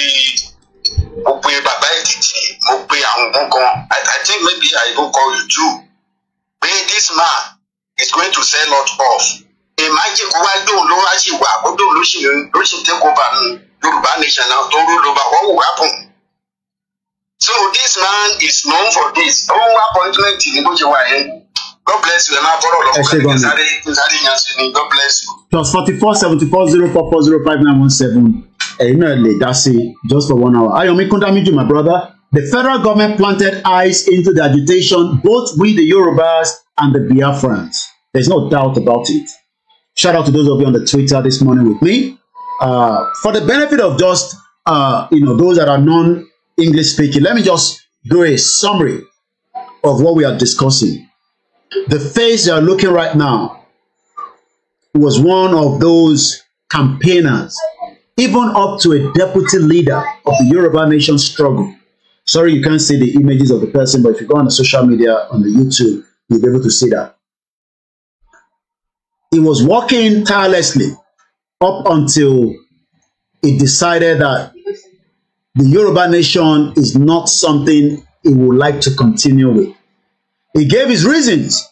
Speaker 8: mo pe bàbá Èkìtì mo pe àwọn ògùn kan I think maybe I go call you too pé this man is going to sell lot of. imagine kó wá dóun ló wá sì wà kó dóun ló sì ló sì take over nù. Yoruba nation now to rule over what will happen. So this man is known for this. Òun appointment in bó ṣe wà yẹn. God bless you. God bless you.
Speaker 3: Plus forty four seventy four zero four four zero five nine one seven. Ẹ̀yin náà lè dá sí just for one hour. I Ayomi Kundamiju, my brother. The federal government planted eyes into the agitation both with the Yorubas and the Biafrans. There's no doubt about it. Shout out to those of you on the Twitter this morning with me. Uh, for the benefit of just uh, you know those that are non-English speaking, let me just do a summary of what we are discussing. The face you are looking right now was one of those campaigners, even up to a deputy leader of the Yoruba nation struggle. Sorry, you can't see the images of the person, but if you go on the social media, on the YouTube, you'll be able to see that. He was working tirelessly up until it decided that the Yoruba nation is not something it would like to continue with. He gave his reasons.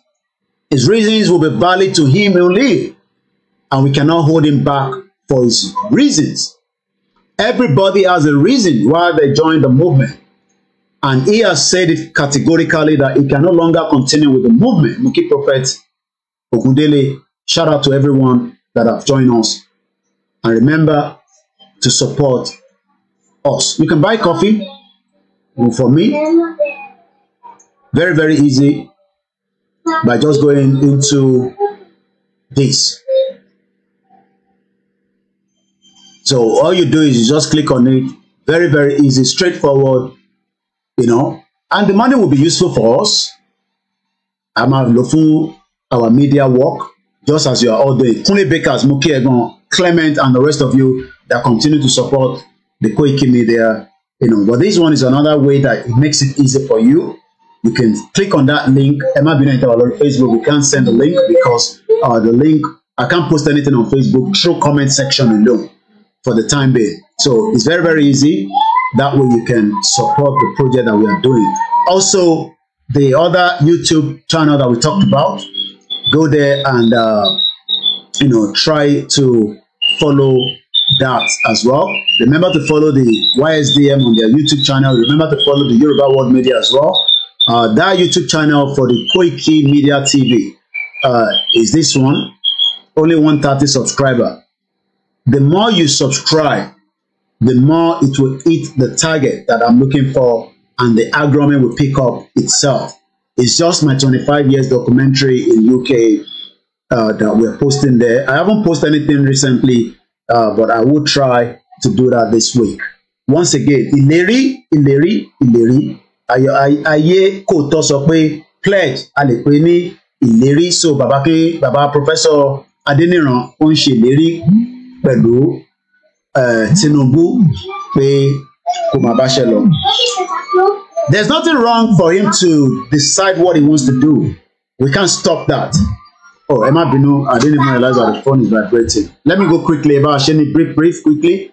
Speaker 3: His reasons will be valid to him only, and we cannot hold him back for his reasons. Everybody has a reason why they joined the movement. And he has said it categorically that he can no longer continue with the movement. Muki Prophet Ogundele, shout out to everyone that have joined us And remember to support us. You can buy coffee for me. Very, very easy by just going into this. So all you do is you just click on it. Very, very easy, straightforward, you know. And the money will be useful for us. I'm a fún our media work, just as you are all doing. Kunle Bakers, mo kí Clement and the rest of you that continue to support the Koiki Media. You know, but this one is another way that it makes it easy for you. You can click on that link. Emma Bineta on Facebook. We can't send the link because uh, the link I can't post anything on Facebook through comment section alone for the time being. So it's very very easy. That way you can support the project that we are doing. Also, the other YouTube channel that we talked about, go there and uh, you know try to follow that as well. Remember to follow the YSDM on their YouTube channel. Remember to follow the Yoruba World Media as well. Uh, that YouTube channel for the Koiki Media TV uh, is this one. Only 130 subscriber. The more you subscribe, the more it will hit the target that I'm looking for and the agreement will pick up itself. It's just my 25 years documentary in UK uh, that we're posting there. I haven't posted anything recently, uh, but I will try to do that this week. Once again, ìlérí ìlérí ìlérí ayé koto tọ́ sọ pledge a lè pè ní so bàbá ké bàbá professor Adéníran ó ń ṣèlérí pẹ̀lú Tinubu pé kò má bá ṣe lọ. There's nothing wrong for him to decide what he wants to do. We can't stop that. Oh, Emma Binu, I didn't even realize that the phone is vibrating. Let me go quickly. about bá brief brief quickly.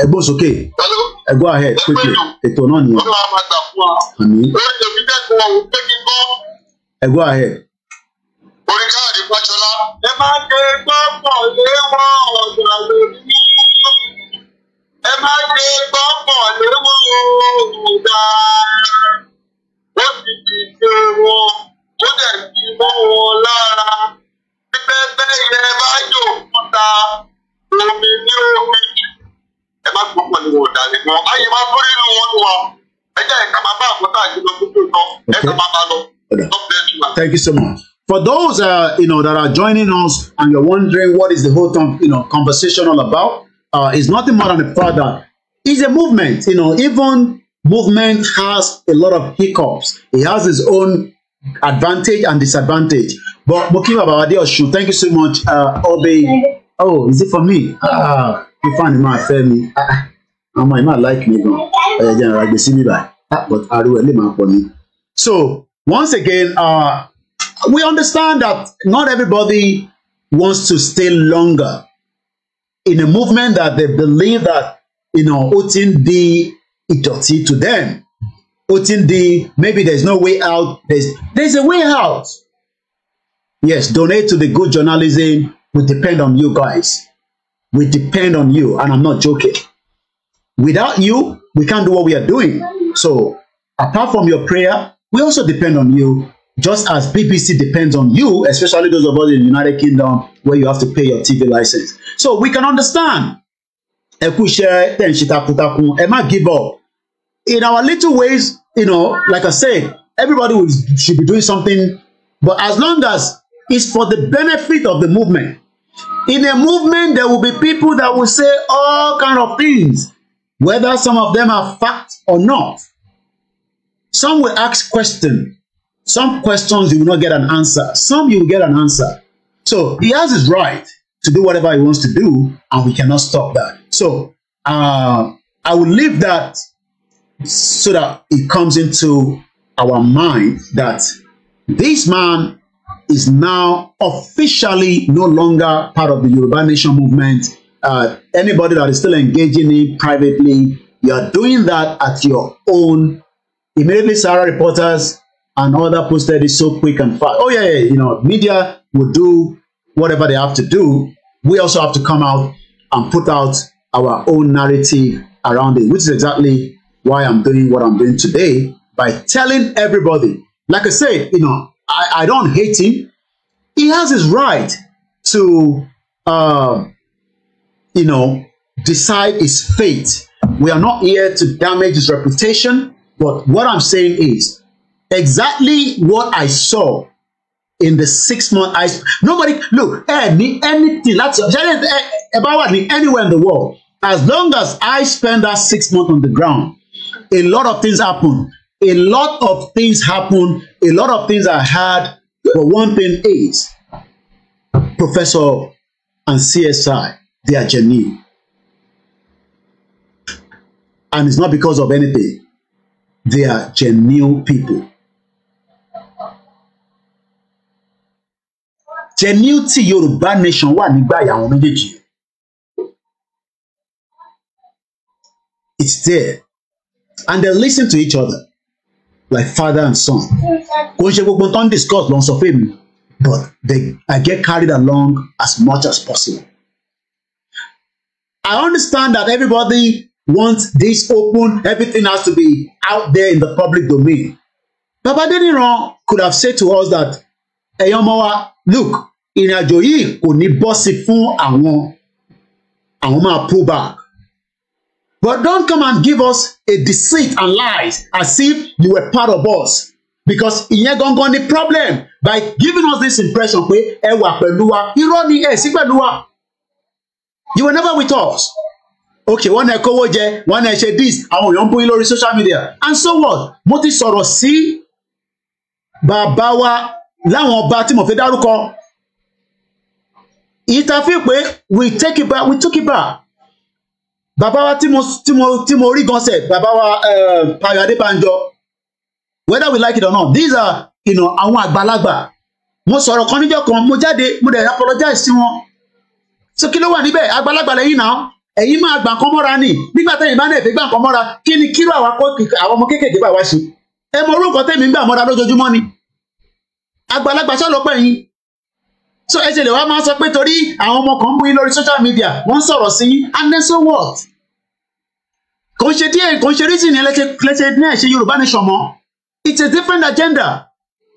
Speaker 3: Ebos, okay. sókè. Ẹ go ahead quickly. It's on nìyẹn. Àmín. Ẹ go ahead.
Speaker 8: Orí bẹ́ẹ̀ yẹ bá yóò fún omi ní omi ẹ má gbọ́ pẹ̀lú ọ̀dàlẹ̀ gan ayé má tó nínú wọn tó wa ẹ jẹ́ ẹ̀ka máa bá àkótá àjùlọ tán ẹ̀ka máa bá lọ.
Speaker 3: Thank you so much. For those uh, you know that are joining us and you're wondering what is the whole you know conversation all about, uh, it's nothing more than a product. It's a movement. You know, even movement has a lot of hiccups. It has its own advantage and disadvantage but mo kí bàbá thank you so much ọbẹ̀ uh, oh is it for me ifeanyi máa fẹ́ mi ọmọ yìí máa like me? gan ọ̀yà jẹ́ ara gbèsè mi báyìí but ariwo ẹ̀ lè my pọ̀ so once again uh, we understand that not everybody wants to stay longer in a movement that they believe that you know, ó D ń di ìdọ̀tí to them ó ti ń maybe there's no way out There's there's a way out. Yes, donate to the good journalism. We depend on you guys. We depend on you, and I'm not joking. Without you, we can't do what we are doing. So, apart from your prayer, we also depend on you, just as BBC depends on you, especially those of us in the United Kingdom where you have to pay your TV license. So, we can understand. Emma give up. In our little ways, you know, like I said, everybody should be doing something. But as long as is for the benefit of the movement. In a movement, there will be people that will say all kind of things, whether some of them are fact or not. Some will ask questions. Some questions you will not get an answer. Some you will get an answer. So he has his right to do whatever he wants to do, and we cannot stop that. So uh, I will leave that so that it comes into our mind that this man is now officially no longer part of the Yoruba Nation movement. Uh, anybody that is still engaging in privately, you are doing that at your own. Immediately, Sarah reporters and other posted it so quick and fast. Oh yeah, yeah, you know, media will do whatever they have to do. We also have to come out and put out our own narrative around it, which is exactly why I'm doing what I'm doing today by telling everybody. Like I said, you know, I, I don't hate him. He has his right to, um, you know, decide his fate. We are not here to damage his reputation. But what I'm saying is exactly what I saw in the six month ice. Nobody, look, eh, anything, that's about eh, anywhere in the world. As long as I spend that six months on the ground, a lot of things happen. A lot of things happen a lot of things are hard, but one thing is Professor and CSI, they are genuine. And it's not because of anything. They are genuine people. Genuine tí Yorùbá nation wà nígbà àwọn méjèèjì. It's there. And they listen to each other like father and son kò ń ṣe gbogbo tó ń discuss ló sọ fún mi but they, I get carried along as much as possible. I understand that everybody wants this open, everything has to be out there in the public domain. Baba Deniran could have said to us that, Ẹ̀yin ọmọ wa, look, ìrìnàjò yìí kò ní bọ́sì fún àwọn, àwọn máa pull back. But don't come and give us a deceit and lies as if you were part of us. Because ìyẹn gangan the problem by giving us this impression pé ẹ wà pẹ̀lú wa irọ́ ni ẹ sí pẹ̀lú wa. You were never with us. Okay, one náà kówó jẹ, wọ́n náà ṣe this, àwọn èèyàn ń bóyin social media. And so what? Moti ti sọ̀rọ̀ sí bàbá batim of ọba tí mo fi dárúkọ. we take it back, we took it back bàbá wa tí mo tí rí gan sẹ bàbá wa Payọ̀ eh, Adébánjọ whether we like it or not these are you know, àwọn àgbàlagbà mo sọ̀rọ̀ kan níjọ́ kan mo jáde mo dẹ̀ apologize sí wọn so kí ló wà níbẹ̀ àgbàlagbà lẹ́yìn náà ẹ̀yin máa gbà nǹkan mọ́ra ni nígbà tẹ́yin bá náà fẹ́ gbà nǹkan mọ́ra kí ni kí ló àwa kó àwọn ọmọ kéékèèké bá wa ṣe ẹ mọ orúkọ tẹ́mi ń gbà mọ́ra lójoojúmọ́ ni àgbàlagbà sọ̀lọ́pọ̀ yín so ẹ ṣe lè wá máa sọ pé torí àwọn ọmọ kan ń bú yín lórí social media wọ́n sọ̀rọ̀ sí yín and then so what kò ṣe díẹ̀ kò ṣe reason yẹn lẹ́sẹ̀ ní àìṣe yorùbá nation mọ́ it's a different agenda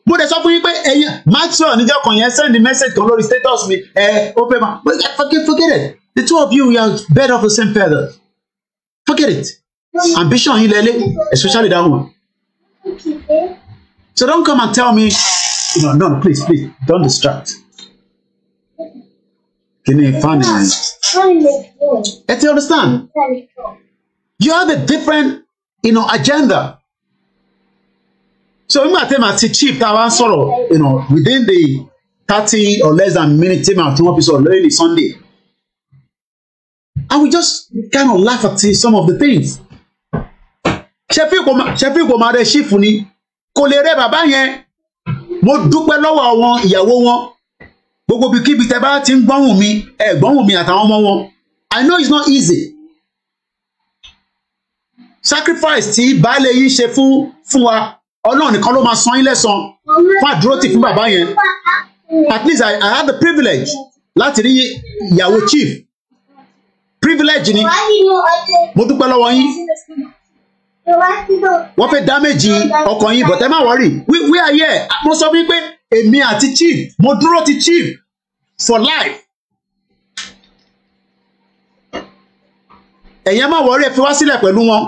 Speaker 3: mo dẹ̀ sọ fún yín pé ẹ̀yin maxwell níjọ́ kan yẹn send message kan lórí status mi ẹ̀ ó fẹ́ máa forget forget it the two of you are bed of the same feather forget it ambition yín lẹ́lẹ́ especially that one so don't come and tell me no no please please don't distract kí ni fan yẹn ẹ ti understand you have a different you know, agenda. So nígbà tí màá ti chief tá a wá sọ̀rọ̀ you know, within the thirty or less than minute tí màá tí wọ́n fi sọ̀rọ̀ lórí the Sunday and we just kind of laugh at some of the things. Ṣẹ́fí kò máa rẹ ṣífù ni kò lè rẹ bàbá yẹn mo dúpẹ́ lọ́wọ́ wọn ìyàwó wọn gbogbo bíi kíbi tẹ́ bá ti ń gbọ́hùn mi ẹ̀ gbọ́hùn mi àtàwọn ọmọ wọn I know it's not easy sacrifice tí baálé yín ṣe fún fún wa ọlọ́run nìkan ló máa san yín lẹ́san fún àdúrótì fún bàbá yẹn at least I, I had the privilege láti rí ìyàwó chief privilege ni
Speaker 8: mo dúpẹ́ lọ́wọ́ yín
Speaker 3: wọ́n fẹ́ dámẹ́jì ọkọ̀ yín but ẹ má wọ́rì we we are here mo sọ wípé èmi àti chief mo dúró ti chief for life ẹ̀yẹ́ má wọ́rì ẹ fi wá sílẹ̀ pẹ̀lú wọn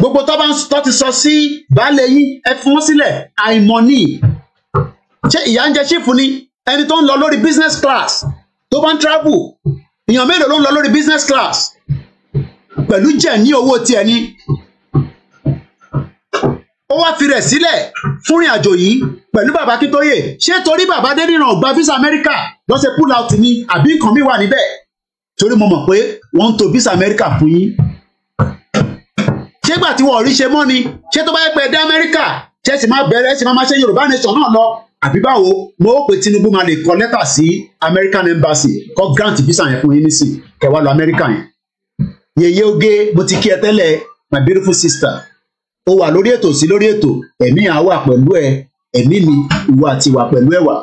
Speaker 3: gbogbo tó bá ń tó ti sọ sí baálé yín ẹ fún wọn sílẹ̀ àìmọ̀ ni ṣé ìyá ń jẹ ṣífù ni ẹni tó ń lọ lórí business class tó bá ń travel èèyàn mélòó ló ń lọ lórí business class pẹ̀lú jẹ̀ ní owó tiẹ̀ ni ó wá fi rẹ̀ sílẹ̀ fún ìrìn àjò yìí pẹ̀lú bàbá Akíntóyè ṣé torí bàbá Adéníran ò gba visa America lọ́sẹ̀ pull out ni àbí nǹkan mi wà níbẹ̀ torí mo mọ̀ pé wọ́n ń to visa America fún yín ṣégbà tí wọn ò rí ṣe mọ́ ni ṣé tó bá yẹ pé ẹdẹ Amẹ́ríkà ṣe sì máa bẹ̀rẹ̀ sì máa máa ṣe Yorùbá nation náà lọ àbí báwo mo ó pe Tinubu máa lè kọ lẹ́tà sí American Embassy kọ grant visa yẹn fún yín nísìn kẹwàá lọ Amẹ́ríkà yẹn yèyé oge mo ti kí ẹ tẹ́lẹ̀ my beautiful sister o wà lórí ètò sí lórí ètò ẹ̀mí à wà pẹ̀lú ẹ ẹ̀mí mi ìwà àti ìwà pẹ̀lú ẹ̀wà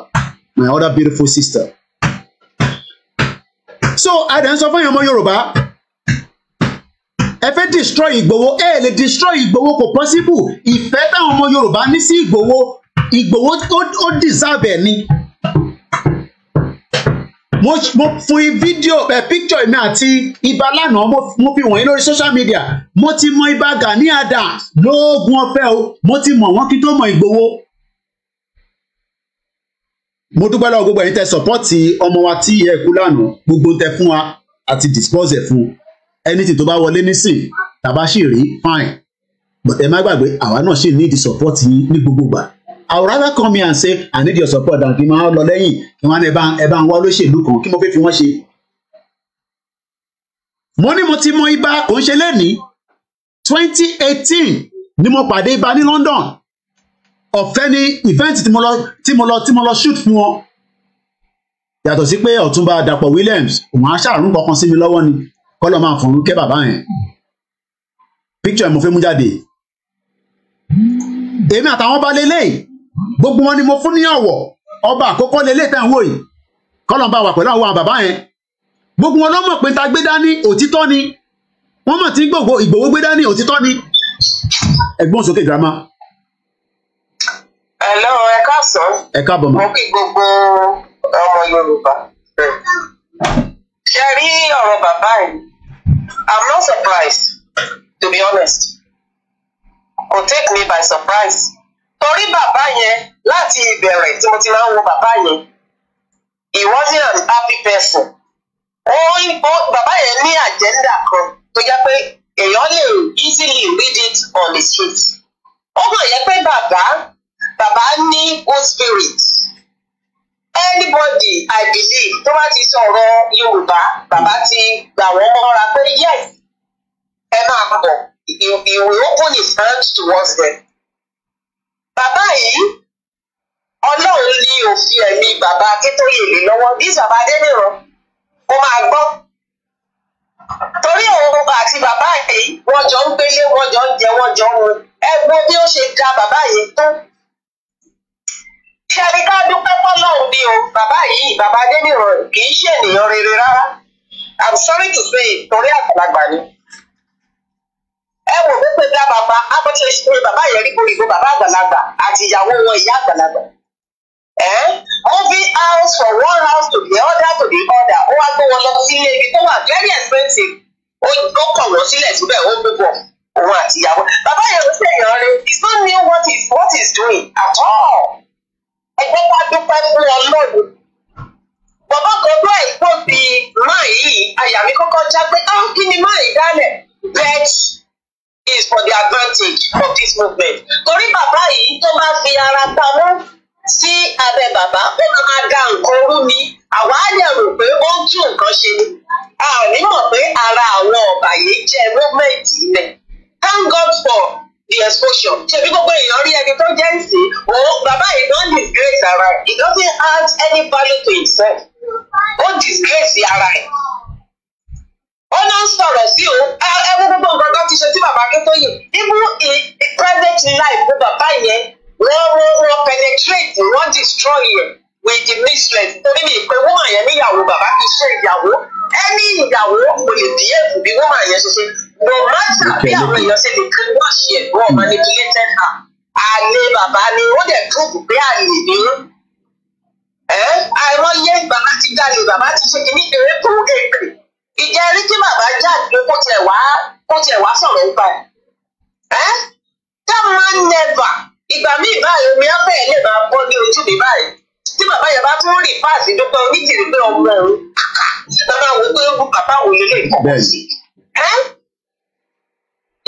Speaker 3: my other beautiful sister. so adẹ̀ ń sọ fún ẹ̀yàn ọmọ Yorùbá ẹ fẹ́ destroy Ìgbòho ẹ lè destroy Ìgbòho kò possible ìfẹ́ táwọn ọmọ Yorùbá ní sí Ìgbòho Ìgbòho ó deserve ẹ̀ ni mo mo fún yín fídíò ẹ píkítọ̀ mi àti ibà lánàá mo mo fi wọ̀nyí lórí social media mo ti mọ ibà Gani Adams lóògùn ọ̀fẹ́ o mo ti mọ̀ wọ́n kí tó mọ̀ Ìgbòho. mo dúpẹ́ lọ́wọ́ gbogbo ẹ̀yin tẹ́ sọ́pọ́ọ̀tì ọmọ wa tí ẹ kú lánàá gbogbo tẹ́ fún wa àti dispose ẹ̀ fún un anything tó bá wọlé nísìn tàbá sì rí fine but ẹ má gbàgbé àwa náà sì need support yín ní gbogbo gbà I would rather come here and say I need your support than kí n máa lọ lẹ́yìn kí wọ́n ẹ bá ẹ bá ń wá olóṣèlú kan kí mo fẹ́ fi wọ́n ṣe. mo ní mo ti mọ ibà kò ń ṣe lẹ́nìí twenty eighteen ni mo pàdé ibà ní London ọ̀fẹ́ ni event tí mo lọ tí mo lọ tí mo lọ shoot fún wọn yàtọ̀ sí pé ọ̀túnba Dàpọ̀ Williams òun á ṣàrùn kankan sí mi lọ́wọ́ ni kọ́lọ̀ máa fọ̀rún kẹ́ bàbá yẹn picture ẹ̀ mo fẹ́ mú jáde èmi àtàwọn bá lélẹ̀ gbogbo wọn ni mo fún ní ọ̀wọ̀ ọba àkọ́kọ́ lélẹ̀ tẹ̀ ń wò yìí kọ́lọ̀ bá wà pẹ̀lú àwọn bàbá yẹn gbogbo wọn ló mọ̀ pé ta gbé dání òtítọ́ ni wọ́n mọ̀ tí gbogbo Ìgbòho gbé dání òtítọ́ ni ẹ̀gbọ́n sókè girama. Hello, ẹ káàsán. ẹ káàbọ̀ mọ́. mo kí gbogbo ọmọ Yorùbá
Speaker 8: ṣe rí ọ̀rọ̀ bàbá yìí i'm not surprised to be honest kò take me by surprise torí bàbá yẹn láti ìbẹ̀rẹ̀ tí mo ti máa ń wo bàbá yẹn he wasn't an happy person òyìnbó bàbá yẹn ní àjẹ́ndà kan tó jẹ́ pé èèyàn lè easily read it on the street ó mọ̀ yẹ pé bàbá bàbá ní good spirits? anybody i believe tó bá ti sọ̀rọ̀ yorùbá bàbá ti gbà wọ́n mọ́ra pé yes ẹ máa bọ̀ he will open his hand towards them. bàbá yìí ọlọ́run ní òfin ẹ̀mí bàbá akíntóyè lè lọ́wọ́ bí bàbá adéníran kó máa gbọ́ torí òun àti bàbá yìí wọ́n jọ ń gbélé wọ́n jọ ń jẹ wọ́n jọ ń mu ẹ gbọ́ bí ó ṣe da bàbá yìí tó ṣẹ́ni ká dúpẹ́ fọ́lọ́run ni o bàbá yìí bàbá Adéníran kì í ṣe ènìyàn rere rárá i'm sorry to say torí àgbàlagbà ni. ẹ wò ó pé dá bàbá abọ́ṣe ṣe bàbá yẹn rí gbòòrò bàbá àgbàlagbà àti ìyàwó wọn ìyá àgbàlagbà. ẹ moving house from one house to the other to the other ó wá gbé wọn lọ sílé ibi tó wà very expensive ó kọ̀ wọ́n sílẹ̀ síbẹ̀ ó gbogbo òun àti ìyàwó bàbá yẹn ló ṣèyàn rẹ it's not new what he's what he's doing at all ẹgbẹ́ bá dúpẹ́ fún ọlọ́run bàbá kan bá ìpò máa yìí àyà mi kọ́kọ́ já pé á kí ni máa yìí dálẹ̀ bet is for the advantage of this movement torí bàbá yìí tó bá fi ara pamọ́ sí abẹ́ bàbá ó máa máa da nǹkan rú ni àwa á lè rò pé ó ń tún nǹkan ṣe ni a ò ní mọ̀ pé ara àwọn ọ̀bàyé jẹ́ movement ilẹ̀ thank God for the exposure. ṣebí gbogbo èèyàn rí ẹni tó jẹ́ ìsìn òun bàbá yìí don disgrace ara ẹ̀ he doesn't add any value to himself ó disgrace ara ẹ̀ ó náà ń sọ̀rọ̀ sí o ẹ wú gbogbo nǹkan tó ti ṣe tí bàbá Akíntóyè even in private life ní bàbá yẹn wọ́n wọ́n wọ́n penetrate wọ́n destroy yẹn with the mistress torí mi pé woman yẹn níyàwó bàbá kì í ṣe ìyàwó ẹni ìyàwó kò lè bí èèfù bí woman yẹn ṣe ṣe But Martha bí àwọn èèyàn ṣe lè kí wọ́n ṣe ẹ̀gbọ́n manipulated her. Àlè bàbá ni ó dẹ̀ prove pé àlè ni ó. Àìmọye bàbá ti jalè bàbá ti ṣe kìíní eré kúrú kéèké. Ìjẹ́ rí kí bàbá jáde kó tiẹ̀ wá kó tiẹ̀ wá sọ̀rọ̀ nípa ẹ̀. That man never ìgbà míì báyìí omi ọbẹ̀ yẹn lè máa bọ́ ní ojú mi báyìí tí bàbá yẹn bá tún rìn páàsì dúpẹ́ oníkìrí pé ọmọ ẹ̀rù bàbá wo pé bàbá wo lè lè kọ̀ọ̀kan sí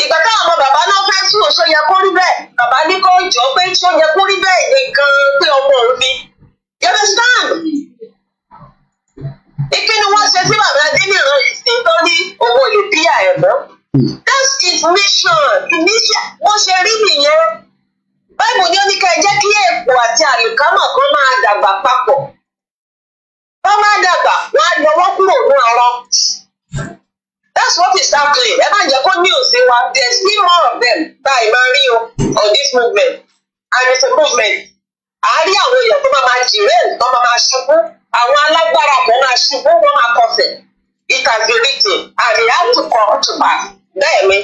Speaker 8: ìgbà táwọn ọmọ bàbá náà fẹ́ tú òṣó yẹ kó rí bẹ́ẹ̀ bàbá ní kó jọ pé tí ó yẹ kó rí bẹ́ẹ̀ nǹkan pé ọmọ òun ni you understand ike ṣe sí bàbá adéníran ìsìn tó ní owó lè bí àyẹ̀mọ́ hmm. that's his mission Mission. wọ́n ṣe rí nìyẹn báyìí ni ó ní ká ẹ jẹ́ kí èpò àti àlùkámọ̀ kan máa dàgbà papọ̀ wọ́n máa dàgbà wọ́n á yọ kúrò ní ọ̀rọ̀ that's what is happening ẹ má jẹ́ kó ní òsè wa there is still more of them tá ì rí o on this movement and it's a movement àárí àwọn èèyàn tó máa máa jìrẹ́ tó máa máa ṣubú àwọn alágbára kan máa ṣubú wọ́n máa kọsẹ̀ it has been written and it to come to pass bẹ́ẹ̀ ni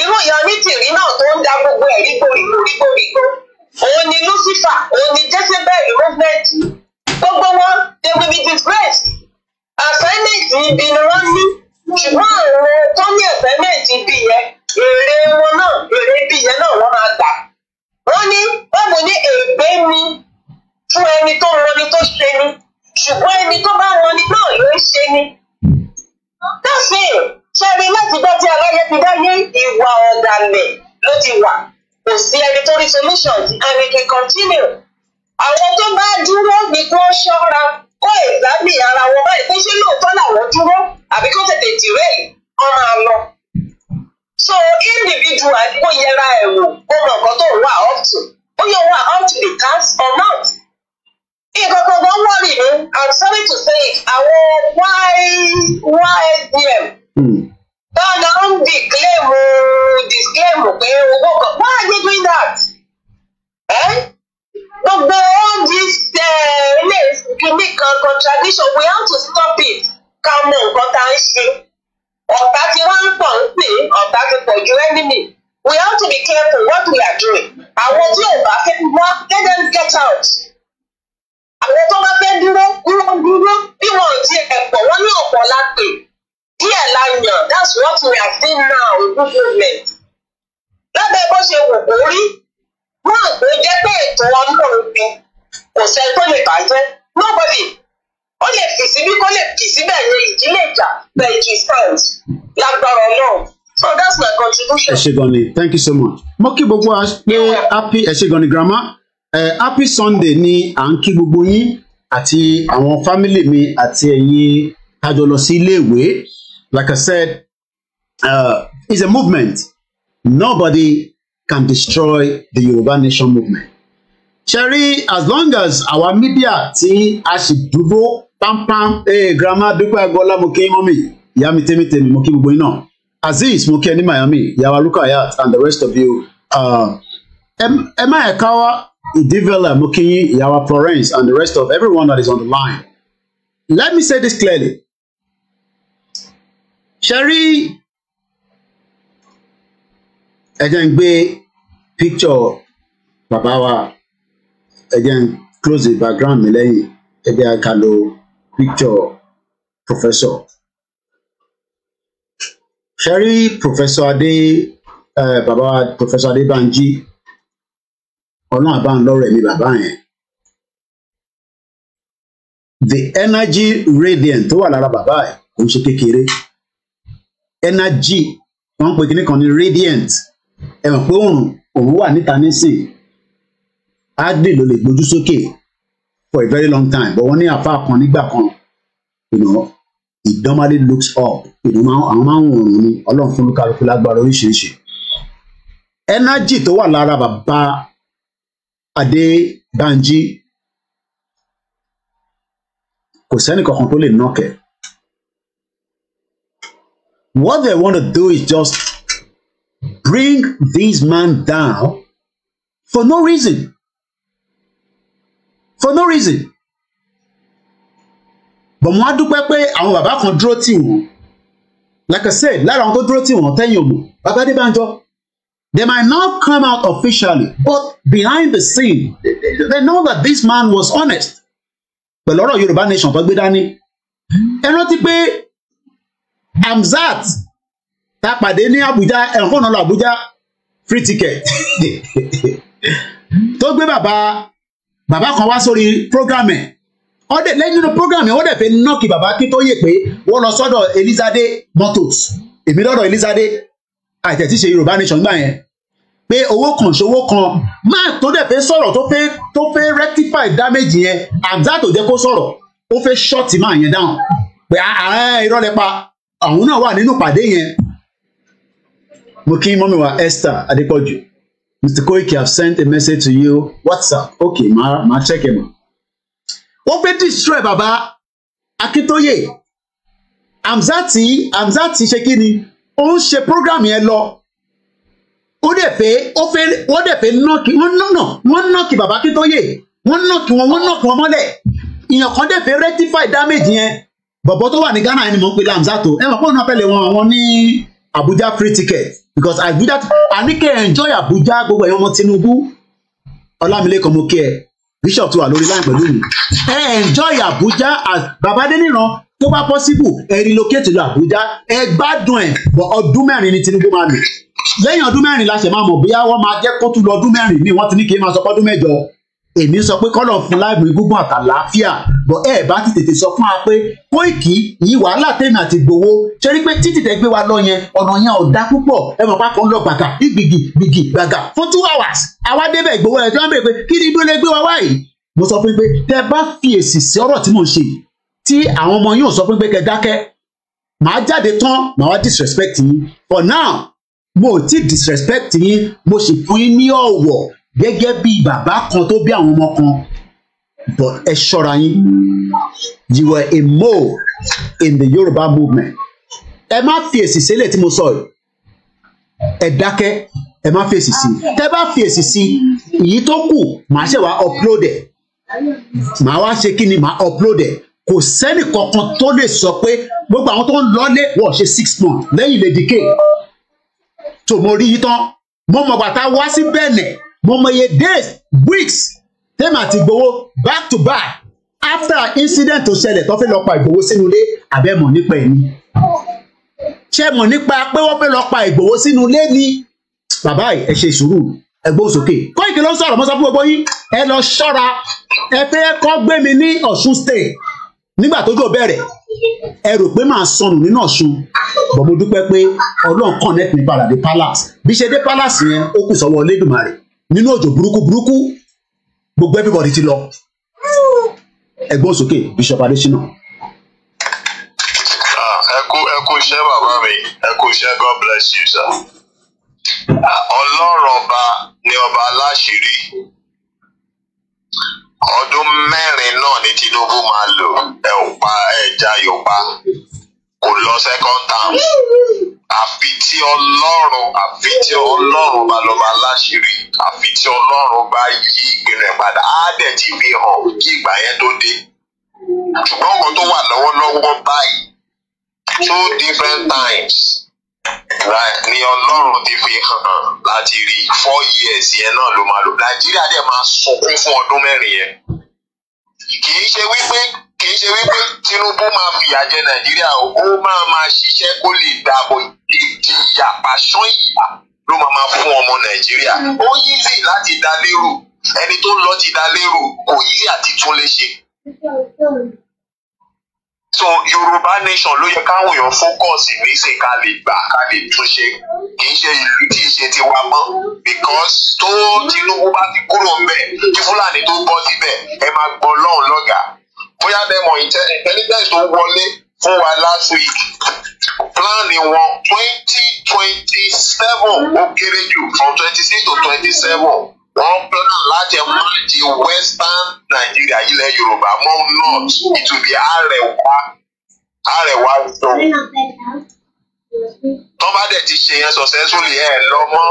Speaker 8: irú ìyá onítìrí náà tó ń da gbogbo ẹ̀ rígbòrígbò rígbòrígbò òun ni Lucifer òun ni Jezebel movement gbogbo wọn they will be disgraced assignment ibi ni wọ́n ní ṣùgbọ́n àwọn tó ní ẹ̀fẹ́mẹ̀tì bí yẹn èrè wọn náà èrè bí yẹn náà wọ́n máa gbà wọ́n ní báwo ní ègbé ni fún ẹni tó mọ ni tó ṣe ni ṣùgbọ́n ẹni tó bá mọ ni náà yóò ṣe ni. káfí ṣẹ́ni láti gbọ́ tí aráyé ti dáyé ìwà ọ̀dàlẹ̀ ló ti wà kò sí ẹni tó rí solutions and we can continue. àwọn tó bá dúró ni kí wọ́n ṣọ́ra kọ́ ìgbàmì ara wọn báyìí kó ṣe lóòótọ́ làwọn dúró àbí kó tètè dìrẹ́ kọ́ lọ. so individual kó yẹra ẹ̀ wò kó mọ nǹkan tó ń wà up to ó yẹ wà up to the task or not. nǹkan kan kan wọ́n rì mí i'm sorry to say it àwọn ysdm hmm. tọ́nà ń disclaim disclaim pé owó kan why are you doing that? Eh? gbogbo all this eh, ilé kíní kan contradiction we have to stop it ká mọ nǹkan tá ń ṣe ọ̀tá tí wọ́n ń pọ̀ ń pè é ọ̀tá ti pọ̀ ju enemy we have to be careful what we are doing àwọn tí ò bá fẹ́ wọ́n let them get out àwọn tó bá fẹ́ dúró dúró dúró bí wọn ò tiẹ̀ pọ̀ wọ́n ní ọ̀pọ̀ la pè díẹ̀ la yàn that's what we are seeing now in good movement lábẹ́ bó ṣe wù kó rí wọn àgbẹ̀ jẹ́ pé ètò ọlọ́run kan kò sẹ́ni tó lè bàjẹ́ nobody ó lè kì síbí kó lè kì síbẹ̀ ní ìdílé ìjà bẹ́ẹ̀ kì lágbára náà.
Speaker 3: So that's my contribution. thank you so much mo kí gbogbo wa pé happy ẹ ṣé gan ni grandma uh, happy sunday ni à ń kí gbogbo yín àti àwọn family mi àti ẹ̀yin tájọ lọ sí iléèwé like I said uh, it's a movement nobody can destroy the Yoruba nation movement ṣẹ́rí as long as our media tí a sì dúró pámpám ee eh, grandma dúpẹ́ agbọ́lá mo kí mọ́mì ìyá mi tèmítèmí mo kí gbogbo iná azeez mo kí ẹ ní miami ìyàwó lukayat and the rest of you ah, ẹ má ẹ̀ka wá ìdíbẹ̀lẹ̀ mo kí yín ìyàwó florence and the rest of everyone that is on the line let me say this clearly ṣẹ́rí ẹ jẹ́ ń gbé picture bàbá wa. Again, close the background mi lẹ́yìn ẹ jẹ́ ká picture professor ṣẹ́rí professor adé uh, bàbá professor adébánjí ọlọ́run àbánlọ́rọ̀ ẹ̀mí bàbá yẹn the energy radiant tó wà lára bàbá yẹn kò ń ṣe kékeré energy wọ́n ń pè kíní kan ní radiant ẹ mọ̀ pé òun òun wà níta nísìnyí adley ló lè gbójú sókè for a very long time but wọ́n ní àfa kan nígbà kan you know, it normally looks up àwọn máa ń wòrán ni ọlọ́run fún lukaluku lágbára oríṣiríṣi ẹnájì tó wà lára bàbá Adébánjí kò sẹ́ni kankan tó lè nọ́kẹ̀. What they want to do is just bring this man down for no reason for no reason but wọ́n á dúpẹ́ pé àwọn bàbá kan dúró tì wọ́n like I said lára àwọn tó dúró tì wọ́n tẹ́yìn òmù bàbá Adébánjọ they might not come out officially but behind the scene they, know that this man was honest pẹ̀lú ọ̀rọ̀ Yorùbá nation tó gbé dání ẹ rántí pé Hamzat tá a pàdé ní Abuja ẹ̀rọ̀kọ́nà lọ Abuja free ticket tó gbé bàbá bàbá kan wá sórí program ẹ̀ ọdẹ lẹ́yìn nínú program yẹn wọ́n dẹ̀ fẹ́ nọ́ọ̀kì bàbá kí tó yè pé wọ́n lọ sọ́dọ̀ Elizade Motos èmi lọ́dọ̀ Elizade àìtẹ̀tí ṣe Yorùbá nation gbà yẹn pé owó kan ṣòwò kan máa tó dẹ̀ fẹ́ sọ̀rọ̀ tó fẹ́ tó fẹ́ rectify damage yẹn àgbà tó jẹ́ kó sọ̀rọ̀ ó fẹ́ ṣọ́ọ̀tì máa yẹn dáhùn pé àárẹ̀ irọ́ lẹ pa àwọn náà wà nínú pàdé yẹn mo kí mọ́mi wa Esther Adépọ̀jù Mr. Koiki have sent a message to you What's up? okay ma màá check him. mọ̀. wọ́n fẹ́ destroy bàbá Akíntóyè Amzati, amzati ṣe kí ni ó ń ṣe program yẹn lọ ó dẹ̀ fẹ́ ó fẹ́ wọ́n dẹ̀ fẹ́ nọ́ọ̀kì wọ́n nọ́ọ̀nà wọ́n nọ́ọ̀kì bàbá Akíntóyè wọ́n nọ́ọ̀kì wọn wọ́n nọ́ọ̀kì wọn mọ́lẹ̀ ìyàn kan dẹ̀ fẹ́ rectify damage yẹn bọ̀bọ̀ tó wà ní Ghana ẹni mọ̀ pé Hamzati ẹ mọ̀ pé òun náà fẹ́ lè wọn àwọn ní. Abuja free ticket because Abuja àníkẹ́ enjoy Abuja gbogbo ẹ̀yọ́ ọmọ Tinubu Ọlámilékan mo kí ẹ bishop ti wà lórí line pẹ̀lú mi ẹ enjoy Abuja as baba Adéníran tó bá possible ẹ relocate lọ Abuja ẹ gbádùn ẹ bọ ọdún mẹ́rin ni Tinubu máa lò lẹ́yìn ọdún mẹ́rin la ṣe máa mọ̀ bóyá wọ́n máa jẹ́ kó tún lọ ọdún mẹ́rin míì wọ́n ti ní kí n máa sọ pé ọdún mẹ́jọ èmi sọ pé kọ́lọ̀ fún láìpẹ́ gúngbọ̀n àtàlàáfíà bọ̀ ẹ bá ti tètè sọ fún wa pé Kóìkì yìí wàhálà tèmi àti Ìgbòho ṣẹ́rí pé títí tẹ́ gbé wa lọ yẹn ọ̀nà yẹn ò dá púpọ̀ ẹ mọ̀ pápá ń lọ gbàgà gbìgì gbìgì gbàgà fún two hours àwa débẹ̀ Ìgbòho ẹ̀ tí wọ́n bèèrè pé kí ni ìdúró lè gbé wa wáyìí mo sọ fún pé tẹ́ bá fi èsì sí ọ̀rọ̀ tí mò ń ṣe tí àwọn ọmọ yóò sọ fún pé kẹ́ dákẹ́ màá jáde tán màá wá disrespect yín for now mo ò tí disrespect yín mo sì fún yín ní ọ̀wọ̀ gẹ́gẹ́ bí bàbá kan tó bí àwọn ọmọ kan but ẹ ṣọ́ra yín you were a mole in the Yoruba movement ẹ má fèsì sílẹ̀ tí mo sọ yìí ẹ dákẹ́ ẹ má fèsì sí tẹ bá fèsì sí èyí tó kù màá ṣe wá upload ẹ màá wá ṣe kí ni màá upload ẹ kò sẹ́nì kankan tó lè sọ pé gbogbo àwọn tó ń lọlé wọ́n ṣe six months lẹ́yìn lè dìkẹ́ tó mo rí yìí tán mo mọ̀gbà tá a wá sí bẹ́ẹ̀ nẹ̀ mo mọye days weeks tẹ́mi àti Ìgbòho back to back after incident tó ṣẹlẹ̀ tó fẹ́ lọ pa Ìgbòho sínú ilé àbẹ́mọ̀ nípa ẹ̀mí ṣe mọ̀ nípa pé wọ́n fẹ́ lọ pa Ìgbòho sínú ilé ni bàbá yìí ẹ ṣe sùúrù ẹ gbó sókè Koiki ló ń sọ̀rọ̀ mọ́sá fún gbogbo yín ẹ lọ ṣọ́ra ẹ fẹ́ kọ́ gbé mi ní Ọ̀ṣun state nígbà tó jò bẹ̀rẹ̀ ẹ rò pé màá sọnù nínú Ọ̀ṣun bọ̀ mo dúpẹ́ pé Ọlọ́run connect mi padà dé palace bí ṣe dé palace yẹn ó kù sọ́wọ́ Olódùmarè nínú òjò burúkú burúkú gbogbo everybody ti lọ ẹgbọn sókè Bishop Adesina. Ah, ẹ kú ẹ kú iṣẹ́ bàbá mi ẹ kú iṣẹ́ God bless you sir.
Speaker 8: ọlọ́run ọba ni ọba aláṣírí ọdún mẹ́rin náà ni Tinubu máa lò ẹ̀ ò pa ẹ̀ já yóò kò lọ second term àfi tí ọlọ́run àfi tí ọlọ́run bá lọ́ba láṣìírí àfi tí ọlọ́run bá yí ìpinnu ẹ̀ padà á dẹ̀ ti fi hàn kí ìgbà yẹn tó dé ṣùgbọ́n nǹkan tó wà lọ́wọ́lọ́wọ́ báyìí two different times ni ọlọ́run ti fi hàn láti rí four years yẹn náà ló máa lò nàìjíríà dẹ̀ máa sunkún fún ọdún mẹ́rin yẹn kì í ṣe wípé kì í ṣe wípé Tinubu máa fìyà jẹ Nàìjíríà o ó máa máa ṣiṣẹ́ kó lè dàbò ìdí ìyàpá ṣán ìyà ló máa máa fún ọmọ Nàìjíríà ó yízì láti dá lérò ẹni tó lọ ti dá lérò kò yí àti tún lè ṣe. so Yorùbá nation ló yẹ káwọn èèyàn fókọ̀sì níṣẹ́ ká lè gbà ká lè túnṣe kì í ṣe ìlú tí ì ṣe tiwa mọ́ because tó Tinubu bá ti kúrò ń bẹ̀ kí Fúlàní tó bọ́ síbẹ̀ ẹ máa gbọ́ lọ́hùn lọ́gàá bóyá dẹ́mọ̀ intelligence tó wọlé fún wa last week pláàni wọn twenty twenty seven ó kéré jù from twenty six to twenty seven wọ́n plan láti máàjì western Nigeria ilẹ̀ Yorùbá mọ́ north it will be Arewa Arewa zone tó bá dẹ̀ ti ṣe yẹn successfully ẹ̀ lọ́mọ́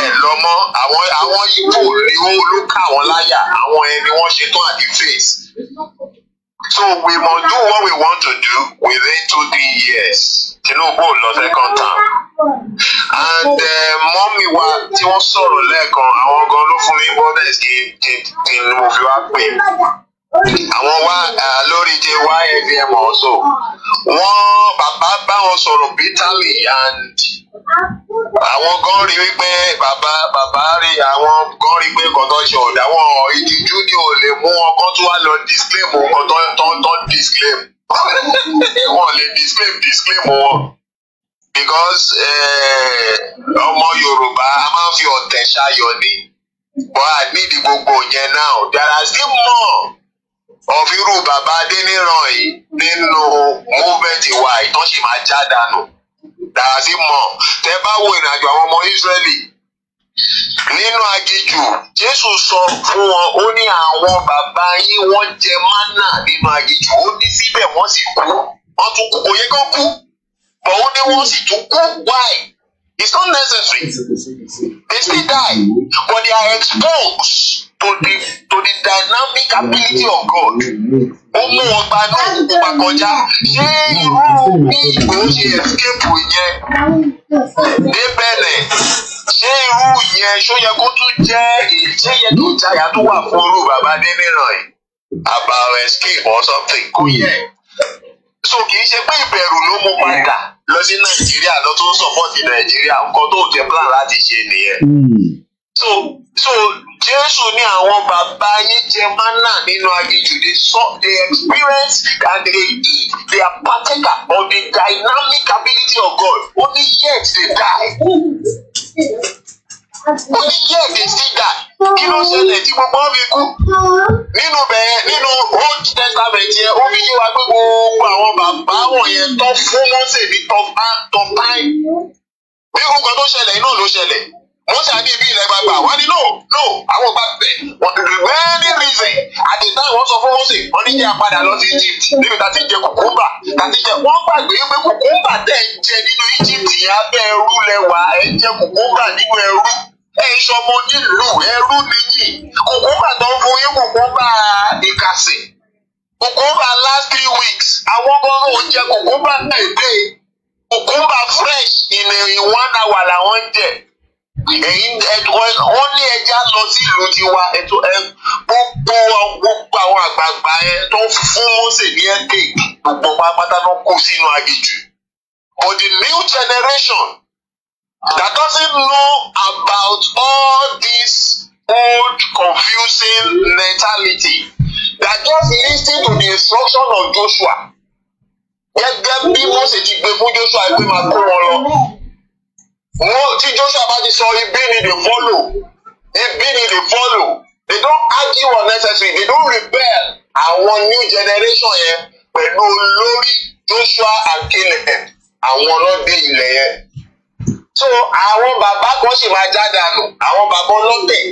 Speaker 8: ẹ̀ lọ́mọ́ àwọn àwọn ibo ni ó ló kà wọ́n láyà àwọn ẹni wọ́n ṣe tán àti face. So we must do what we want to do within two, three years. Tinubu ò lọ second term.
Speaker 6: And uh, mọ́mí
Speaker 8: wa tí wọ́n sọ̀rọ̀ lẹ́ẹ̀kan, àwọn gan ló fún mi bọ́dẹ̀ kí n mo fi wá pè é àwọn wá lórí jẹ YFM also wọn bàbá bá wọn sọ̀rọ̀ bitterly and àwọn gan rí wípé bàbá bàbá rí àwọn gan rí pé kọtọ ṣe ọdà wọn ìdíjú ni ò lè mú wọn kán tó wá lọ disclaim wọn tán tán tán disclaim wọn lè disclaim disclaim wọn because eh, ọmọ Yorùbá a máa ń fi ọ̀tẹ̀ ṣayọ̀ ni but I need gbogbo yẹn now there are still more ọ̀fíìrù bàbá adéníran yìí nínú múvẹ́ǹtì wa ìtàn sì máa já dànù dàásì mọ̀ tẹ bá wo ìrìnàjò àwọn ọmọ Ísírẹ́lì nínú aginjù Jésù sọ fún wọn ó ní àwọn bàbá yín wọ́n jẹ mánà nínú aginjù ó ní síbẹ̀ wọ́n sì kú wọ́n tún kú kò yẹ kú but ó ní wọ́n sì tún kú why it's not necessary they still die but they are exposed to the to the dynamic ability of God ó mú wọn gba ní òkun pa kọjá ṣé irú bí ìgbò ṣe escape yẹn débẹ̀lẹ̀ ṣé irú yẹn ṣó yẹ kó tún jẹ́ ṣé yẹ kí ìjayà tó wà fún irú bàbá dénìràn yìí about escape or something kò yẹ so kì í ṣe pé ìbẹ̀rù ló mú padà lọ sí nàìjíríà lọ tó ń sọ̀pọ̀tì nàìjíríà nǹkan tó jẹ́ plan láti ṣe nìyẹn so so jésù ní àwọn bàbá yín jẹ mánà nínú aginjù they saw they experience and they eat they are partaker of the dynamic ability of God only yet they die ó ní yẹ́ èdè sígà kí ló ṣẹlẹ̀ tí gbogbo wọn fi kú nínú bẹ̀rẹ̀ nínú old testament yẹn ó fi yé wa pé gbogbo àwọn bàbá wọ̀nyẹn tó fún mọ́sẹ̀ ní top time bí gbogbo tó ṣẹlẹ̀ iná ló ṣẹlẹ̀ wọ́n ṣàní ibi ilẹ̀ gbàgbà wọ́n ní no no àwọn gba bẹ̀ wọ́n ti the very reason at the time wọ́n sọ fún Mósè wọ́n ní jẹ́ apadà lọ sí Egypt níbi tàti jẹ kùkúmbà tàti jẹ wọ́n gbàgbé pé kùkúmbà tẹ̀ ń jẹ nínú Egypt abẹ́ ẹrú lẹ́wà ẹ̀ ń jẹ kùkúmbà nínú ẹrú ẹ̀ ń sọmọ nílùú ẹrú nìyí kùkúmbà tó ń fún yín kùkúmbà ìkàsì kùkúmbà last three weeks àwọn gbọ́dọ̀ ò jẹ kùkúmbà tẹ̀ dé kùkúmbà fresh in a one hour làwọn ń ẹ̀yin wọ́n
Speaker 3: ní ẹja lọ
Speaker 8: sí ìlú tiwa gbogbo gbogbo àwọn àgbààgbà ẹ tó fún Mósè ní ẹ̀kẹ́ gbogbo pátá náà kù sínú aginjù but the new generation that doesn't know about all this old confusing mentality that just listen to the instruction of Joshua gẹ́gẹ́ bí Mósè ti gbé fún Joshua pé máa kó wọn lọ no tí Joshua bá ti sọ ibi ni dey follow ibi ni dey follow they don argue unnecessary they don rebel àwọn new generation yẹn pẹ̀lú olórí Joshua and Caleb
Speaker 9: àwọn ọlọ́dẹ ilẹ̀
Speaker 8: yẹn so àwọn bàbá kan sì máa já dànù àwọn bàbá ọlọ́tẹ̀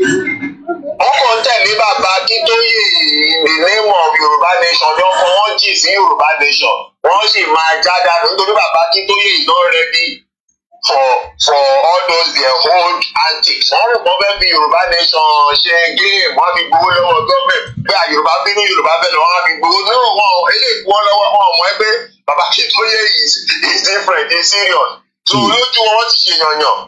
Speaker 8: wọn kàn tẹ̀lé bàbá Akíntóyè ìdílémọ̀ Yorùbá nation ló fọwọ́ jì sí Yorùbá nation wọ́n sì máa já dànù nítorí bàbá Akíntóyè ìdánrẹ́bí for for all those their old antics. wọ́n rò wọ́n fẹ́ fi yorùbá nation ṣe géèmù wọ́n fi gbowó lọ́wọ́ gọ́ọ̀mẹ̀ pé à yorùbá bínú yorùbá fẹ́ lọ́wọ́ wọ́n fi gbowó náà wọ́n eléyìí wọ́n lọ́wọ́ wọn mọ̀ ẹ́ pé bàbá Akíntóyè is is different is serious. tó hmm. lójú wọn ti ṣe yànyàn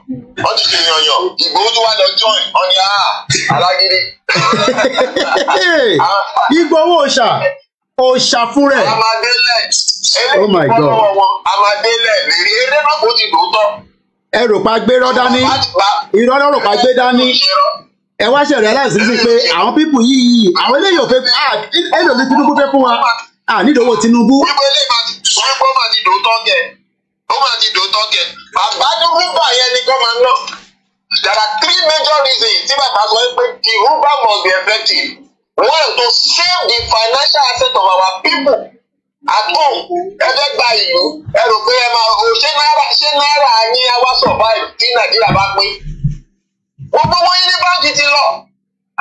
Speaker 8: wọ́n ti ṣe yànyàn Ìgbòho tó wà lọ join wọn ni ah, alágídí.
Speaker 3: Ìgbòho ṣà òòṣà fún rẹ.
Speaker 8: amadélẹ̀ oh eléyìí wọ́n lọ́wọ́ wọn amadélẹ̀ lè rí eré náà kó
Speaker 3: ẹ rò pa gbé rọ́ dání irọ́ lọ́rọ̀ pa gbé dání ẹ wá ṣe realize sí pé àwọn pípù yìí àwọn eléyìí ò fẹ́ ẹlò ní Tinubu fẹ́ fún wa à nídòwó Tinubu. wípé ilé ìmọ̀ wọ́n kọ́ máa ti dòótọ́ kẹ̀ ó máa ti dòótọ́ kẹ̀ bàbá ní
Speaker 8: rúbà yẹn ni kọ́ máa ná there are three major reasons tí bàbá sọ pé the rubber must be effective one to save the financial asset of our people àtọ̀n ẹ fẹ́ gba ìlú ẹ rò pé ẹ máa o ṣé náírà ṣé náírà yín awa survive tí nàìjíríà bá pín gbogbo wọn yín ní báńkì ti lọ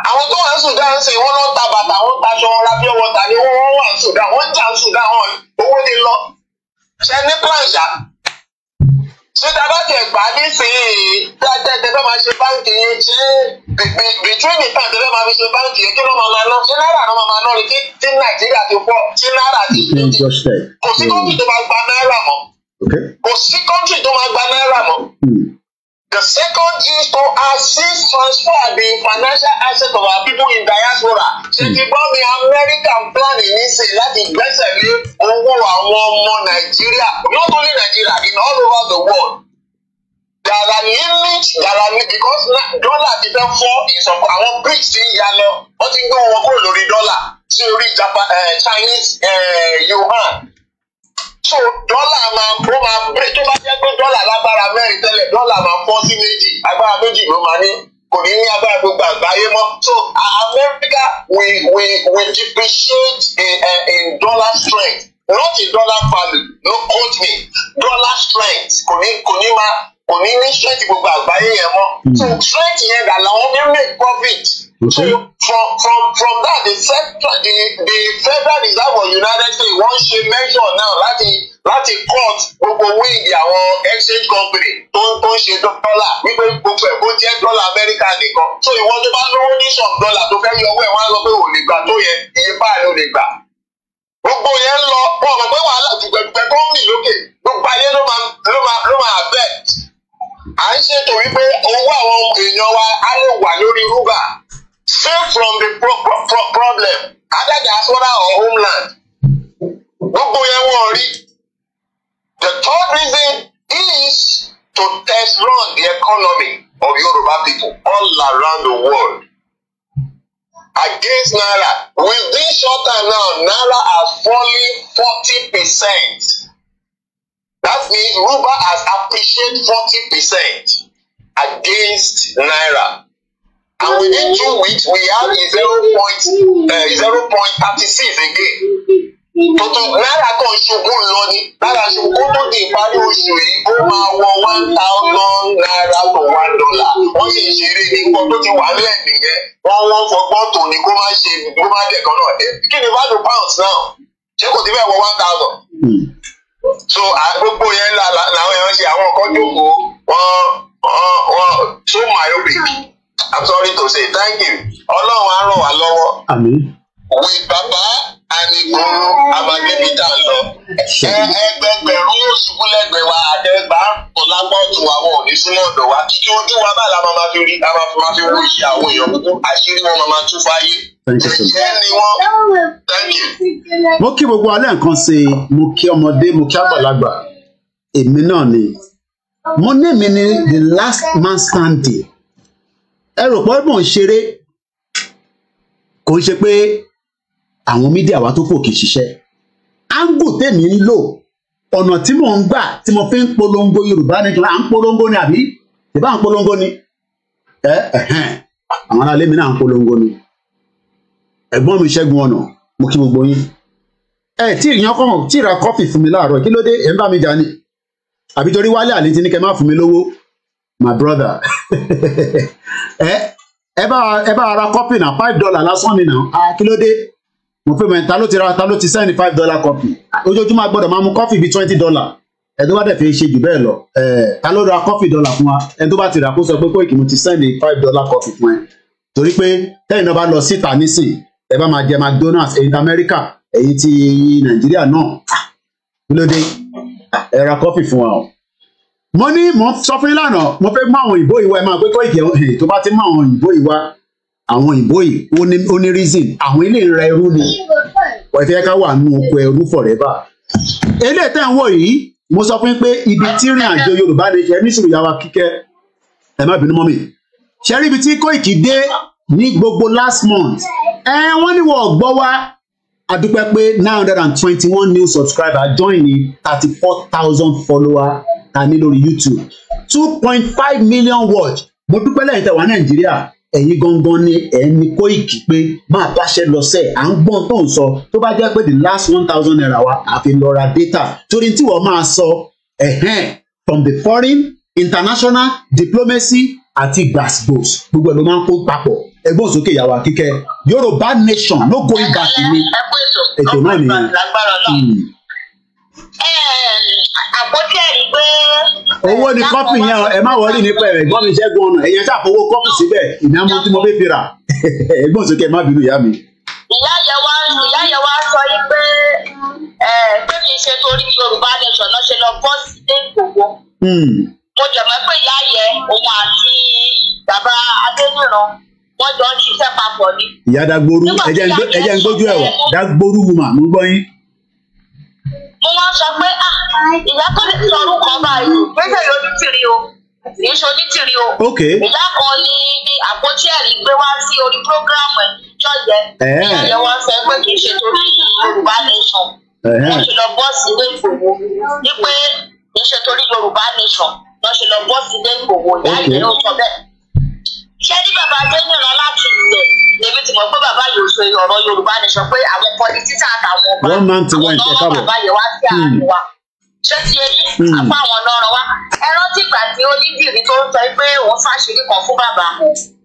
Speaker 8: àwọn tó wà ní Sudan ṣe wọn lọ ta bàtà wọn taṣọ wọn la pure water ni wọn wà ní Sudan wọn jà ní Sudan wọn owó ti lọ ṣe ní plan ṣáà ṣé tá a bá nísìnyí dáadáa tẹ máa ṣe báńkì yẹn ṣé bìtúrìnì tàn tẹ fẹ́ máa fi ṣe báńkì yẹn kí ló máa ná ṣé náírà ló máa ná ni kí tí nàìjíríà ti pọ̀ ṣé náírà ti ti kò sí kọ́ńtì tó máa gba náírà mọ́ kò sí kọ́ńtì tó máa gba náírà mọ́. Hmm. The second is to assist transfer the financial assets of our people in diaspora. Ṣèkí hmm. báwọn American plan ní ṣe láti gbẹ́sẹ̀ lé owó àwọn ọmọ Nàìjíríà not only Nigeria in all over the world. There are limits there are because dollar ti fẹ́ fọ́ ìsọ̀kọ̀ àwọn BRICS ti ń ya lọ wọ́n ti gbé wọn kúrò lórí dọ́là sí orí eh, Chinese eh, yuan so dọ́là máa ó máa pé tó bá jẹ́ pé dọ́là lágbára mẹ́rin tẹ́lẹ̀ dọ́là máa fọ́ sí méjì agbára méjì ló máa ní kò ní ní agbára gbogbo àgbáyé mọ́ so America we we we depreciate in, uh, in dollar strength not in dollar value no quote me dollar strength kò ní kò ní máa kò ní ní strength gbogbo àgbáyé yẹn mọ́ so hmm. strength yẹn dà làwọn ní make profit. So from from from that the central the, the federal reserve of united states wọ́n ṣe measure náà láti láti cut gbogbo wíìgì àwọn exchange company tó ń tó ń ṣe dọ́là wípé gbogbo ẹ̀ kó jẹ́ dọ́là amẹ́ríkà nìkan so ìwọ tó bá lówó ní sọ̀m dọ́là tó fẹ́ yọ owó ẹ̀ wọ́n á lọ pé ò lè gbà tó yẹ iye báyìí ò lè gbà gbogbo yẹn ń lọ wọn mọ̀ pé wàhálà dùgbẹ̀dùgbẹ̀ tó ń mì lókè gbogbo ayé ló máa ló máa ló máa bẹ̀ à ń ṣètò wípé owó àwọn èèyàn wa á lè wà lórí rúbà save from the pro pro pro problem either diaspora our homeland gbogbo yẹn wọ́n rí the third reason is to test run the economy of Yoruba people all around the world against naira within short time now naira has fallen forty percent that means Ruba has appreciated forty percent against naira
Speaker 9: and within two weeks we
Speaker 8: have zero point eh, zero point thirty six again tuntun náírà kan ṣubú lọ ni náírà ṣubú tó di ìparí oṣù yìí ó máa wọ one thousand naira to one dollar wọ́n sì ń ṣeré ní nǹkan tó ti wà lẹ́ẹ̀ nìyẹn wọ́n wọ́n fọgbọ́n tò ní kó má ṣe kó má dẹ̀kan náà eh, kí ni value pounds náà ṣé kò ti bẹ́ẹ̀ wọ one thousand so àgbogbo yẹn làwọn èèyàn ṣe àwọn nǹkan jókòó wọn wọn wọn so myopic. I'm sorry to say thank you ọlọ́run á ràn wá
Speaker 3: lọ́wọ́. àmín. with baba anigun amagẹ́bíta lọ ẹgbẹgbẹ̀rún òṣùkún lẹ́gbẹ̀ẹ́ wa
Speaker 8: àtẹgbà ọ̀làpọ̀tù àwọn òní súnmọ́ ọ̀dọ̀ wa kíkí ojú wa báyìí la máa fi rí la máa fi wú iye àwọn èèyàn kúkú àṣírí wọn
Speaker 3: máa tún fáyé jẹjẹ
Speaker 8: ni wọn thank you. mo
Speaker 3: kí gbogbo alẹ́ nǹkan ṣe mo kí ọmọdé mo kí àgbàlagbà èmi náà ni mo ní mi ní the last man standing ẹ rò pé ń ṣeré kò ń ṣe pé àwọn mídíà wa tó kò kì í ṣiṣẹ́ áńgù tèmi ń lò ọ̀nà tí mò ń gbà tí mo fi ń polongo yorùbá ní kíláà ń polongo ni àbí ìbá ni ẹ àwọn mi náà ń polongo ni ẹ̀gbọ́n mi ṣẹ́gun ọ̀nà mo kí gbogbo yín ẹ tí ìyàn kàn tí fún mi láàárọ̀ kí ló dé ń bá ẹ eh, ẹ bá ẹ bá ara kọ́pì náà five dollar lásán ni náà a ah, kí ló dé mo fẹ́ mọ̀ ta ló ti ra ta ló ti sẹ́ni five dollar kọ́pì ojoojúmọ́ a gbọ́dọ̀ máa mu kọ́fì bíi twenty dollar ẹni tó bá dẹ̀ fi ṣe jù bẹ́ẹ̀ lọ eh, ta ló ra kọ́fì dọ́là fún wa ẹni tó bá ti rà kó sọ pé kó ìkìmọ̀ ti sẹ́ndì five dollar kọ́fì fún ẹ torí pé tẹ́yìn náà bá lọ síta nísìn ẹ bá máa jẹ McDonald's èyí ti Amẹ́ríkà èyí ti Nàìjíríà náà ah, kí ló dé ah, ẹ ra kọ́fì fún wa o mo ní mo sọ fún yín lánàá mo fẹ́ mú àwọn òyìnbó ìwà ẹ máa pé kó ìkẹ́ ọ̀hìn tó bá ti mú àwọn òyìnbó ìwà àwọn òyìnbó yìí ó ní reason àwọn ilé ìra ẹrú ni ọ̀fẹ́ ká wà nínú oko ẹrú forever. eléyìí tẹ́ ń wò yìí mo sọ fún yín pé ibi tí rìn àjò Yorùbá ni ṣe ní sùúrù yàwá kíkẹ́ ẹ má bínú mọ́ mi ṣe rí ibi tí Kóìkì dé ní gbogbo last month ẹ wọ́n ní wọ́n gbọ́ wá adúpẹ́ pé nine hundred and twenty one new subscriber join ní thirty four thousand follower a ní lórí YouTube two point five million watch mo dúpẹ́ lẹ́yìn tẹ̀wá nàìjíríà ẹ̀yin gangan ni ẹni Kóìkì pé máa báṣẹ lọ sẹ́ à ń gbọ́n tó ń sọ tó bá jẹ́ pé the last one thousand naira wa àfi lọ ra data torí tí wọ́n máa sọ ẹ̀hẹ́n from the foreign international diplomacy àti gbàsgbòs gbogbo ẹ̀ ló máa ń kó papọ̀ ẹgbọ́n sókè yàwá kíkẹ́ Yorùbá nation no going back ni ètò náà nìyẹn. ẹ
Speaker 8: ẹ àpótí ẹ̀rí pé.
Speaker 3: owó ni kọ́pì yẹn ẹ má wọlé nípa ẹ̀rẹ̀ gbọ́n mi ṣẹ́gun ọ̀nà ẹ̀yẹn ṣàfowó kọ́pì síbẹ̀ ìnáwó tí mo fẹ́ fi rà ẹ̀gbọ́n sókè má bínú ìyá mi.
Speaker 8: ìyá yẹn wá ìyá yẹn wá sọ yí pé pé kì í ṣe torí Yorùbá nation náà ṣe lọ bọ́ sí Èkó. Hmm. mo jẹ̀ mọ́ pé ìyá yẹn òun àti bàbá Adéníran wọ́n jọ ń ṣiṣẹ́ papọ̀ ni.
Speaker 3: ìyá dagboru ẹ ń gbójú ẹ̀wọ̀ dagboru woman mo gbọ́ yín
Speaker 8: mo wá sọ pé ah ìyá tó ní sọrún kan báyìí gbèsè lójú tìrì o kì í ṣe onítìrì o ìyá kan ní àpótí ẹ̀rí gbé wá sí orí prógrámù ẹ̀ jọ̀jẹ̀ ìyá yẹn wá sọ pé kì í ṣe torí Yorùbá nation wọ́n ṣe lọ bọ́ sí ilé ìgbòho ní pé kì í ṣe torí Yorùbá nation wọ́n ṣe lọ bọ́ sí ilé ìgbòho ìyá yẹn ló sọ bẹ́ẹ̀ ṣé bàbá adéyìnlá láti lèmi ti mọ̀ pé bàbá yóò sọ ọ̀rọ̀ yorùbá ni pé àwọn pọlitíṣà àtàwọn
Speaker 3: ọba wọn máa bàbá
Speaker 8: yẹn wá sí àárín hmm. wa ṣé ti eyín àpá hmm. àwọn ọlọ́run wa ẹ rántí ìgbà tí onídìrí tó ń sọ pé òun fàṣírí kan fún bàbá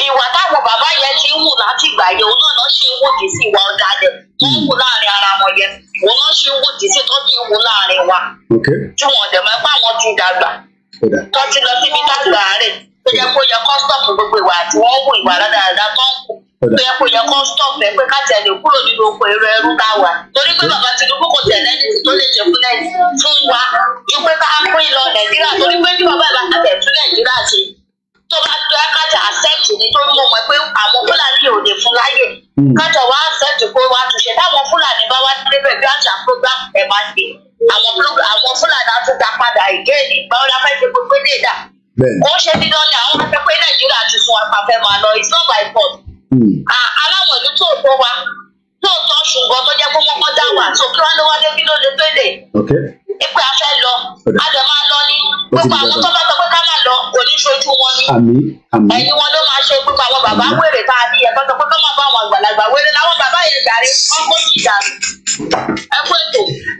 Speaker 8: ìwà táwọn bàbá yẹn ti ń wù látìgbà yẹn òun náà ṣe ń wòdì sí ìwà ọ̀dàlẹ̀ tó ń wù láàrin ara wọn yẹn òun náà ṣe ń wòdì sí tó ti ń wù láàrin wa tí wọn dẹ̀ mọ́ pé àwọn ti dàgbà tó ti lọ síbi dàgbà rẹ̀ tó yẹ kó yẹ kó stop gbogbo ìwà àti wọn wù ìwà dáadáa tó ń kù tó yẹ kó yẹ kó stop ẹ pé káàtì ẹni kúrò nínú oko èrò ẹrú ká wà torí pé bàbá Tinubu kò tẹ̀ tó bá tó ẹ kájà accept ni tó mọ̀ mọ̀ pé àwọn fúlàní ò lè fún láyè hmm. kájà wá accept kó wá túnṣe táwọn fúlàní bá wá débẹ̀ bí àṣà program ẹ̀ máa ṣe àwọn fúlàní á tún dá padà ìgéèdì báwo la fẹ́ ṣe gbogbo dé dà ó ṣe bí lọ́ọ̀ni àwọn máa fẹ́ pé nàìjíríà ti sun àpàfẹ́ máa lọ it's not by force. Hmm. aláwọ̀ ìlú tó tó wa tó tó ṣùgbọ́n tó jẹ́ pé wọ́n kọ́ dá wà so kí wọ́n lówó dé kí ló lè tó pé a fẹ́ lọ a lè máa lọ ní gbogbo àwọn tó bá sọ pé ká má lọ kò ní ṣojú wọn ní ẹ̀yin wọn ló máa
Speaker 3: ṣe gbogbo àwọn bàbá wèrè tá a bí ẹ̀ tó pé ká má
Speaker 8: bá àwọn àgbàlagbà wèrè làwọn bàbá yẹn jàre ọkọ sí ìdàrú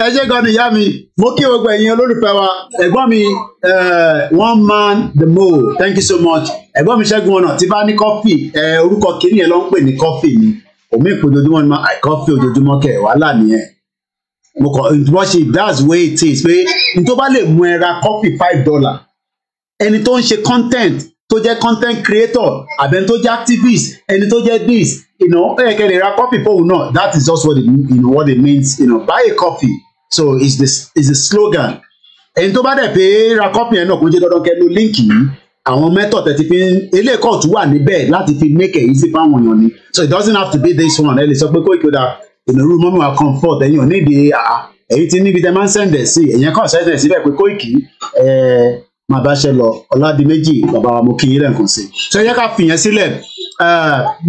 Speaker 3: ẹ ṣe gan ni ìyá mi mo kí gbogbo ẹ̀yin olólùfẹ́ wa ẹ̀gbọ́n mi eh, one man the mole thank you so much ẹ̀gbọ́n mi ṣẹ́gun ọ̀nà tí bá ní kọ́fì eh, orúkọ kìnìyàn ló ń pè ní kọ́fì ni òmí ìpè ojoojúmọ́ ni mo àìkọ́fì ojoojúmọ́ kẹ̀ wàhálà nìyẹn mo kàn wọ́n ṣe that's way it is pé n tó bá lè mú ẹ ra copy five dollar ẹni tó ń ṣe content tó jẹ́ content creator àbẹni tó jẹ́ activist ẹni tó jẹ́ this you know ẹ kẹ́ lè ra copy fóun náà that is just what it, you know, what it means you know, buy a copy so it's the, it's the slogan ẹni tó bá dẹ̀ pé ra copy ẹ̀ náà kò jẹ́ dandan kẹ́ lo líǹkì yìí àwọn method tẹ̀ ti fi eléèkọ́ tún wà níbẹ̀ láti fi make it easy fáwọn èèyàn ni so it doesn't have to be this one ẹ lè sọ pé kó ìkó ìnáwó mọ́mọ́ comfort ẹ̀yin ò nídìí àá èyí tí níbi tẹ máa ń sẹ̀ǹdẹ̀ sí ẹ̀yìn kan sẹ̀ǹdẹ̀ síbẹ̀ pé Kóìkì máa bá ṣe lọ Ọládìméjì bàbá wa mo kí yín lẹ́ǹkan sí i ṣé yẹ ká fìyẹn sílẹ̀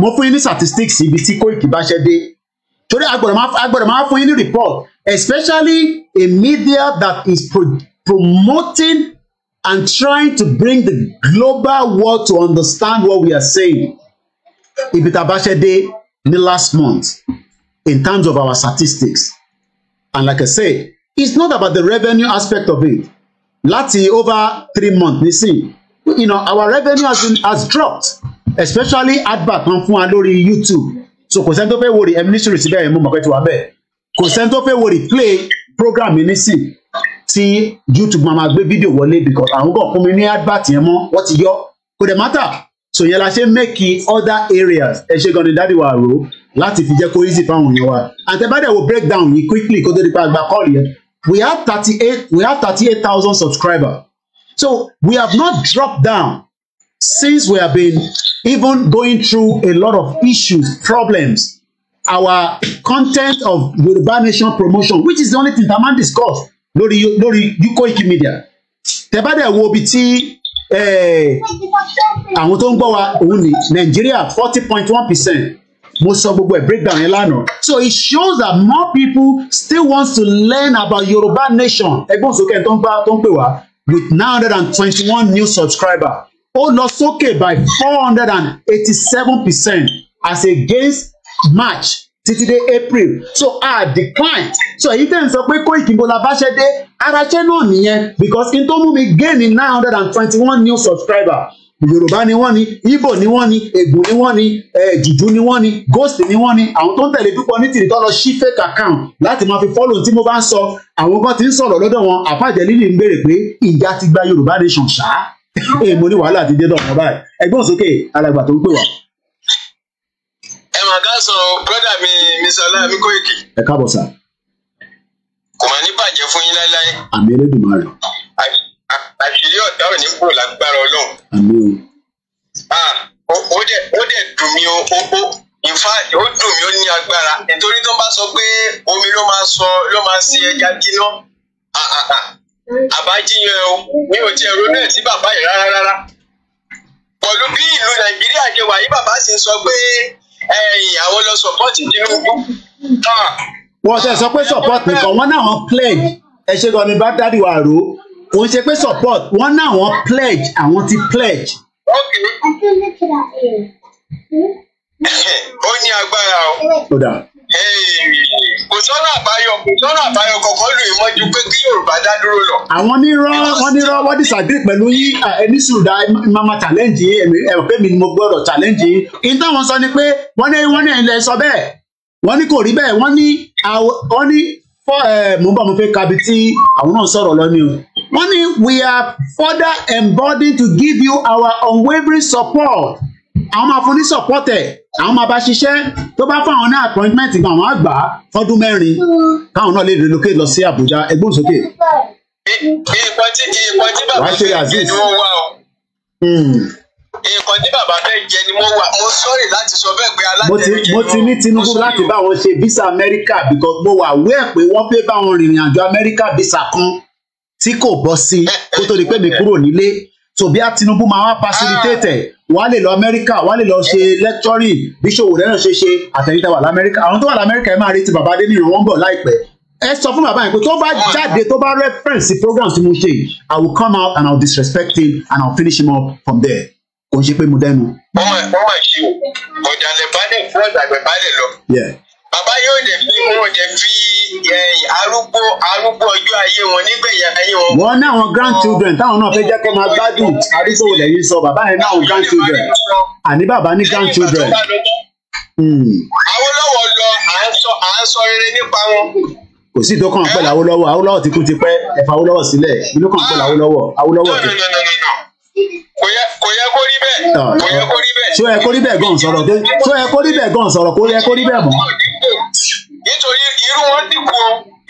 Speaker 3: mo fún yín ní statistics ibi tí Kóìkì bá ṣe dé torí agbọ̀dọ̀ máa fún yín ní report especially a media that is pro promoting and trying to bring the global world to understand what we are saying ibi tá a bá ṣe dé ní last month in terms of our statistics. And like I say, it's not about the revenue aspect of it. Láti over three months you see, you know, our revenue has, been, has dropped, especially advert kan fún wa lórí YouTube. So kò sẹ́ni tó fẹ́ wo reminiscence síbẹ̀ yẹn mú mọ̀ pé ti wà bẹ́ẹ̀. Kò sẹ́ni tó fẹ́ wo program yìí nísìn tí YouTube máa ma gbé fídíò wọlé because àwọn go fún mi ní advert yẹn mọ́, wọ́n ti yọ. Kò dẹ̀ mátà, so yẹn la ṣe making other areas ẹ ṣe gan ni dádì wa rò láti fi jẹ́ kó easy fáwọn èèyàn wa and the bá dẹ̀ wo breakdown yìí quickly kó tó di pa àgbà kọ́ọ̀lù yẹn we have thirty eight we have thirty eight thousand subscribers so we have not dropped down since we have been even going through a lot of issues problems our content of Yoruba Nation promotion which is the only thing taman discuss lórí lórí Koiki Media tẹ bá dẹ̀ wo ibi tí Eh, àwọn tó ń gbọ́ wa òun ní Nàìjíríà forty point one percent mo sọ gbogbo ẹ̀ breakdown yẹn lánàá so it shows that more people still want to learn about Yorùbá nation ẹgbọ́n sókè tó ń gbá tó ń pè wá with nine hundred and twenty-one new subscribers ó lọ sókè by four hundred and eighty-seven percent as against March títí dé April so I decline so èyí tẹ̀ ń sọ pé Koiki Bola báṣẹ́ dé araṣẹ́ náà nìyẹn because n tó mú mi gain ní nine hundred and twenty one new subscriber yorùbá ni wọ́n ni Ìgbò ni wọ́n ni ègbò ni wọ́n ni eh, jùjú ni wọ́n ni ghost ni wọ́n ni àwọn tó ń tẹ̀lé púpọ̀ ní tìrìtọ́ lọ sí fake account láti máa fi follow tí mo bá ń sọ àwọn kan ti ń sọ̀rọ̀ lọ́dọ̀ wọn àfàjẹ́ lílì ń béèrè pé ìyá ti gba yorùbá nation ṣá èèmọ̀ ní wàhálà ti dé dọ̀ wọn báyìí ẹgbọ́n sókè alàgbà tó ń pè wá
Speaker 8: sàn ká sàn brọ́dà mi mi sọlá mi kó èkì. ẹ káàbọ̀ sà. kò máa ní bàjẹ́ fún yín láéláé.
Speaker 3: àmì Elédùmarè.
Speaker 8: àṣírí ọ̀dà ò ní kú lágbára ọlọ́run. àmì o. ó dẹ̀ ó dẹ̀ dùn mí o ó ó in fact ó dùn mí ó ní agbára nítorí tó bá sọ pé omi ló máa sọ ló máa ṣe ẹja jiná àbájíyan o mi ò tiẹ̀ ronú ẹ̀ sí bàbá yìí rárá rárá pẹ̀lú bí ìlú Nàìjíríà ṣe wà yí bàbá sì ń sọ pé ẹ̀yìn àwọn lọ support Tinubu.
Speaker 3: Ah. wọ́n ṣe sọ pé support nìkan wọ́n náà wọ́n pledge ẹ ṣe gan ni bá dádì wà ró òun ṣe pé support wọ́n náà wọ́n pledge àwọn ti pledge.
Speaker 8: ó ní agbára o kò sọ́nà àbáyọ kò sọ́nà àbáyọ kọ̀ọ̀kan lù í mọ́jú pé kí Yorùbá dá
Speaker 3: dúró lọ. àwọn nírọ́ wọn nírọ́ wọn disagree pẹ̀lú yín ẹni sùdà mama challenge ẹ̀rọ̀pẹ́ mi ni mo gbọ́dọ̀ challenge yín. ìyẹn táwọn sọ ni pé wọ́n ní wọ́n ní ẹ̀yin lẹ sọ bẹ́ẹ̀ wọ́n ní kò rí bẹ́ẹ̀ wọ́n ní wọ́n ní fọ́ ẹ̀ mú bá mo fẹ́ kabi tí àwọn náà sọ̀rọ̀ lọ ni o. wọ́n ní we are further emboldened to give you our unwavering support àwọn máa fún ní support ẹ̀ àwọn máa bá ṣiṣẹ́ tó bá fáwọn ní appointment gan àwọn àgbà fọ́dún mẹ́rin káwọn náà lè relocate lọ sí Àbújá ẹgbẹ́ òsókè.
Speaker 8: ìkọ̀ tí ìkọ̀ hmm. tí bàbá fẹ́ jẹ ni wọ́n wá o. ìkọ̀ tí bàbá fẹ́ jẹ ni wọ́n wá mo sọ́ọ̀rì láti sọ
Speaker 3: bẹ́ẹ̀ pé alátẹ̀lẹ́jẹ mo ti ní Tinubu láti bá wọn ṣe visa Amẹ́ríkà because mo wà wẹ́ẹ̀ pé wọ́n fẹ́ bá wọn rìnrìn àjò America visa kan tí kò bọ́ sí kó tó di pé mi kúrò nílé so bí a Tinubu máa wá facilitate wàá lè lọ Amẹ́ríkà wàá lè lọ ṣe lecturing bí Ṣòwòrẹ́ náà ṣe ṣe àtẹ̀yìntà wà lamẹ́ríkà àwọn tó wà lamẹ́ríkà ẹ máa retí bàbá Adéníran wọ́n ń bọ̀ láìpẹ́ ẹ sọ fún bàbá yẹn pé tó bá jáde tó bá reference sí program tí mo ṣe I will come out and I will disrespect him and I will finish him up from there kò ń ṣe pé mo dẹnu. wọ́n
Speaker 8: máa ṣe o ọ̀dàlẹ̀ balẹ̀ fún ọ̀dàlẹ̀ balẹ̀ lọ bàbá yóò dẹ̀ fi wọn dẹ̀ fi arúgbó arúgbó ọjọ́ ayé wọn nígbẹ̀yà ayé wọn. wọn ní àwọn grandchildren táwọn náà fẹ́ jẹ́ kó máa gbádùn arúgbó
Speaker 3: lẹ́yìn sọ bàbá yẹn ní àwọn grandchildren àní bàbá ní grandchildren. Hmm.
Speaker 8: Awólọ́wọ̀ lọ à ń sọ à ń sọ rere nípa wọn.
Speaker 3: kò sí ìtọ́ kan pẹ̀lú Awólọ́wọ̀ Awólọ́wọ̀ ti kú ti pẹ́ ẹ̀fà Awólọ́wọ̀ sílẹ̀ inú kan pẹ̀lú Awólọ́wọ̀ Awólọ́wọ̀ ti
Speaker 8: kò yẹ kò yẹ kó rí bẹ́ẹ̀ ah. kò
Speaker 3: yẹ kó rí bẹ́ẹ̀. ṣó yẹ kó rí bẹ́ẹ̀ gan sọ̀rọ̀ ṣó yẹ kó rí bẹ́ẹ̀ gan sọ̀rọ̀ kó yẹ kó rí bẹ́ẹ̀ mọ́
Speaker 8: dìbò nítorí irú wọn dìbò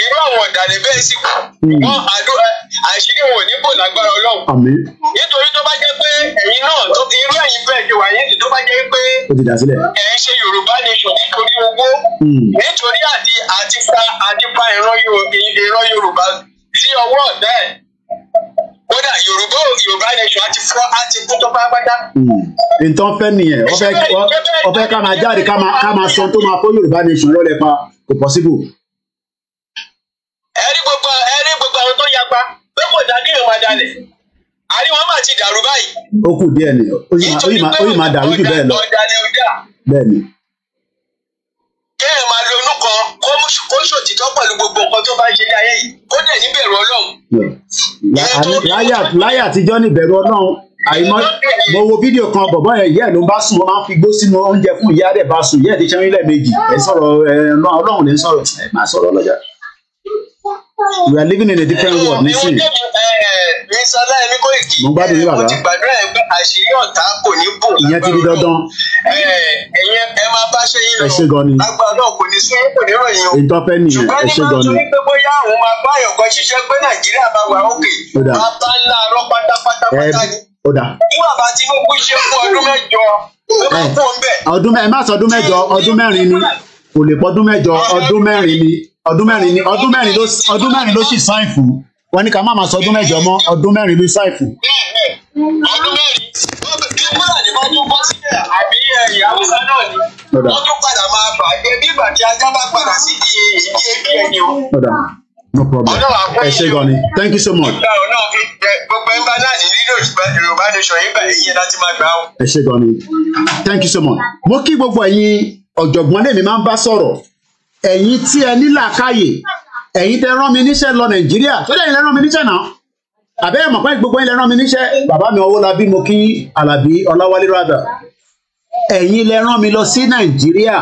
Speaker 8: irú àwọn ọ̀dàlẹ̀ bẹ́ẹ̀ sì kù hmm. wọn àdúrà àṣírí wọn ò ní bò lágbára ọlọ́run nítorí tó bá jẹ́ pé ẹ̀yin náà irú ẹ̀yin bẹ́ẹ̀ ti wà yín tó bá jẹ́
Speaker 3: pé ẹ̀ ń
Speaker 8: ṣe yorùbá nation nítorí owó hmm. nítorí àti àti fa àti fa ìran yorùbá sí ọwọ́ ọ̀dà ẹ̀ kódà yorùbá yorùbá nation àti fún àti kú tó nǹkan
Speaker 3: hmm. fẹ́ nìyẹn ọ̀fẹ́ ká máa jáde ká máa sọ tó máa yorùbá nation lọ́lẹ̀ pa possible.
Speaker 2: ẹ gbogbo ẹ rí gbogbo àwọn tó
Speaker 8: yapa pé kò dá kéèyàn máa dalẹ̀ àrí máa ti dàrú báyìí. kéèyàn máa ronú kan kó ṣòtítọ́ pẹ̀lú gbogbo nǹkan tó bá ń ṣe ní ayé yìí kó dẹ̀ níbẹ̀rù ọlọ́run.
Speaker 3: láyé àtijọ́ níbẹ̀rù ọlọ́run àìmọ́ mo wo fídíò kan bọ̀bọ́ yẹn ìyá ẹ̀ ló bá sùn wọ́n máa ń fi igbó sínú oúnjẹ fún ìyá rẹ̀ bá sùn ìyá ẹ̀ ti ṣẹ́yìn lẹ́ẹ̀mejì ẹ̀ sọ̀rọ̀ ọlọ́run lè sọ̀rọ̀ ẹ̀ máa sọ̀rọ̀ ọlọ́jà we are living in a different world nísìnyí. mo gbádùn yín bàbá. ìyẹn ti di dandan. ẹ ṣe gan ni. agbára
Speaker 8: kò ẹ ṣe gan ni. ṣùgbọ́n
Speaker 3: nígbà tó ní ọdún mẹ́jọ ọdún mẹ́rin ni kò lè pọ̀ ọdún mẹ́jọ ọdún mẹ́rin ni ọdún mẹ́rin ni ọdún mẹ́rin ló ọdún mẹ́rin ló sì sáìn fún wọn ní ká má máa sọ ọdún mẹ́jọ mọ́ ọdún mẹ́rin ló sáìn fún.
Speaker 7: ọdún mẹ́rin kí
Speaker 8: kúrò ní wọ́n tún bọ́ sílẹ̀ àbí ẹ̀yìn haúsá náà ni wọ́n tún padà máa bà jẹ́ bí ìgbà tí ajá bá padà sí di ìdí ẹbí ẹni o.
Speaker 3: No problem. Ẹ ṣé gan ni. Thank you so much. Gbogbo ẹ̀ ń bá náà ní lílo Yorùbá Nation yìí bẹ̀rẹ̀ yẹn láti máa gbà ó. Ẹ ṣé gan ni. Thank you so much. Mo kí gbogbo ẹ̀yin ọ̀jọ̀gbọ́n lèmi máa ń bá sọ̀rọ̀ ẹ̀yin tí ẹ nílàákàyè ẹ̀yin tẹ rán mi níṣẹ́ lọ nàìjíríà tó dẹ̀ yín lẹ rán mi níṣẹ́ náà àbẹ́ ẹ̀ mọ̀ pé gbogbo yín lẹ rán mi níṣẹ́ bàbá mi Ọwọ́lábí mo kí Àlàbí Ọláwálé rádà ẹ̀yin lẹ rán mi lọ sí nàìjíríà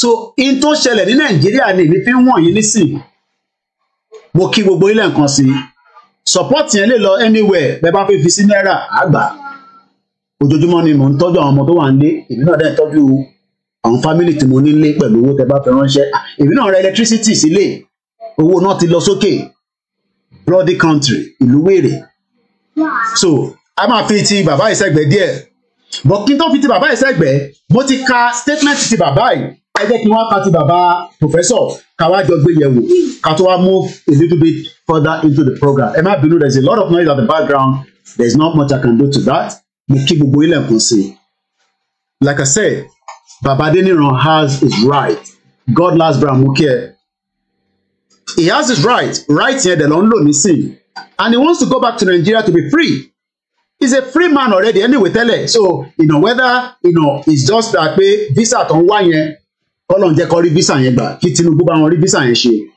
Speaker 3: so in tó ṣẹlẹ̀ ní nàìjíríà ni èmi fi ń wọ̀nyí nísìn mo kí gbogbo yín lẹ́ǹkan sí support yẹn lè lọ anywhere bẹ́ẹ̀ bá fẹ́ fi sí náírà àgbà ojoojúmọ́ ni mò ń tọ́jú àwọn ọmọ tó wà ń lé èmi náà dẹ́ tọ́jú àwọn family, tí mo nílé pẹ̀lú owó tẹ bá fẹ́ ránṣẹ́ èmi náà ra electricity sílé owó náà ti lọ sókè bloody country ìlú wèrè so a máa fi ti bàbá ìsẹ̀gbẹ́ díẹ̀ bọ̀ kí n tó fi ti bàbá ìsẹ̀gbẹ́ mo ti ka statement ti bàbá yìí ẹ jẹ́ kí wọ́n ka ti bàbá professor ká wá jọ gbé yẹ̀wò ká tó wá move a little bit further into the program ẹ má bínú there is a lot of noise at the background there is not much I can do to that mo kí gbogbo ilẹ̀ kan sí like I said Baba Adeniran has his right. God last Brown Mukia. He has his right. Right here, the long loan is And he wants to go back to Nigeria to be free. He's a free man already anyway, tell it. So, you know, whether, you know, it's just that pé visa tó ń wá yẹn, Ọlọ́run jẹ́ kó rí visa yẹn gbà, kí Tinubu bá wọn rí visa yẹn ṣe.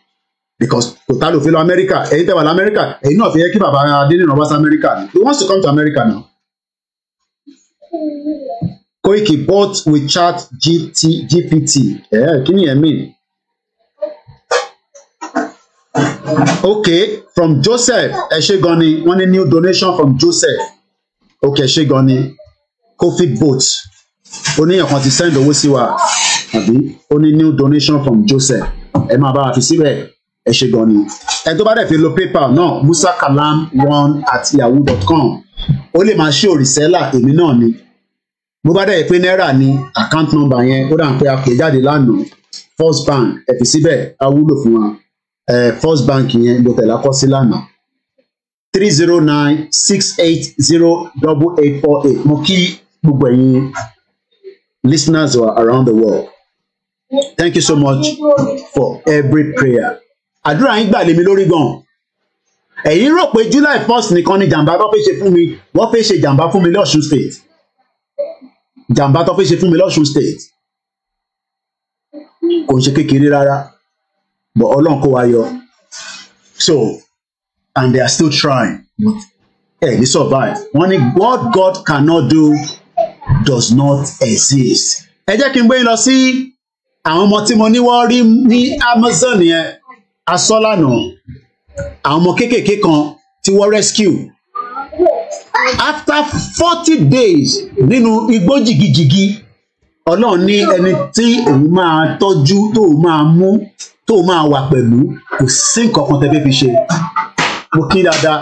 Speaker 3: Because kò fellow America. fi lọ Amẹ́ríkà, America. tẹ́ wà l'Amẹ́ríkà, ẹ̀yin náà fi yẹ kí bàbá Adéníran wá He wants to come to America now. Koiki bot with chat GT, GPT eh, kí nìyẹn mean okay from Joseph ẹ ṣé gan ni wọ́n ní new donation from Joseph okay ẹ ṣé gan ni Kofi bot oníyàn kan ti send owó sí wa àbí ó ní new donation from Joseph ẹ máa bá a fi síbẹ̀ ẹ ṣé gan ni ẹ tó bá dẹ̀ fi lo PayPal náà musakalam one at yahoo dot com ó lè máa ṣe òrìṣẹ́là èmi náà ni bó bá dẹ̀ pé náírà ni account number yẹn ó dà ń pé apè jáde lánàá first bank ẹ síbẹ̀ á wúlò fún wa first bank yẹn ló tẹ̀lé akọ́ sí lánàá three zero nine six eight zero double eight four eight mo kí gbogbo ẹ̀yin listeners who around the world thank you so much for every prayer àdúrà yín gbà lèmi lórí gan-an ẹ̀yin rò pé July first nìkan ni jàǹbá bá fẹ́ ṣe fún mi wọ́n fẹ́ ṣe jàǹbá fún mi lọ́sùn state jàǹbá tó fẹ́ ṣe fún mi lọ́sùn state kò ń ṣe kékeré rárá but ọlọ́run kó wa yọ so and they are still trying ẹ ní survive wọ́n ní what God cannot do does not exist ẹ jẹ́ kí n gbé yín lọ sí àwọn ọmọ tí mo ní wọ́n rí ní Amazon yẹn asọ́lànà àwọn ọmọ kéékèèké kan tí wọ́n rescue after forty days nínú igbó jìgìjìgì ọlọ́run ní ẹni tí òun máa tọ́jú tó máa mú tó máa wà pẹ̀lú kò sí nǹkan kan tẹ́lẹ̀ fi ṣe mo kí dáadáa.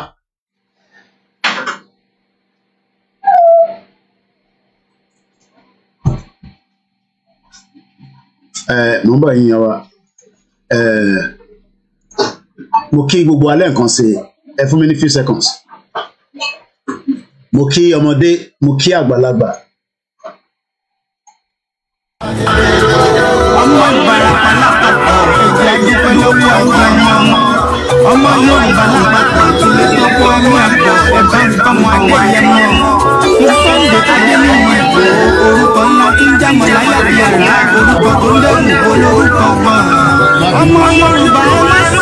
Speaker 3: mo ń bọ̀ yín yẹn wa mo kí gbogbo alẹ́ nǹkan ṣe ẹ fún mi ní few seconds mo kí ọmọdé mo kí àgbàlagbà. ọmọ Ìbàràpá lápapọ̀ ẹ̀jẹ̀ ajẹ́pẹ́ lọ́wọ́ ọmọ ẹni ọmọ ọmọ ìlú Ìbàràpá ìdílé
Speaker 2: tó kọ́ ẹni àgbà ẹ̀bá ìbámu Adéyẹmọ mo sọ́ndé adéyẹmọ ẹ̀bùn orúkọ ńlá tó ń jàmọ̀ láyà bí àrà orúkọ tó ń dẹ̀rù olórúkọ kan ọmọ Yorùbá ọmọ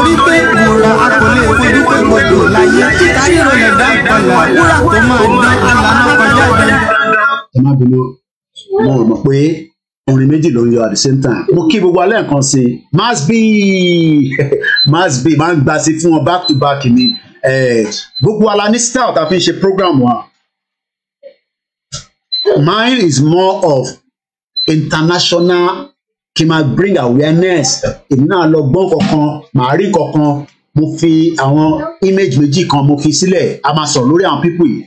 Speaker 2: torí pé wòrà a kò lè pé gbogbo láyé kíkà ríro lè dá
Speaker 3: ìpalà wúrà tó máa dán alàmọ́ kọjá dé. ẹ má bínú mo rò mọ pé orin méjì ló ń yọ at the same time mo kí gbogbo alẹ́ nǹkan sí masbi masbi máa ń gba sí fún wọn back to back ni gbogbo ala ní style tá a fi ń ṣe program wa mine is more of international kí n bring awareness èmi náà lọ gbọ́n kankan màá rí kankan mo fi àwọn image méjì kan mo fi sílẹ̀ a máa sọ lórí àwọn pípò yìí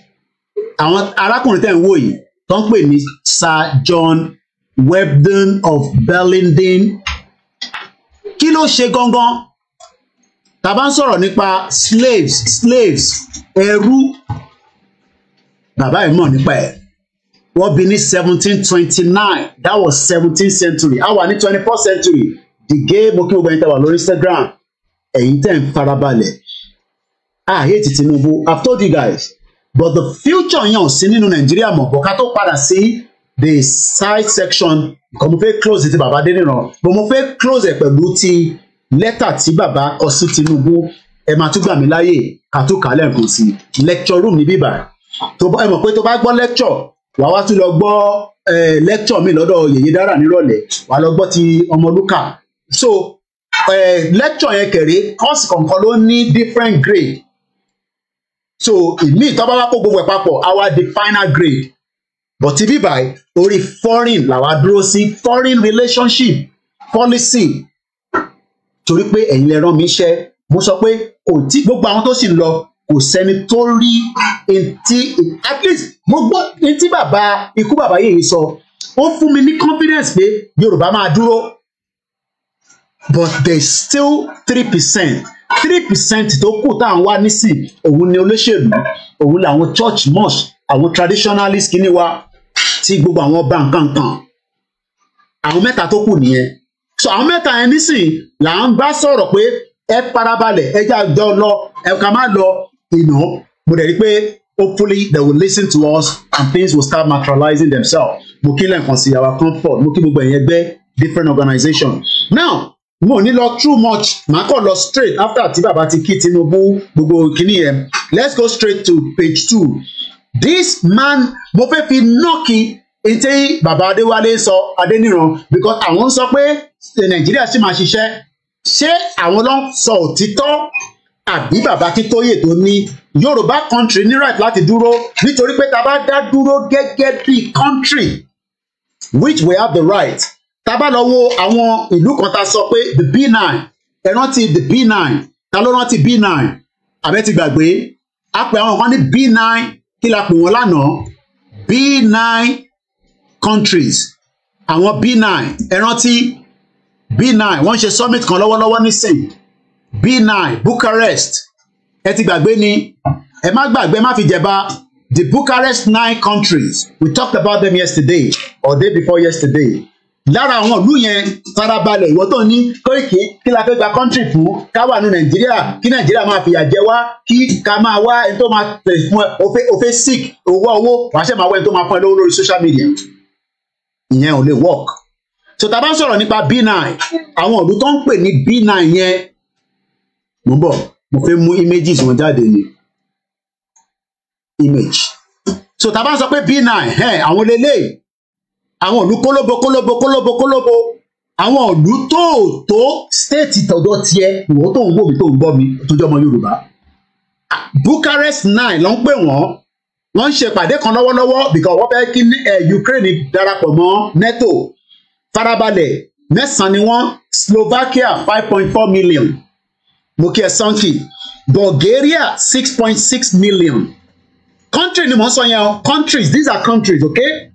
Speaker 3: àwọn arákùnrin tẹ̀ ń wò yìí tó ń pè Sir John Webden of Bellenden kí ló ṣe gangan tá a bá ń sọ̀rọ̀ slaves slaves Eru. bàbá yìí mọ̀ nípa ẹ̀ wọ́n bí ní seventeen twenty nine that was seventeenth century a wà ní twenty first century The gay kí gbogbo ẹni tẹ́ wà lórí Instagram ẹ̀yin tẹ́ ń farabalẹ̀ I hate Tinubu I've told you guys but the future yàn sí nínú Nàìjíríà mọ̀ bọ̀ká tó padà sí the side section nǹkan mo fẹ́ close ti bàbá Adéníran but mo fẹ́ close ẹ̀ pẹ̀lú ti lẹ́tà tí bàbá kọ sí Tinubu ẹ máa tún gbà mí láàyè ká tún kà á lẹ́ẹ̀kan sí lecture room ní bíbà ẹ mọ̀ pé tó bá gbọ́ lecture wàá wá tún lọ gbọ́ lecture mi lọ́dọ̀ yèyé dára nírọ̀lẹ́ wàá lọ gbọ́ ti Ọmọlúkà so lecture yẹn kẹ̀rẹ́ course kọ̀ọ̀kan ló ní different grade so ìmí ìtọ́ba wá kó gbogbo ẹ̀ papọ̀ our the final grade but ti bíbá orí foreign làwa dúró sí foreign relationship policy torí pé ẹ̀yin lè rán mi iṣẹ́ mo sọ pé kò tí gbogbo àwọn tó sì ń lọ kò sẹ́ni tó rí etí at least mo gbọ́ etí bàbá ikú bàbá yìí sọ ó fún mi ní confidence pé Yorùbá máa dúró but there's still three percent three percent tó kù tá à ń wá nísìn òun ni olóṣèlú òun làwọn church mosque àwọn traditionalist kìíní wa tí gbogbo àwọn bá nǹkan kan àwọn mẹ́ta tó kù nìyẹn so àwọn mẹ́ta yẹn nísìn là ń bá sọ̀rọ̀ pé ẹ farabalẹ̀ ẹ já jọ lọ ẹ kà má lọ you know mo dẹ̀ rí pé hopefully they will listen to us and things will start materializing themselves mo kí lẹ́ǹkan sí our comfort mo kí gbogbo ẹ̀yẹn gbé different organization now mo ní lọ too much màá kàn lọ straight after tí bàbá ti kí Tinubu gbogbo kìíní yẹn let's go straight to page two this man mo fẹ́ fi nọ́ọ̀kì ètè bàbá Adéwálé sọ Adéníran because àwọn sọ pé Nàìjíríà ṣì máa ṣiṣẹ́ ṣé àwọn ló ń sọ òtítọ́ àbí bàbá Akíntóyè tó ní Yorùbá country ní right láti dúró nítorí pé tá a bá dá dúró gẹ́gẹ́ bí country which we have the right tá a bá lọ wo àwọn ìlú kan tá sọ pé the b nine, ẹ rántí the b nine, ta ló rántí B9 àbẹ́ ti gbàgbé a pè àwọn kan ní b nine, kí la pè wọ́n lánàá b nine countries àwọn b nine, ẹ rántí B9 wọ́n ń ṣe summit kan lọ́wọ́lọ́wọ́ nísìnyí B9 Bucharest ẹ ti gbàgbé ni ẹ má gbàgbé má fi jẹba the Bucharest nine countries we talked about them yesterday or day before yesterday lára àwọn ìlú yẹn farabalẹ̀ ìwọ tó ní Koiki kí la fẹ́ gba kọ́ńtì fún ká wà ní nàìjíríà kí nàìjíríà máa fìyà jẹ wá kí ká máa wá ẹni tó máa tẹ̀ fún ẹ òfé sick owó owó wàá ṣe máa wá ẹni tó máa fún ẹ lówó lórí social media ìyẹn ò lè work so tá a bá ń sọ̀rọ̀ nípa B9 àwọn ìlú tó ń pè ní B9 yẹn mo bọ mo fẹ́ mú images wọn jáde ni image so tá a bá sọ pé b9 ẹ àwọn lélẹyìí àwọn ìlú kólóbo kólóbo kólóbo kólóbo àwọn ìlú tóòtó stéètì tọ̀dọ̀ tiẹ̀ ìwọ tó ń wò mí tó ń gbọ́ mi tó jọmọ Yorùbá Bucharest nine ló ń pè wọ́n wọ́n ń ṣe ìpàdé kan lọ́wọ́lọ́wọ́ because wọ́n fẹ́ kí eh, Ukraine darapọ̀ mọ́ NATO farabalẹ̀ mẹ́sàn-án ni wọ́n Slovakia five point four million mo kí ẹ sanki Bulgaria six point six million country ni mo ń sọ yẹn o countries these are countries okay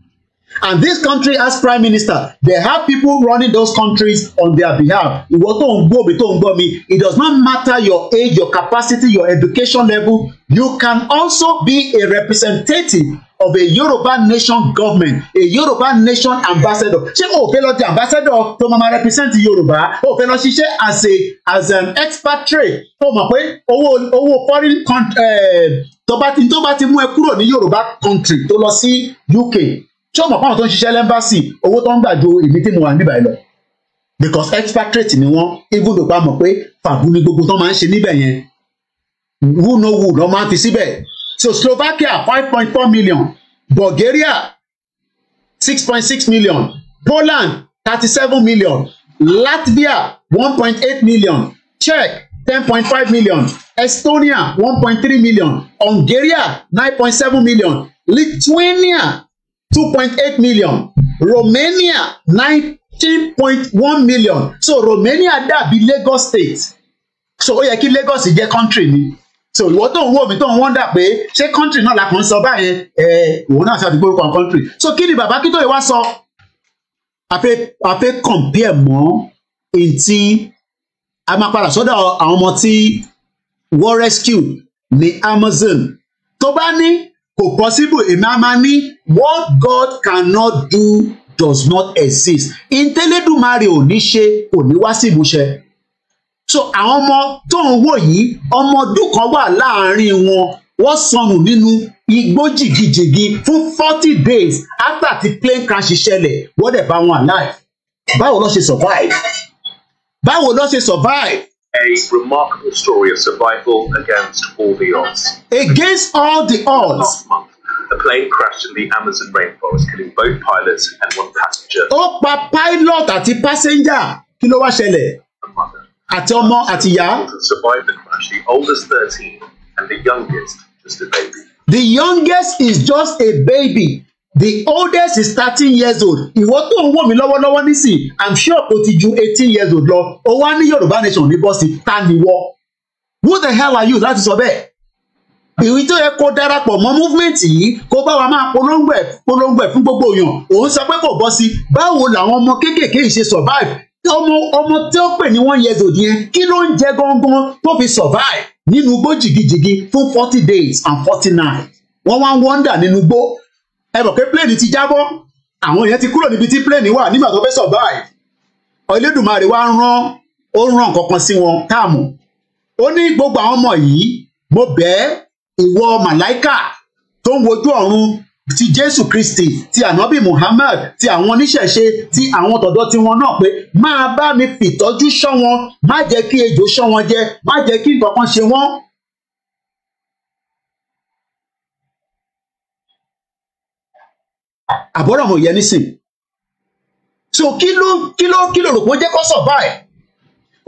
Speaker 3: and this country as prime minister they have people running those countries on their behalf ìwọ tó ń gbọ́ mi tó ń gbọ́ mi it does not matter your age your capacity your education level you can also be a representative of a Yoruba nation government a Yoruba nation ambassador ṣé o fẹ́ lọ di ambassador tó máa máa represent Yorùbá o fẹ́ lọ ṣiṣẹ́ as a as an expatriate tó mọ̀ pé owó owó foreign country eh, tó bá ti mú ẹ kúrò ní Yorùbá country tó lọ sí UK ṣé ọmọ fáwọn tó ń ṣiṣẹ́ lẹ́mbàsì owó tó ń gbà ju èmi tí mo wà níbàá lọ because expatriate ni wọ́n even though pa mọ̀ pé fàbú ni gbogbo tó máa ń ṣe níbẹ̀ yẹn who no who lọ́ máa ń fi síbẹ̀ so Slovakia five point four million Bulgaria six point six million Poland thirty seven million Latvia one point eight million Czech ten point five million Estonia one point three million Hungary nine point seven million Lithuania 2.8 million Romania 19.1 million so Romania dàbí Lagos state so ó yẹ kí Lagos jẹ́ country ni so ìwọ tó ń wò mí tó ń wọ́ndà pé ṣé country náà la kàn ń sọ báyẹn ẹ òun náà ṣàti gbórúkọ country so kí ni bàbá kí tó yẹ wá sọ àfẹ àfẹ compare mọ́ ntí a máa padà sọ́dọ̀ àwọn ọmọ tí wọ́n rescue ní Amazon tó bá ní kò possible èmi á máa ní what God cannot do does not exist ìtẹ́lẹ́dùmarè ò ní ṣe kò ní wá sí ìmúṣẹ so àwọn ọmọ tó ń wò yìí ọmọ ọdún kan wà láàárín wọn wọ́n sọnù nínú igbó jìgìjìgì fún forty days after the plane crash ṣẹlẹ̀ wọ́n dẹ̀ bá wọn alive báwo ló ṣe survive báwo ló ṣe survive
Speaker 8: a remarkable story of survival against all the odds.
Speaker 3: Against all the odds.
Speaker 8: Last month, a plane crashed in the Amazon rainforest, killing both pilots and one passenger.
Speaker 3: Ó pilot ati passenger. kilo wa wá ṣẹlẹ̀? Àti ọmọ àti ìyá. Survived the crash. The oldest 13, and the youngest just a baby. The youngest is just a baby the oldest is thirteen years old ìwọ tó ń wò mí lọ́wọ́lọ́wọ́ nísìn i'm sure kò ti ju eighteen years old lọ ó wá ní yorùbá nation ní bọ́ọ̀sì ta ni wọ́ who the hell are you láti sọ bẹ́ẹ̀ ìwé tó yẹ kó darapọ̀ mọ́ movement yìí kó bá wa máa polongo ẹ̀ polongo ẹ̀ fún gbogbo èèyàn òun sọ pé kò bọ́ sí báwo làwọn ọmọ kéékèèké yìí ṣe survive ọmọ ọmọ tí ó pè ní one years old yẹn kí ló ń jẹ gangan tó fi survive nínú igbó jìgìjìgì fún forty days and forty nights wọ́n wá ń wonder nínú igbó ẹ mọ̀ pé plane ti jábọ́ àwọn èèyàn ti kúrò níbi tí plane wà nígbà tó fẹ́ survive Elédùmarè wa rán ó rán kankan sí wọn táàmù ó ní gbogbo àwọn ọmọ yìí mo bẹ́ẹ̀ ìwọ màláìkà tó ń wojú ọ̀run ti Jésù Kristi ti ànábì Muhammad ti àwọn oníṣẹ̀ṣe ti àwọn tọ̀dọ̀ tiwọn náà pé máa bá mi fìtọ́jú ṣọ́ wọn má jẹ́ kí ejò ṣọ́ wọn jẹ má jẹ́ kí nǹkan kan ṣe wọ́n àbọ̀rọ̀ àwọn ìyẹn nísìn so kí ló kí ló kí ló rò pé ó jẹ́ kó survive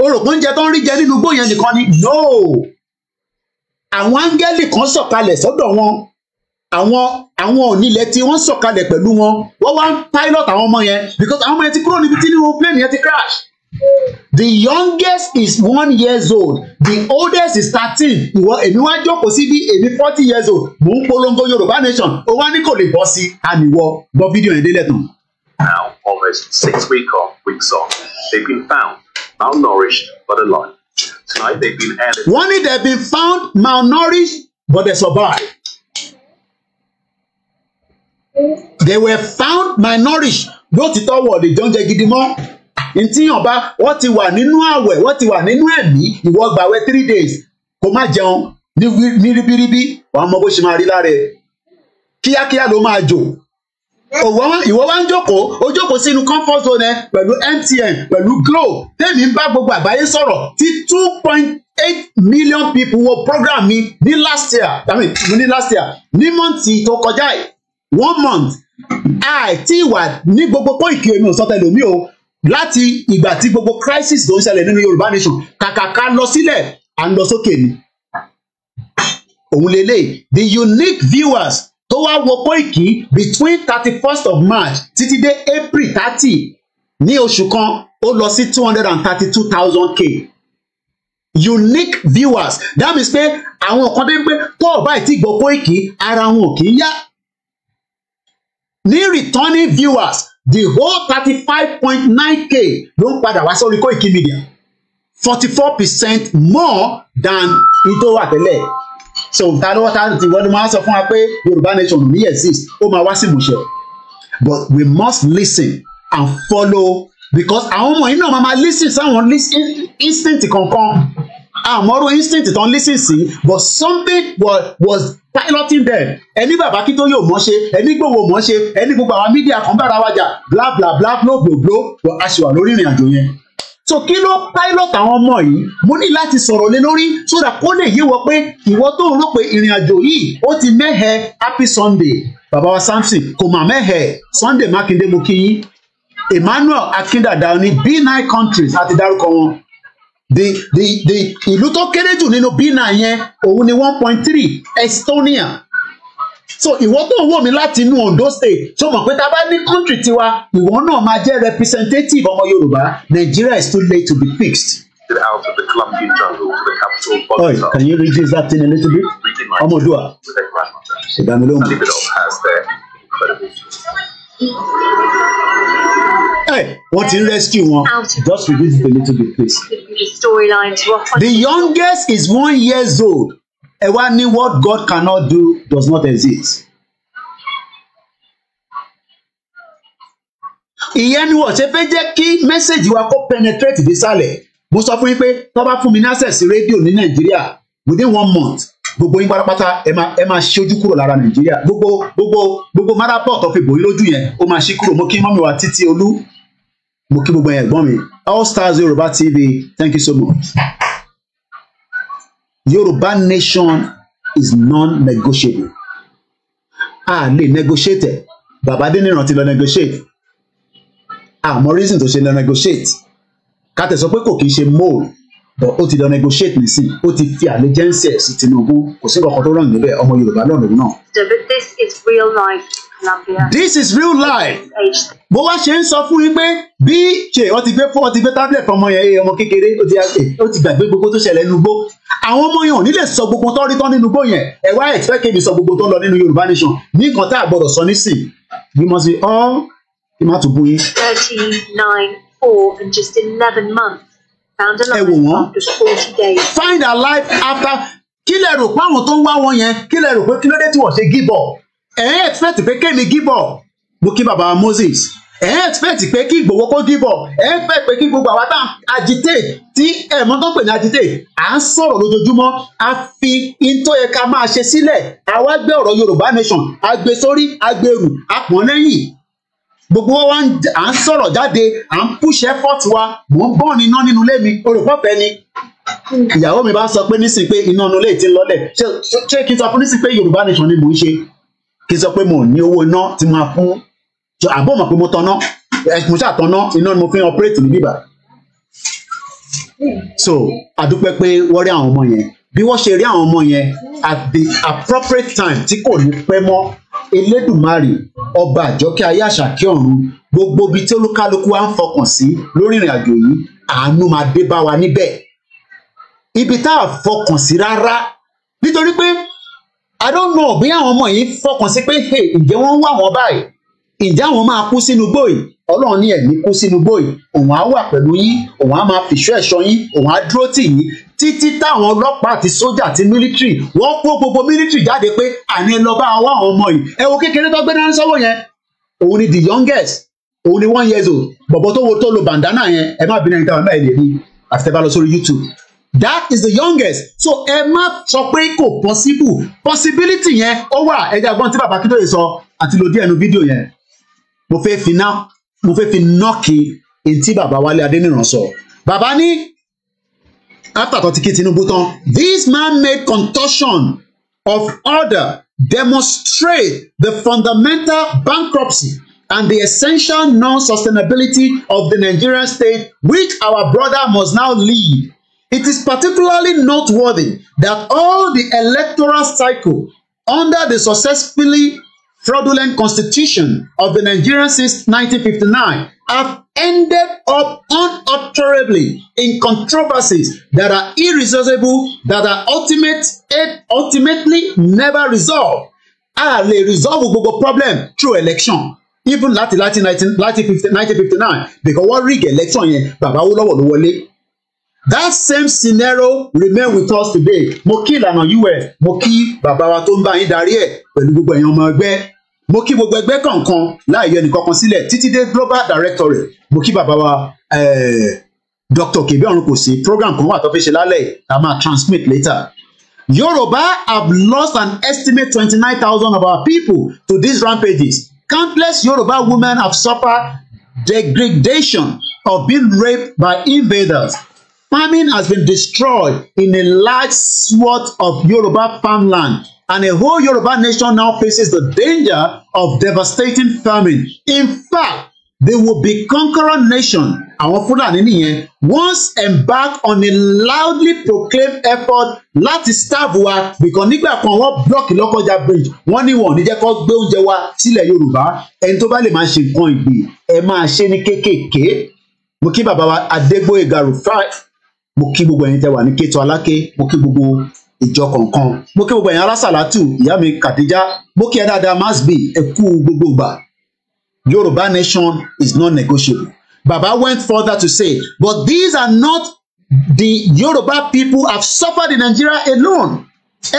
Speaker 3: o rò pé oúnjẹ tó ń rí jẹ nínú igbó yẹn nìkan ni no àwọn áńgẹ́lì kan sọ̀kalẹ̀ sọ́dọ̀ wọn àwọn àwọn onílẹ̀ tí wọ́n sọ̀kalẹ̀ pẹ̀lú wọn wọ́n wá pilot àwọn ọmọ yẹn because àwọn ọmọ yẹn ti kúrò níbi tí nínú plane yẹn ti crash the youngest is one years old the oldest is thirteen ìwọ èmi wá jókòó sí bí èmi forty years old mò ń polongo yorùbá nation ó wá ní kò lè bọ́ sí àníwọ gbọ́ fídíò yẹn délẹ̀ tán.
Speaker 8: now almost six weeks off, weeks off they've been found malnourished but alive tonight they've been airlifted. wọ́n ní they've been
Speaker 3: found malnourished but they survive. they were found malnourished lótìtọ́ wọ̀ lè jọ́ ń jẹ gidi mọ́ ntí yàn bá wọ́n ti wà nínú àwẹ̀ wọ́n ti wà nínú ẹ̀mí ìwọ gbàwẹ̀ three days kó má jẹun ní ribiribi wàá mọ bó ṣe máa rí lára ẹ kíákíá ló máa jò ìwọ wá ń jókòó ó jókòó sínú comfort zone ẹ pẹ̀lú MTN pẹ̀lú Glo tèmi ń bá gbogbo àgbáyé sọ̀rọ̀ tí two point eight million people wo program mi ní last year I mean ní last year ní mọ́ǹtì tó kọjá one month àìtí ìwà ní gbogbo pọ́ìkì èmi ò sọ tẹlẹ̀ mi o láti ìgbà tí gbogbo crisis tó ń ṣẹlẹ̀ nínú Yorùbá nation kàkàkà lọ sílẹ̀ à ń lọ sókè ni òun lélẹ̀ the unique viewers tó wá wo Koiki between thirty first of March títí dé April thirty ní oṣù kan ó lọ sí two hundred and thirty two thousand k unique viewers that means pé àwọn kan dé pé tó o bá ti gbọ́ Koiki ara wọn kì í yá ní returning viewers the whole thirty five point nine k ló ń padà wá sórí Koiki Media forty four percent more than ìtò àtẹlẹ so ta ló ta ti wọ́n máa sọ fún wa pé Yorùbá nation ní exist ó máa wá sí ìmúṣẹ but we must listen and follow because àwọn ọmọ yìí náà máa máa listen sáwọn instinct kankan àmọ́rú instinct tán listen sí but something was was piloting them ẹni bàbá kí tó yóò mọ̀ ṣe ẹni gbòòwò mọ̀ ṣe ẹni gbogbo àwọn mídíà kan bára wa jà bla bla bla blo blo blo wọ aṣèwà lórí ìrìn àjò yẹn so kí ló pilot àwọn ọmọ yìí mo ní láti sọ̀rọ̀ lé lórí so that kó lè yíwọ pé ìwọ tó ń rò pé ìrìn àjò yìí ó ti mẹ́hẹ happy sunday bàbá wa samson kò mà mẹ́hẹ sunday mákindé mo kí yín emmanuel akindada ní b nine countries àti dárúkọ wọn the the the ìlú tó kéré jù nínú bínà yẹn òun ni one point three Estonia so ìwọ tó ń wò mí láti inú Ondo state tó mọ̀ pé tá a bá ní country tiwa ìwọ náà máa jẹ́ representative ọmọ Yorùbá Nigeria is too late to be fixed. Out can you reduce that thing a little bit? Ọmọdúà. Ìdámilóhùn wọ́n ti ń rescue one? just reduce it a little bit please. the youngest is one years old ẹ wá what God cannot do does not exist. ìyẹn ni wọ́n ṣe fẹ́ jẹ́ kí mẹ́sẹ̀gì wa kó penetrate désàlẹ̀ mo sọ fún yín pé tó bá fún mi ní access rédíò ní nàìjíríà within one month gbogbo yín pátápátá ẹ máa ẹ máa ṣojú kúrò lára nàìjíríà gbogbo gbogbo gbogbo marapọ̀ tó fi bòrí lójú yẹn ó máa ṣí kúrò mo kí mọ́mi wa títí olú mo kí gbogbo ẹ̀gbọ́n mi All Stars Yorùbá TV thank you so much Yorùbá nation is non-negotiable a lè negotiate bàbá Adéníran ti lọ negotiate àmọ́ reason tó ṣe lọ negotiate ká tẹ̀sọ́ pé kò kì í ṣe mole but ó ti lọ negotiate nísìn ó ti fi allegiance ẹ̀ sí Tinubu kò sí nǹkan kan tó ràn níbẹ̀ ọmọ Yorùbá lọ́nà òun náà.
Speaker 8: but this is real life Colombia.
Speaker 3: this is real life. bó wá ṣe ń sọ fún yín pé bí ṣe wọ́n ti gbé fún wọ́n ti gbé tablet fún ọmọ yẹn ọmọ kékeré ó ti ó ti gbàgbé gbogbo tó ṣẹlẹ̀ nínú igbó àwọn ọmọ yẹn ò ní lè sọ gbogbo tó rí tán nínú igbó yẹn ẹ wá expect kébì sọ gbogbo tó ń lọ nínú Yorùbá nation ní nǹkan tá a gbọdọ̀ sọ nísìn we must be all kí má tún bú yín. thirty nine four and just eleven months ẹ wò wọ́n find a life after kí lẹ rò pé àwọn tó ń wá wọn yẹn kí lẹ rò pé kí ló dé tí wọ́n ṣe give up ẹ̀ ẹ́ expect pé kémi give up mo kí bàbá Moses ẹ̀ ẹ́ expect pé kí Ìgbòho kó give up ẹ̀ ẹ́ expect pé kí gbogbo àwa tá agitate tí ẹ̀ mọ́ tó ń pè ní agitate à ń sọ̀rọ̀ lójoojúmọ́ a fi in tó yẹ ká máa ṣe sílẹ̀ àwa gbé ọ̀rọ̀ Yorùbá nation a gbé sórí a gbé rù a pọ̀n gbogbo wa ń à ń sọ̀rọ̀ jáde à ń púṣẹ́ fọ́ọ̀tù wa mò ń bọ́ọ̀nù iná nínú ilé mi olùkọ́fẹ́ ni ìyàwó mi bá sọ pé nísìn pé iná inú ilé ti ń lọ́lẹ̀ ṣé kí n sọ fún nísìn pé Yorùbá nation ni mò ń ṣe kí n sọ pé mo ní owó iná tí mo fún àbọ̀ mọ̀ pé mo tanná mo ṣàtanná iná ni mo fi ń ọpẹ́rẹ́tì ní bíbá so àdúpẹ́ pé wọ́n rí àwọn ọmọ yẹn bí wọ́n ṣe rí àwọn ọmọ yẹn at the appropriate time tí kò ní pẹ́ mọ́ elédùnmarè ọba àjọkẹ́ ayé àṣàkẹ́ ọ̀run gbogbo ibi tí olúkálukú wa ń fọkàn sí lórí ìrìn àjò yìí àánú máa dé bá wa níbẹ̀ ibi tá a fọkàn sí rárá nítorí pé i don't know bí àwọn ọmọ yìí fọkàn sí pé hey ǹjẹ́ wọ́n ń wá wọn báyìí ǹjẹ́ àwọn máa kú sínú gbòòyì ọlọ́run ní ẹ̀mí kú sínú gbòòyì òun á wà pẹ̀lú yín òun á máa fìṣọ́ ẹ̀ṣọ́ yín òun á dúró tì yín títí táwọn ọlọ́pàá àti sójà àti mílítírì wọ́n kó gbogbo mílítírì jáde pé àní lọ bá wá àwọn ọmọ yìí ẹ wo kékeré tó gbé dání sọ́wọ́ yẹn òun ni the youngest òun ni one years old bọ̀bọ̀ tó wo tó lo bandana yẹn ẹ má bínú ẹni táwọn ẹ lè rí àti tẹ́ bá lọ sórí YouTube that is the youngest so ẹ má sọ pé kò possible possibility yẹn ó wà ẹja gbọ́n tí bàbá Akíntóyè sọ àti lòdì ẹnu fídíò yẹn mo fẹ́ fi ná mo fẹ́ fi nọ́ọ̀kì èyí tí bàbá Wálé Adéníran sọ bàbá ní after tó ti kí Tinubu tán this man-made contortion of order demonstrate the fundamental bankruptcy and the essential non-sustainability of the Nigerian state which our brother must now lead. It is particularly noteworthy that all the electoral cycle under the successfully fraudulent constitution of the Nigerian since 1959 have ended up unutterably in controversies that are irresolvable, that are ultimate, eh, ultimately never resolved. A lè resolve gbogbo problem through election even láti láti 1959 because wọ́n rig election yẹn bàbá Awólọ́wọ̀ ló wọlé that same scenario remain with us today mo kí ìlànà us mo kí bàbá wa tó ń bá yín darí ẹ̀ pẹ̀lú gbogbo èèyàn ọmọ ẹgbẹ́ mo kí gbogbo ẹgbẹ́ kọ̀ọ̀kan láì yọ ẹnìkankan sílẹ̀ títí dé global directorate mo kí bàbá wa dr kebe ọrùn kò sí program kan wà tó fẹ́ ṣe lálẹ́ tá máa transmit later Yoruba have lost an estimate twenty-nine thousand of our people to these rampages countless Yoruba women have suffered degradation of being raped by invaders Farming has been destroyed in a large swath of Yoruba farmland, and a whole Yoruba nation now faces the danger of devastating famine. In fact, they will be conquering nation àwọn Fúlàní nìyẹn once embarked on a loudly proclaimed effort láti starve wa because nígbà kan wọ́n block Lọ́kọ́jà bridge wọ́n ní wọ́n ní jẹ́ kó gbé oúnjẹ wa sílẹ̀ Yorùbá ẹni tó bá lè máa ṣe nǹkan ìgbì ẹ máa ṣe ní kéékèèké mo kí bàbá wa Adégbóyèga Rufai mo kí gbogbo ẹ̀yin tẹ wà ní kéto aláké mo kí gbogbo ìjọ kọ̀ọ̀kan mo kí gbogbo ẹ̀yin arásàlátù ìyá mi kàdíjá mo kí ẹ dáadáa masbi ẹ gbogbo gbà Yorùbá nation is not negotiable Baba went further to say but these are not the Yoruba people have suffered in Nigeria alone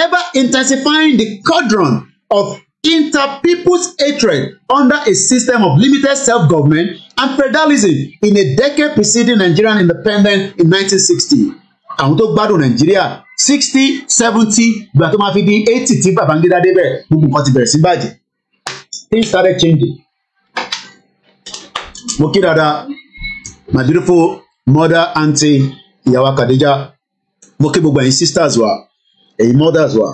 Speaker 3: ever intensifying the cauldron of Inter-people's hatred under a system of limited self-government and federalism in a decade preceding Nigerian independence in 1960. Àwọn tó gbádùn Nàìjíríà sixty seventy ìgbà tó máa fi di eighty tí Babangida débẹ̀ gbogbo nǹkan ti bẹ̀rẹ̀ sí bàjẹ́. Things started changing. Mo kí dada my beautiful mother aunty ìyàwó Khadija mo kí gbogbo ẹ̀yin sisters wa ẹ̀yin mothers wa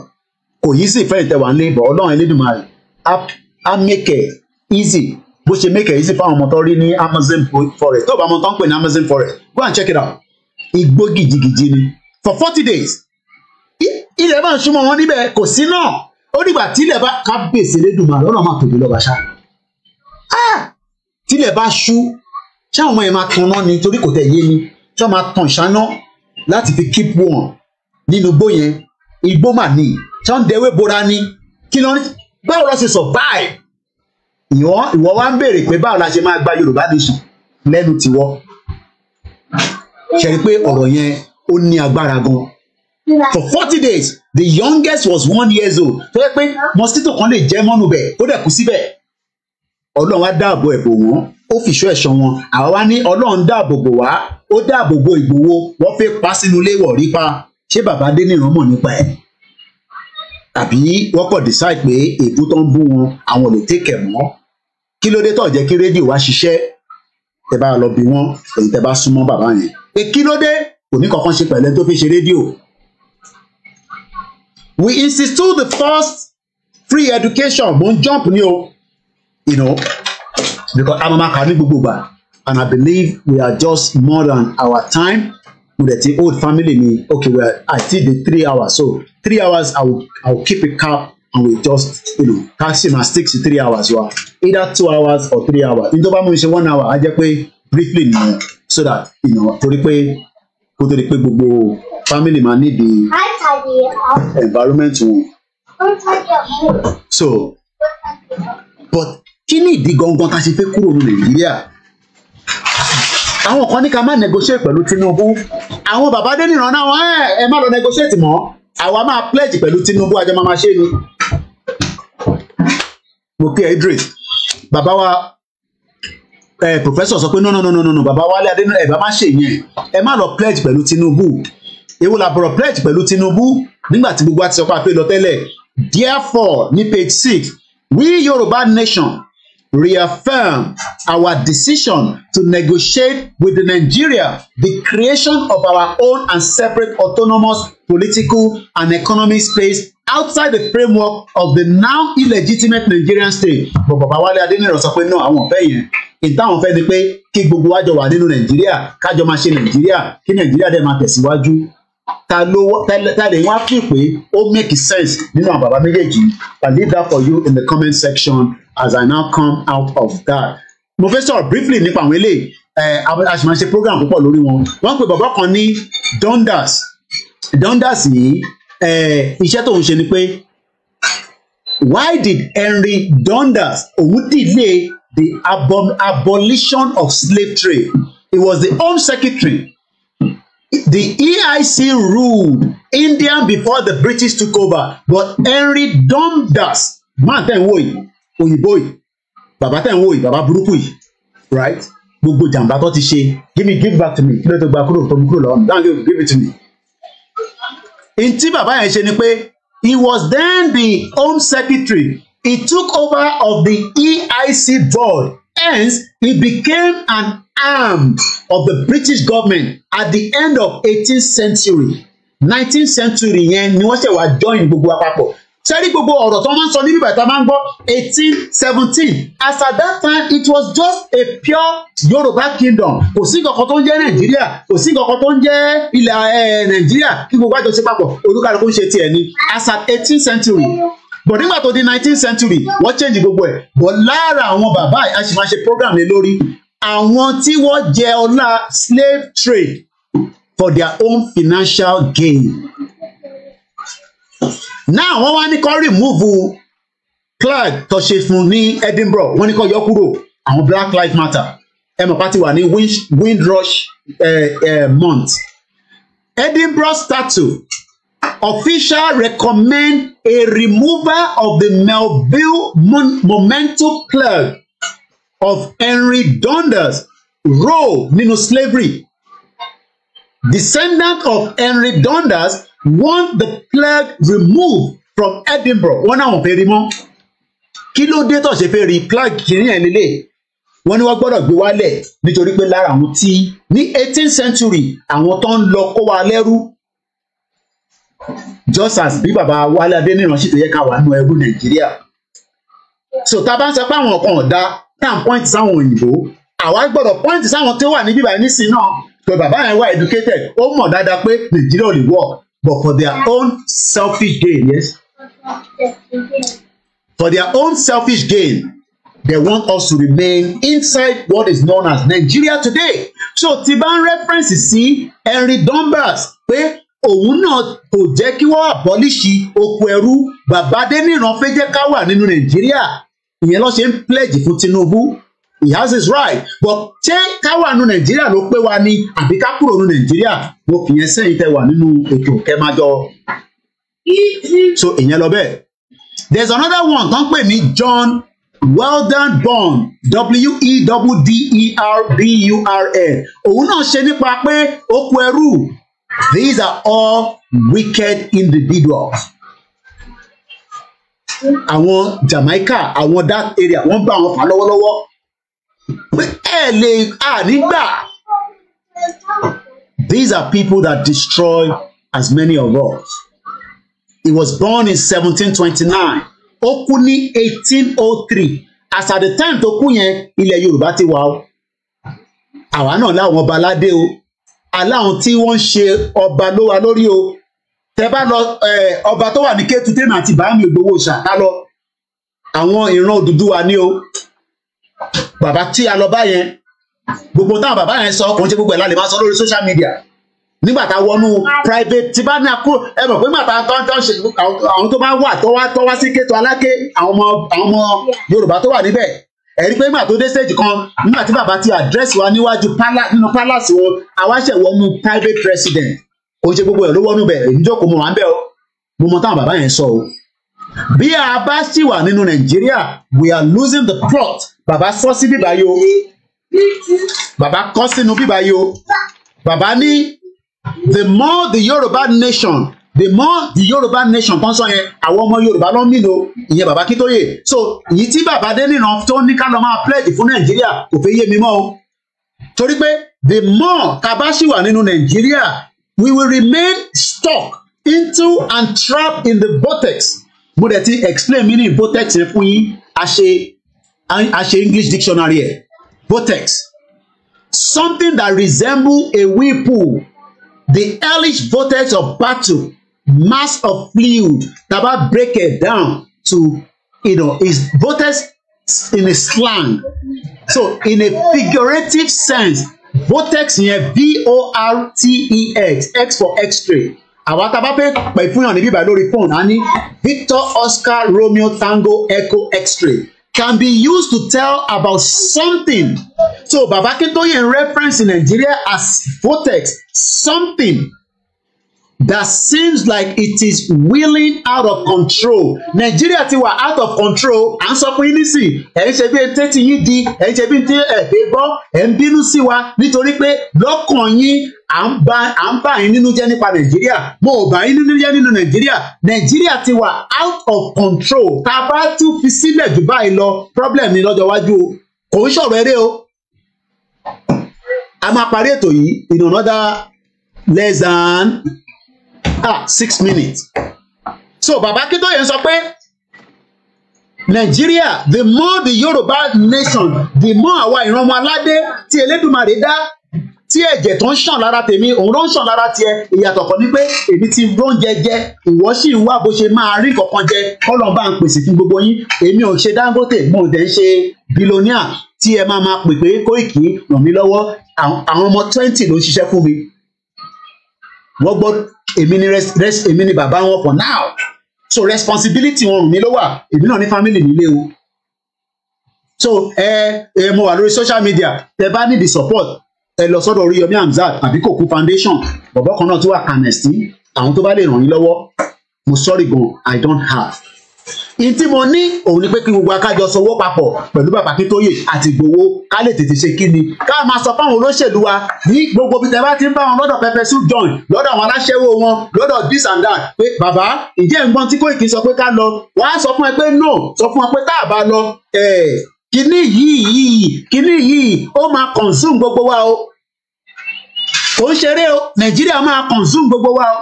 Speaker 3: kò yí sí ìfẹ́ ìtẹ̀wà ńlẹ̀ bọ̀ ọlọ́run Elédùmarè á mẹ́kẹ̀ easy bó ṣe mẹ́kẹ̀ easy fáwọn ọmọ tó rí ní Amazon forest tó bá ọmọ tó ń pè ní Amazon forest go and check it out igbó gidigidi ni for forty days ilẹ̀ bá ń súnmọ́ wọn níbẹ̀ kò sí náà ó dìgbà tílẹ̀ bá kábíyèsí Elédùmarè ọlọ́run máa tòbi lọ́ba ṣá tílẹ̀ bá ṣú ṣáwọn ọmọ yẹn máa tan náà ni torí kò tẹ̀ yé ni ṣáwọn máa tan ìṣáná láti fi keep one. nínú igbó yẹn igbó mà níyì tí wọ́n dẹwé bora ni kí ló ń báwo la ṣe survive ìwọ ìwọ wa ń béèrè pé báwo la ṣe máa gba Yorùbá nation lẹ́nu tiwọ́ ṣe rí pé ọ̀rọ̀ yẹn ó ní agbára gan for forty days the youngest was one years old tó yẹ pé mosquito kan lè jẹ́ mọ́nu bẹ̀ kó dẹ̀ kú síbẹ̀ ọlọ́run á dáàbò ẹ̀bò wọn ó fìṣọ́ ẹ̀ṣọ́ wọn àwa wá ní ọlọ́run dáàbò bò wá ó dáàbò bo Ìgbòho wọ́n fẹ́ pa sínú ilé wọ̀ pa ṣé bàbá Adéníran mọ̀ nípa ẹ̀ tàbí wọ́n kàn decide pé èébú tó ń bú wọn àwọn ò lè tẹ̀kẹ̀ mọ́ kí ló dé tó jẹ́ kí rédíò wá ṣiṣẹ́ tẹ bá lọ bí wọn èyí tẹ bá súnmọ́ bàbá yẹn pé kí ló dé kò ní kankan ṣe pẹ̀lú tó fi ṣe rédíò. we institute the first free education mo ń jump ní o you know because a máa ma kà ní gbogbo gbà and I believe we are just more than our time mo the old family me okay well i did the three hours so three hours i will i will keep a cap and we just you know taxi na six to three hours wa either two hours or three hours In tó bá one hour I just pé briefly nìyẹn so that you know torí pé kó tó di pé gbogbo family máa need the environment wọn so but kí ni ìdí gangan tá a ṣe fẹ́ kúrò ní nàìjíríà àwọn kan ní ká má negotiate pẹ̀lú Tinubu àwọn bàbá Adéníran náà wọn ẹ má lọ negotiate mọ́ àwa máa pledge pẹ̀lú Tinubu àjọ máa ṣe ni. mo kí ẹ Idris bàbá wa ẹ professor sọ pé no no no no no bàbá Wálé Adéníran ẹ bá má ṣe yẹn ẹ má lọ pledge pẹ̀lú Tinubu èwo la bọ̀rọ̀ pledge pẹ̀lú Tinubu nígbà tí gbogbo àti sọ pé àpè lọ tẹ́lẹ̀ therefore ní page six we Yorùbá nation reaffirm our decision to negotiate with Nigeria the creation of our own and separate autonomous political and economic space outside the framework of the now illegitimate Nigerian state. But Bàbá Wálé Adéníran sọ pé náà àwọn ọ̀fẹ́ yẹn ìtàwọn fẹ́ ni pé kí gbogbo wa jọ wà nínú Nàìjíríà kájọ máa ṣe Nàìjíríà kí Nàìjíríà dẹ̀ máa tẹ̀síwájú ta ló ta lè wá fi pé ó make sense nínú àwọn Baba. méjèèjì I leave that for you in the comment section as I now come out of that. Mo fẹ́ sọ̀rọ̀ briefly nípa àwọn eléyìí àṣìmáṣe program púpọ̀ lórí wọn. Wọ́n pe bàbá kan ní Dundas. Dundas yìí iṣẹ́ tóun ṣe ni pé why did Henry Dundas òun delay the abo abolition of slave trade? He was the Home Secretary. The EIC ruled India before the British took over, but Henry Dundas, man, then wait òyìnbó yìí bàbá tẹ̀ ń wò yìí bàbá burúkú yìí right gbogbo jàǹbá tó ti ṣe give me give back to me kí ló tó gba kúrò tó mú kúrò lọ́wọ́ mi dáhùn give give it to me. n tí bàbá yẹn ṣe ni pé he was then the home secretary he took over of the EIC board hence he became an arm of the British government at the end of eighteenth century nineteenth century yẹn ni wọ́n ṣe wá join gbogbo àpapọ̀ ṣẹ́rí gbogbo ọ̀rọ̀ tó máa ń sọ ní bíbá ìta máa ń gbọ́ eighteen seventeen as at that time it was just a pure Yorùbá kingdom kò sí nǹkan tó ń jẹ́ Nàìjíríà kò sí nǹkan tó ń jẹ́ ilẹ̀ Nàìjíríà kí gbogbo àjọṣe papọ̀ olúkàlùkù ń ṣe tiẹ̀ ni as at eighteen century bọ̀ nígbà tó di nineteenth century wọ́n change gbogbo ẹ̀ bọ̀ lára àwọn bàbá yìí a sì máa ṣe program lé lórí àwọn tí wọ́n jẹ ọlá slave trade for their own financial gain náà wọ́n wá ní kó rìmúùfù flag tó ṣe fún ní Edinburgh wọ́n ní kó yọ kúrò àwọn Black Lives Matter ẹ mọ̀ pátí wà ní Windrush eh, eh, month Edinburgh statue official recommend a removal of the Melville Memento flag of Henry Dundas role nínú slavery descendant of Henry Dundas want the clerk removed from Edinburgh wọ́n náà wọ́n fẹ́ rí mọ́ kí ló dé tó ṣe fẹ́ rí clerk kìnìún ẹ̀ lélẹ̀ wọ́n ní wọ́n gbọ́dọ̀ gbé wálẹ̀ nítorí pé lára àwọn tí ní eighteenth century àwọn tó ń lọ kó wa lẹ́rú just as bí baba Wálé Adéníran sì tó yẹ ká wà nù ẹrú Nàìjíríà so tá a bá ń sọ pé àwọn kan ọ̀dà tá à ń point sáwọn òyìnbó àwa gbọ́dọ̀ point sáwọn tó wà níbí báyìí nísìnyí náà pé bàbá yẹn wà educated ó mọ̀ dáadáa pé Nàìjíríà ò lè work but for their own selfish gain yes for their own selfish gain they want us to remain inside what is known as Nigeria today so Tiban bá ń reference Henry Dunbars pé òun náà kò jẹ́ kí wọ́n àbọ́líṣì oko ẹrú bàbá Adéníran fẹ́ jẹ́ ká wà nínú Nàìjíríà ìyẹn ló ṣe ń pledge fún Tinubu he has his right but ṣé ká wà nù nàìjíríà ló pé wa ni àbí ká kúrò nù nàìjíríà mo fi yẹn sẹ́yìn tẹ́ wà nínú ètò kẹmájọ so ìyẹn lọ bẹ́ẹ̀ there's another one kan pè ní John Weldon born w e w d e r b u r n òun náà ṣe nípa pé ó kú ẹrú these are all wicked individuals àwọn Jamaica àwọn that area wọ́n bá àwọn fà lọ́wọ́lọ́wọ́ ẹ lè These are people that destroy as many of us. He was born in 1729. Ó kú ní 1803. As at the time tó kú yẹn, ilẹ̀ Yorùbá ti wà o. Àwa náà láwọn ọba aládé o. Aláwọn tí wọ́n ń ṣe ọba ló wa lórí o. Tẹ bá lọ ọba tó wà ní Kétu Témà àti Bàámi Ògbówó Ṣàtá lọ. Àwọn ìran Odùduwà ni o bàbá tí a lọ bá yẹn gbogbo táwọn bàbá yẹn sọ ọkùnrin tí gbogbo ẹ̀ la lè máa sọ lórí social media nígbà tá a wọnú private tí bá ní akó ẹ mọ̀ pé màtá tó ń tó ń ṣe àwọn tó bá wà tó wá tó wá sí Kétu Aláké àwọn ọmọ àwọn ọmọ Yorùbá tó wà níbẹ̀ ẹ̀rí pé nígbà tó dé stage kan nígbà tí bàbá ti àdírẹ́sì wa níwájú nínú palace wọn àwáṣẹ̀ wọnú private president kò ṣe gbogbo ẹ̀ ló wọnú bẹ̀ ìjókòó mọ̀ wá ń bẹ̀ o mo mọ táwọn bàbá yẹn sọ o bí a bá sì wà nínú Nàìjíríà we are losing the plot Baba, sọ sí bíbá yìí o Baba, kọ sínú bíbá yìí o bàbá ní the more the Yorùbá nation the more the Yoruba nation kan sọ yẹn àwọn ọmọ Yorùbá ló ń mìnà ìyẹn bàbá Kítóyè so èyí tí bàbá Adéníran tó ní ká lọ máa pledge fún Nàìjíríà kò fẹ́ yé mi mọ́ o torí pé the more kabasi wà nínú Nàìjíríà we will remain stuck into and trapped in the vortex mo dẹ̀ ti explain mi ní vortex yẹn fún yín a ṣe a ṣe English dictionary ẹ̀ vortex something that resemble a whirlpool the hellish vortex of battle mass of fluid taba break it down to you know is vortex in a slang so in a figurative sense vortex yẹn v-o-r-t-e-x x for x-ray àwa tá a bá fẹ́ pẹ̀ fún yàn níbí báyìí lórí phone a ní Victor Oscar Romeo Tango Echo x-ray can be used to tell about something. So Baba Akintoye in reference in Nigeria as vortex, something that seems like it is wheeling out of control Nigeria ti wa out of control à ń sọ fún yín nísì ẹ̀ ń ṣe bí ẹ̀ tí yín di ẹ̀ ń ṣe bí ẹ̀ dé gbọ́ ẹ̀ ń bínú sí wa nítorí pé lọ́kàn yín à ń bá yín nínú jẹ́ nípa Nàìjíríà mo ò bá yín nínú jẹ́ nínú Nàìjíríà Nàìjíríà ti wa out of control tá a bá tún fi sílẹ̀ jù lọ problem ni lọ́jọ́ iwájú o kò ń sọ̀rọ̀ eré o a máa parí ètò yìí in another less than ah six minutes so baba Akíntóyè sọ pé Nigeria the more the Yoruba nation the more àwa ìran ọmọ aládé tí Elédùmarè dá tí ẹ̀jẹ̀ tó ń ṣàn lára tèmi òun ló ń ṣàn lára tiẹ̀ ìyàtọ̀ kan ni pé èmi ti róúnjẹ jẹ ìwọ sì ń wá bó ṣe máa rí kankan jẹ kọ́lọ́n bá ń pèsè fún gbogbo yín èmi ò ṣe Dangote mo ò dẹ̀ ń ṣe billionaire tí ẹ máa máa pè pé Kóìkì ràn mí lọ́wọ́ àwọn ọmọ twenty ló ń ṣiṣẹ́ fún mi wọ́n gbọ́ èmi ni èmi ni bàbá wọn for now so responsibility wọn rùn mí ló wà èmi náà ní family nílé o so ẹ ẹ mo wà lórí social media tẹ bá need the support ẹ lọ sọ́dọ̀ Oríyọmí Hamzat àbí Kòkú foundation bọ̀bọ̀ kan náà tó wà kànẹsì àwọn tó bá lè ràn yín lọ́wọ́ mo sorry gan I don't have n tí mo ní òun ni pé kí gbogbo akájọ sanwó papọ̀ pẹ̀lú bàbá Akíntóyè àti Ìgbòho ká lè tètè ṣe kíni ká máa sọ fáwọn olóṣèlú wa ní gbogbo bí tẹ́lá ti ń bá wọn lọ́dọ̀ pẹpẹ sùn join lọ́dọ̀ àwọn aláṣẹ́wó wọn lọ́dọ̀ this and that pé bàbá ìjẹ́ ìgbọ́n tí Kóìkì sọ pé ká lọ wàá sọ fún ẹ pé no sọ fún ẹ pé tá a bá lọ kíní yìí yìí kíní yìí ó máa consume gbogbo wa o kò ń ṣeré o Nàìjíríà máa consume gbogbo wa o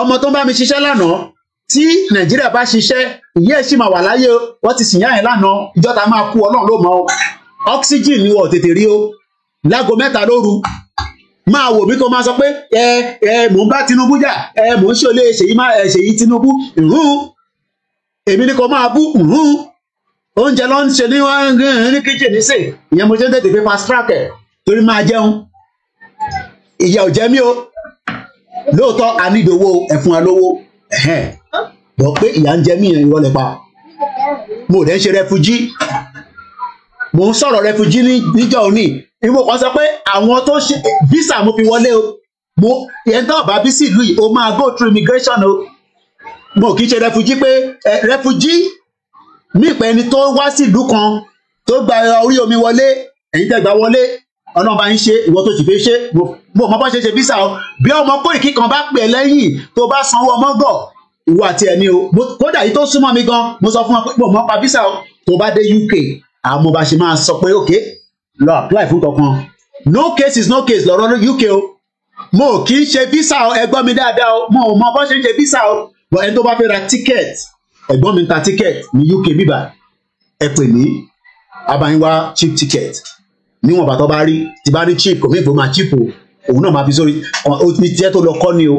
Speaker 3: ọmọ tó ń bá mi ṣiṣẹ́ lánàá tí Nàìjíríà bá ṣiṣẹ́ ìyá ẹ̀ sì máa wà láyé wọ́n ti sìn yá yẹn lánàá ìjọta máa kú ọlọ́run ló mọ̀ ọ́ oxygen ni wọ́n tètè rí o láago mẹ́ta lóru máa wò mí kó máa sọ pé ẹ ẹ mò ń bá Tinubu jà ẹ mò ń ṣòlè ṣèyí má ẹ ṣèyí Tinubu ìrún èmi ni kò máa bú ìrún oúnjẹ ló ń ṣe ní wọn ní kíjì nísè ìyẹn mo ṣe ń tètè fi fast ẹ torí máa jẹun ìyà ò jẹ mí o lóòótọ́ a nídòwó ẹ̀fún alówó ẹ̀hẹ́n bọ̀ pé ìyà ń jẹ mí yẹn irọ́ lẹ pa mo dẹ̀ ń ṣe refugee mo ń sọ̀rọ̀ refugee níjọ́ òní ìwọ kan sọ pé àwọn tó ṣe visa mo fi wọlé o mo yẹn tó bá bí sí ìlú yìí o máa go through immigration o mo kì í ṣe refugee pé refugee mí pé ẹni tó wá sí ìlú kan tó gba orí omi wọlé ẹ̀yin tẹ́ gbà wọlé ọlọ́run bá ń ṣe ìwọ tó sì fi ṣe mo mọ bá ṣe ṣe visa o bí ọmọ pé ìkíkan bá pè lẹ́yìn tó bá sanwó ọmọ gọ̀ ìwọ àti ẹni o kódà yìí tó súnmọ́ mi gan mo sọ fún ọ pé mo mọ pa visa o tó bá dé UK àmọ́ bá ṣe máa sọ pé okay lọ apply fún kankan no case is no case lọ́rọ̀ UK o mo kì í ṣe visa o ẹ̀gbọ́n mi dáadáa o mo ò mọ bó ṣe ń ṣe visa o bọ ẹni tó bá fẹ́ ra ticket ẹ̀gbọ́n mi ta ticket ní UK bíbá ẹ pè mí abayinwa cheap ticket níwọ̀n bàtọ́ bá rí ti bá rí cheap kò mí ìfowópamọ́ cheap o òun náà máa fi sórí o ti tiẹ́ tó lọ kọ́ ni o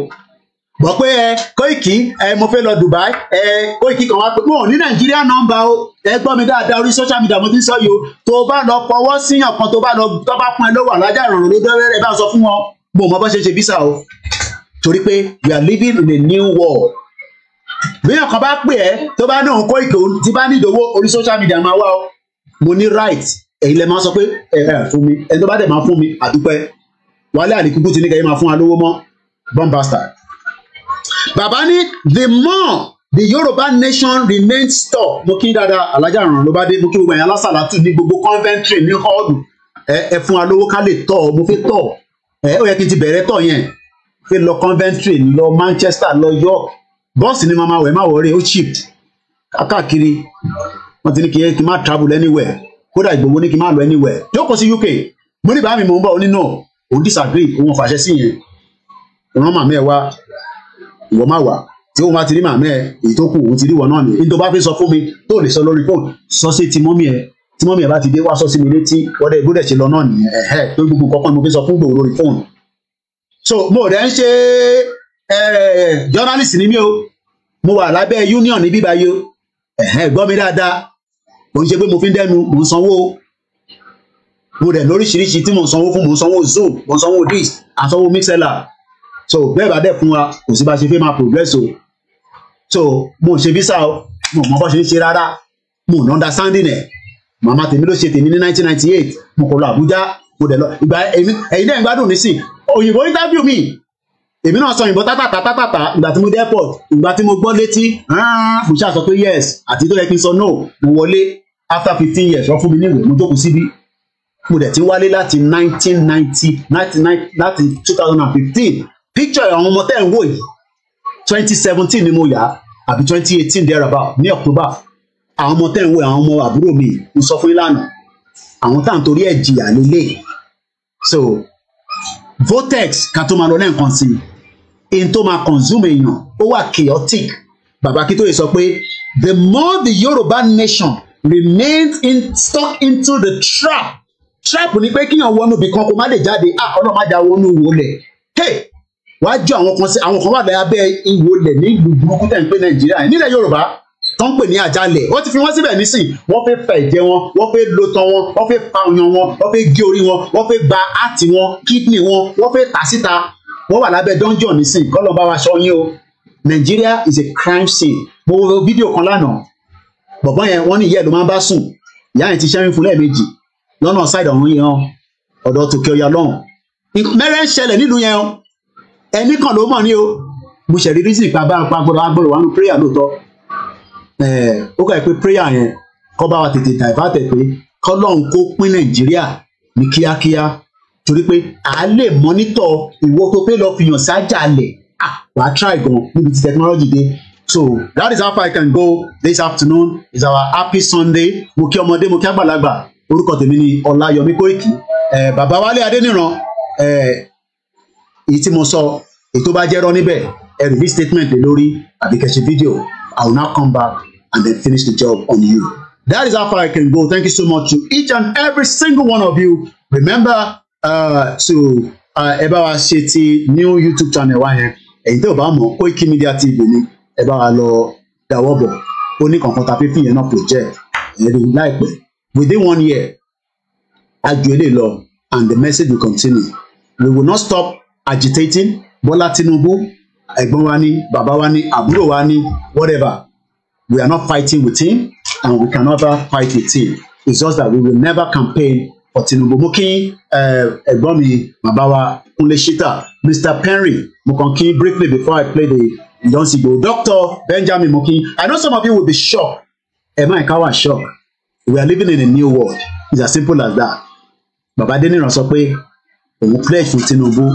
Speaker 3: gbọ́ pé ẹ Koiki ẹ mo fẹ́ lọ Dubai ẹ Koiki kan wá pé mo ní Nàìjíríà nọ́mbà o ẹ gbọ́ mi dáadáa orí social media mo ti sọ yìí o tó o bá lọ fọwọ́ síyàn kan tó bá lọ tó bá pọn ẹ lówó alájà ìrọ̀rùn ló dẹ́rẹ́ ẹ bá sọ fún wọn mo mọ bó ṣe ṣe visa o torí pé we are living in a new world bíyàn kan bá pè ẹ tó bá ní òun Koiki tí bá ní ìdòwò orí social media máa wá o mo ní right èyí lè máa sọ pé ẹ ẹ fún mi ẹni tó bá dẹ̀ máa fún mi àdúpẹ́ wálé àdìkúkú ti ní kẹ́yìn máa fún wa lówó mọ́ bombastar bàbá ní the more the Yorùbá nation remains stuck mo kí dáadáa alájà ràn ló bá dé mo kí gbogbo ẹ̀yàn lásàlátù ní gbogbo conventry ní hall ẹ ẹ fún wa lówó ká lè tọ̀ mo fẹ́ tọ̀ ẹ ó yẹ kí n ti bẹ̀rẹ̀ tọ̀ yẹn fẹ́ lọ conventry lọ Manchester lọ York bọ́ọ̀sì ni màmá wẹ̀ má wọlé ó cheap káàkiri wọ́n ti ní kí n má travel anywhere kódà Ìgbòho ní kí n má lọ anywhere jókòó sí UK mo ní bàá mi mò ń bọ̀ ó ní náà òun disagree òun fàṣẹ sí yẹn rán màmá ẹ ìwọ má wà tí òun bá ti rí màmí ẹ èyí tó kù òun ti rí wọn náà ni ní tó bá fi sọ fún mi tó lè sọ lórí fóònù sọ sí ti mọ́mí ẹ tí mọ́mí ẹ bá ti dé wá sọ sí mi létí wọ́dẹ ìgbódẹ̀ ṣe lọ náà nìyẹn ẹ̀hẹ́ tó gbogbo kọ́kọ́ ni mo fi sọ fún gbòòrò lórí fóònù. so mo rẹ̀ ń ṣe journalist ni mí o mo wà lábẹ́ union ní bíbá yìí o ẹ̀hẹ́ gbọ́ mi dáadáa mo ń ṣe pé mo fi ń dẹnu mo ń sanwó mo rẹ̀ lóríṣiríṣi tí mo ń sanwó fún mo ń sanwó zoom mo ń sanwó dis àsanwó mixela so bẹ́ẹ̀ bá dẹ̀ fún wa kò sí bá ṣe fẹ́ máa progress o so mo ṣe visa o mo mọ bó ṣe ń ṣe rárá mo ní understanding ẹ̀ màmá tèmi ló ṣe tèmi ní nineteen ninety eight mo kò lọ Àbújá mo dẹ̀ lọ ìgbà ẹ̀yin náà ń gbádùn nísìn òyìnbó interview mi èmi náà sọ òyìnbó tátàtà tátàtà ìgbà tí mo dé airport ìgbà tí mo gbọ́ létí mo ṣáà sọ pé yes àti tó yẹ kí n sọ no mo wọlé after fifteen years wọ́n fún mi níwèé mo jókòó síbí mo dẹ̀ ti wálé láti nineteen ninety láti two picture àwọn ọmọ tẹ́ ń wò yìí twenty seventeen ni mo yà á àbí twenty eighteen thereabout ní October àwọn ọmọ tẹ́ ń wò àwọn ọmọ àbúrò mi mo sọ fún yín lánàá àwọn tá à ń torí ẹ̀ jìyà lélẹ̀ so Votex ká tó máa lọ lẹ́ǹkan sí i n tó máa consume èèyàn ó wà chaotic bàbá Akíntóyè sọ pé the more the Yoruba nation remains in, stuck into the trap trap ni pé kíyàn wọnú ibì kan kó má lè jáde ah ọlọ́mọdé àwọn onú wo hey wọ́n á jọ àwọn kan sí àwọn kan wà lábẹ́ ihò lẹ̀ ní ìlú burúkú tẹ̀ ń pè nàìjíríà yẹn nílẹ̀ yorùbá tó ń pè ní àjálẹ̀ wọ́n ti fi wọ́n síbẹ̀ nísìn wọ́n fẹ́ fẹ̀ jẹ wọn wọ́n fẹ́ lo tán wọn wọ́n fẹ́ pa ọyàn wọn wọ́n fẹ́ gé orí wọn wọ́n fẹ́ gba áàtì wọn kídìní wọn wọ́n fẹ́ tà síta wọ́n wà lábẹ́ dọ́njọ́ nísìn kọ́lọ́ bá wa sọ yín o Nigeria is a crime scene mo wo fídíò kan lánàá bọ̀bọ́n yẹn wọ́n ní ìyá ẹ̀ ló máa ń bá sùn ìyá yẹn ti ṣẹ́rin fún lẹ́ẹ̀mejì lọ́nà ṣáìdì ọ̀hún yẹn ọ̀dọ̀ tòkè ọ̀yà lọ́hùn mẹ́rẹ̀ ń ṣẹlẹ̀ nílùú yẹn ẹni kan ló mọ̀ ní o mo ṣẹ̀rí rísì pa bá pa gbọ́dọ̀ agbọ́dọ̀ wà nù prayer lóòótọ́ ó kà pé prayer yẹn kọ́ bá wa tètè divert pé kọ́lọ́n kó pín nàìjíríà ní kíákíá torí pé à á lè mọ́nítọ̀ ìwọ tó pé lọ́ọ́ fi hàn sájà lẹ̀ wàá try gan níbi tí technology dé So that is how far I can go this afternoon. It's our happy Sunday. Mo kí ọmọdé mo kí àgbàlagbà. Orúkọ tèmi ni Ọláyọmí Kóìkì. Bàbá Wálé Adéníran èyí tí mo sọ ètò bá jẹ́rọ níbẹ̀ ẹ release statement lé lórí àbí kẹ̀sì fídíò I will now come back and then finish the job on you. That is how far I can go. Thank you so much to each and every single one of you. Remember uh, to uh, ẹ bá wa ṣe ti new YouTube channel wa yẹn èyí tí ò bá mọ̀ Koiki Media TV ni ẹ bá wa lọ dáwọ́ bọ̀ ó ní kankan tàbí fìyẹn náà project ẹ̀rí láìpẹ́ within one year àjò èlé lọ and the message will continue. We will not stop agitating Bola Tinubu ẹ̀gbọ́n wa ni bàbá wa ni àbúrò wa ni whatever we are not fighting with him and we can never fight with him it's just that we will never campaign for Tinubu mo kí eh, ẹ̀gbọ́n mi bàbá wa Kunle Shita Mr. Perry, mo kàn kí briefly before I play the ìdánsìgbò Doctor Benjamin Mokin. I know some of you will be shocked ẹ má ẹ̀ka wà shocked we are living in a new world it's as simple as that bàbá Adéníran sọ pé òun pledge fún Tinubu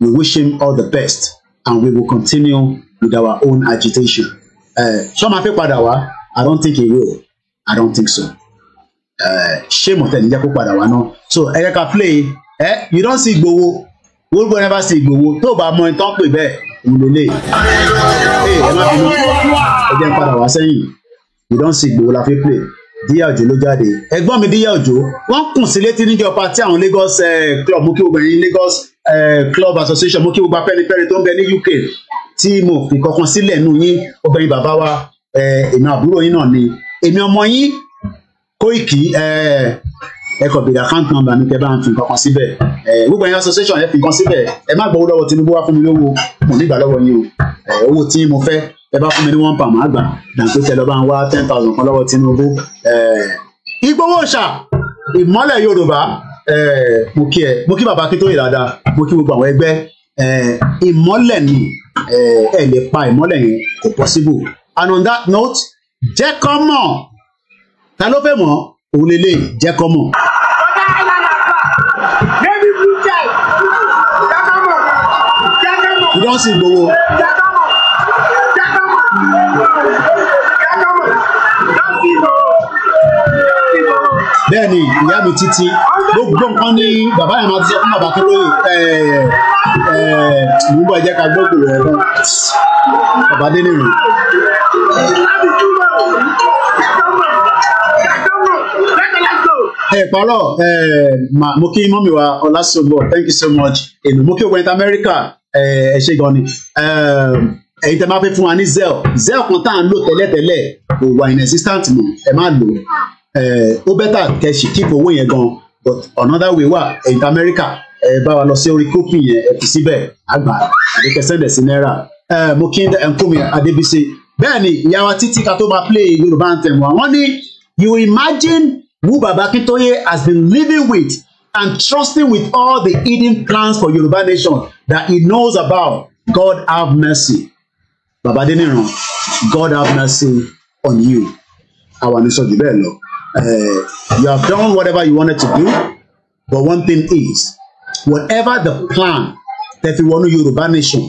Speaker 3: We wish him all the best and we will continue with our own agitation. Eh, Ṣọ́mà fẹ́ padà wá? I don't think he will. I don't think so. Shame eh, Mọ̀tẹ́lì jẹ́ kó padà wá So ẹ jẹ́ play eh, you don't see go. Igboho Wọ́n never see Igboho tó o bá mọ ìtàn pè bẹ́ẹ̀ òun lè lè. Ee eh, You don't see go. la fi play. Díyà Òjó ló jáde. Ẹ̀gbọ́n mi Díyà Òjó wọ́n kùn sí létí níjọba tí Lagos club mú kí obìnrin Lagos Eh, club association mo kí gbogbo apẹ́nipẹ́ni tó ń bẹ ní UK tí mo fi kankan sílẹ̀ nù yín obìnrin bàbá wa eh, èmi àbúrò yín náà ni èmi ọmọ yín Koiki eh, ẹ kọ bèrè account number mi kẹ bá ń fi nǹkan síbẹ̀ gbogbo ẹ̀yin association ẹ fi nǹkan síbẹ̀ ẹ má gbowó lọ́wọ́ Tinubu wá fún mi lówó mo nígbà lọ́wọ́ yín o owó tí mo fẹ́ ẹ bá fún mi ní one pound máa gbà tẹ lọ ń wá ten thousand kan lọ́wọ́ Tinubu Ìgbòho ṣà ìmọ́lẹ̀ Yorùbá Eh, mo kí ẹ mo kí bàbá Akíntóyè dáadáa mo kí gbogbo àwọn ẹgbẹ́ eh, ìmọ́lẹ̀ ni eh, ẹ lè pa ìmọ́lẹ̀ yẹn kò possible and on that note jẹ́ kọ́ mọ̀ ta ló fẹ́ mọ̀ òun lè lè jẹ́ kọ́ mọ̀. you don see gbowó. bẹ́ẹ̀ni ìyá mi títí gbogbo nǹkan ni bàbá yẹn máa ti sọ fún bàbá tó lóye ìlúbọ ẹjẹ ká gbọgbò rẹ lọ bàbá dé nìyẹn. ẹ parọ ẹ mo kí mọ́mí wa ọlásùnbọ̀ thank you so much èlò mo kí wẹ́ntà amẹ́ríkà ẹ ṣe gan ni ẹ̀yin tẹ́ máa fẹ́ fún wa ní zel zel kan tá à ń lò tẹ́lẹ̀tẹ́lẹ̀ kò wà inexistant mọ́ ẹ má lò ó bẹ́tà kẹ́ ṣì kíkọ owó yẹn gan but another way wà in America, amẹ́ríkà ẹ bá wa lọ sí orí kópì yẹn ẹ fi síbẹ̀ àgbà àdékẹ́ sẹ́ndẹ̀ sí náírà mo kí ẹnkúmi adébísí bẹ́ẹ̀ ni ìyá wa títí ká tó máa play yorùbá anthem wa wọ́n ní you imagine who baba akintoye has been living with and trusting with all the hidden plans for yorùbá nation that he knows about god have mercy baba adeniran god have mercy on you àwa ní sọ jù bẹ́ẹ̀ lọ uh, you have done whatever you wanted to do, but one thing is, whatever the plan tẹ́ fi wọnú Yorùbá nation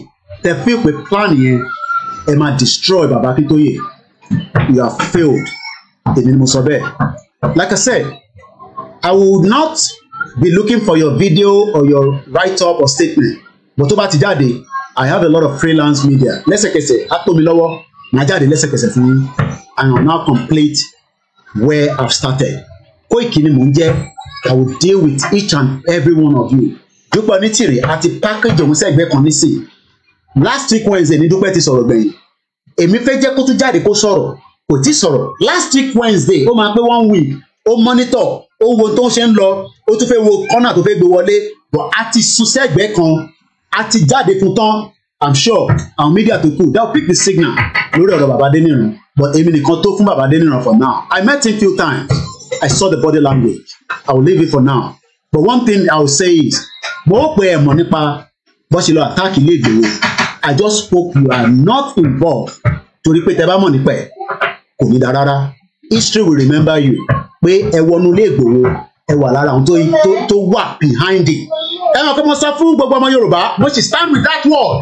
Speaker 3: the people pé plan yẹn ẹ máa destroy Baba Akintoye you have failed èmi ni mo like I said I would not be looking for your video or your write-up or statement but tó bá I have a lot of freelance media lẹ́sẹ̀kẹsẹ̀ á tó mi lọ́wọ́ màá jáde lẹ́sẹ̀kẹsẹ̀ fún yín and I will now complete where I've started Koiki ni mò ń I will deal with each and every one of you Dúpẹ́ Onítìrì àti package òun sẹ́gbẹ́ kan nísìnyí last week Wednesday ni Dúpẹ́ ti sọ̀rọ̀ gbẹ̀yìn èmi fẹ́ jẹ́ kó tún jáde kó sọ̀rọ̀ kò tí sọ̀rọ̀ last week Wednesday ó máa pé one week ó monitor ó wo tó ń ṣe ń lọ ó tún fẹ́ wo kọ́nà tó fẹ́ gbé wọlé but a ti sún sẹ́gbẹ́ kan a ti jáde fún tán I'm sure àwọn media tó kù that will pick the signal lórí ọ̀rọ̀ bàbá Adéníran but èmi nìkan tó fún bàbá Adéníran for now I met him few times I saw the body language I will leave it for now but one thing I will say is mo ó pe ẹ̀mọ́ nípa bó ṣe lọ attack ilé ìgbèrò I just hope you are not involved torí pé tẹ́ bá mọ̀ nípa ẹ̀ kò ní da rárá history will remember you pé ẹ wọnú ilé ìgbòho ẹ wà lára àwọn tó wà behind it ẹ mọ̀ pé mo sọ fún gbogbo ọmọ Yorùbá mo sì stand with that word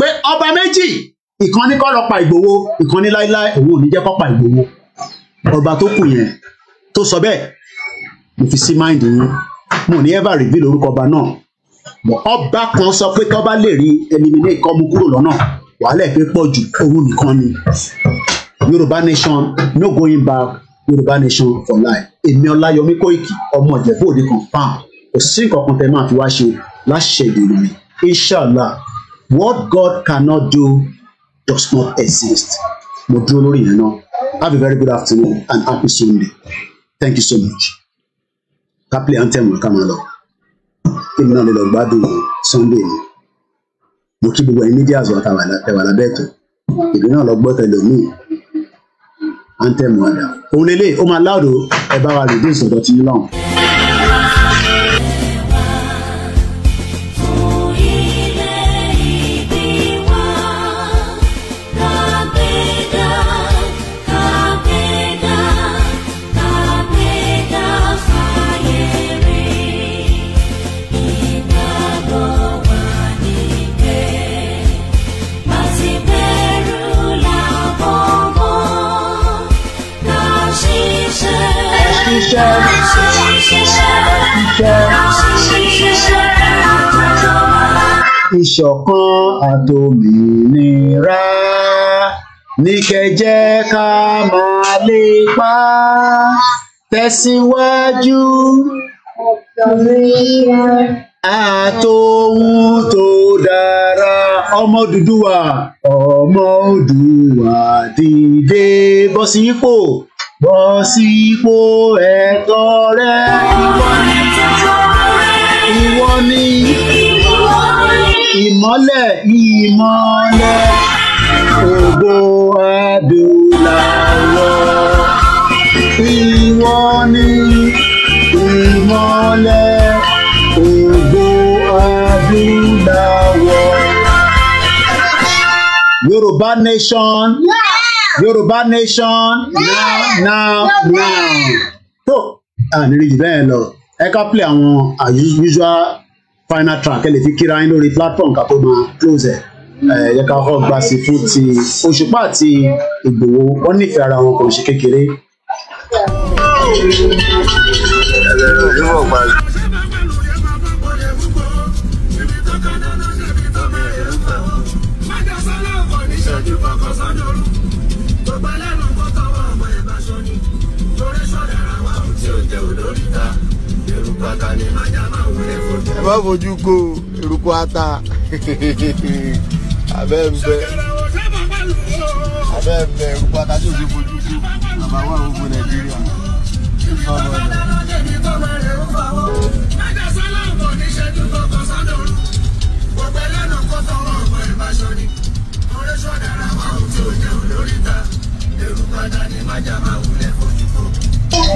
Speaker 3: pé ọba méjì ìkànnì kọ́ lọ pa Ìgbòho ìkànnì láíláí òun ò ní jẹ́ kọ́ pa Ìgbòho ọba tó kù yẹn tó sọ bẹ́ẹ̀ mo fi sí máìndì yín mo ní ever reveal orúkọ ọba náà ọba kan sọ pé tọ́ba lè rí eliminate kọ́ mu kúrò lọ́nà wàhálà ìpè pọ̀ ju òun nìkan ni Yorùbá nation no going back Yorùbá nation for life èmi Ọláyọmí Kóìkì ọmọ ìjẹ̀bú òde kan fáà kò sí nǹkan kan tẹ́ máa fi wá ṣe láṣẹ ìdènà inshallah what God cannot do does not exist mo dúró lórí yẹn náà have a very good afternoon and happy sunday thank you so much ká play anthem ká máa lọ kí ni náà lè lọ gbádùn sunday mi mo kí gbogbo ẹni díaz wà tàwà lábẹ́ ètò ìbí náà lọ gbọ́ tẹ̀lé mi anthem wà dà òun lélẹ̀ ó máa láàdó ẹ bá wa reduce ọ̀dọ̀ tí ń lọ́hùn.
Speaker 7: 生
Speaker 8: ，ìṣọ̀kan
Speaker 3: àtòmìnira ní kẹjẹ ká máa lépa tẹ̀síwájú àtòhun tó dára ọmọ Odùduwà ọmọ Odùduwà dìde bọ́ sí ipò bọ́ sípò ẹ̀tọ́ rẹ. ìwọ ni ìmọ́lẹ̀ ìmọ́lẹ̀ ògo adúláwọ̀. ìwọ ni ìmọ́lẹ̀ ògo adúláwọ̀. Yorùbá nation. Yeah. Yorùbá nation now now now. tó àníri jù bẹ́ẹ̀ lọ ẹ ká play àwọn usual final track ẹ lè fi kíra yín lórí platform ká tó máa close ẹ̀ ẹ ká kọ́ gba sí fún ti Òṣùpá àti Ìgbòho wọ́n nífẹ̀ẹ́ ara wọn kò ṣe kékeré.
Speaker 8: Hello, hello, hello.
Speaker 3: ẹ
Speaker 2: má fojú ko eruku ata abẹ́ ń
Speaker 8: bẹ
Speaker 3: abẹ́ ń bẹ eruku ata tí o
Speaker 4: ti fojú ko bàbá wà
Speaker 2: ogun
Speaker 8: nàìjíríà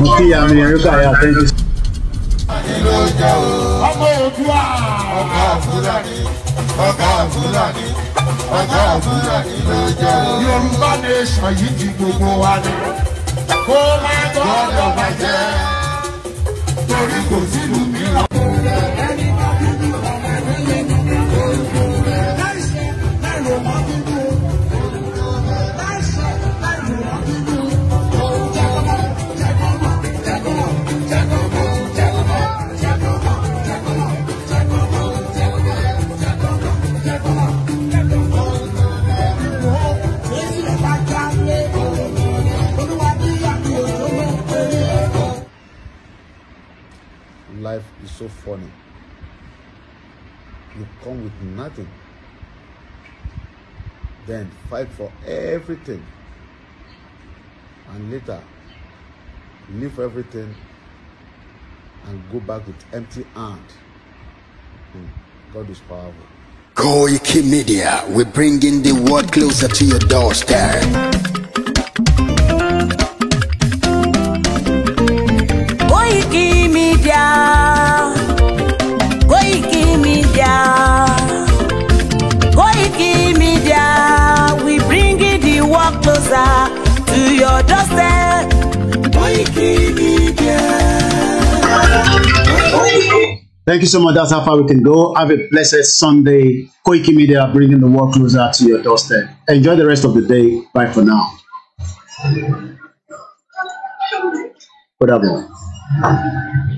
Speaker 3: Nkí àmì ẹ̀rọ káyà thank you àní
Speaker 4: ló jẹ́ o. ọmọ òdua. ọ̀gá fúlàní
Speaker 7: ọ̀gá fúlàní ọ̀gá fúlàní ló jẹ́ o. yorùbá nation yìí di gbogbo wa ni kó má gbọ́dọ̀ bàjẹ́ torí kò sílùú mìíràn.
Speaker 4: so funny. You come with nothing. Then fight for everything. And later, leave everything and go back with empty hand. Hmm. God is powerful.
Speaker 3: Koiki Media, we're bringing the world closer to your doorstep.
Speaker 1: your doorstep.
Speaker 3: Thank you so much. That's how far we can go. Have a blessed Sunday. Koiki Media bringing the world closer to your doorstep. Enjoy the rest of the day. Bye for now. Good afternoon.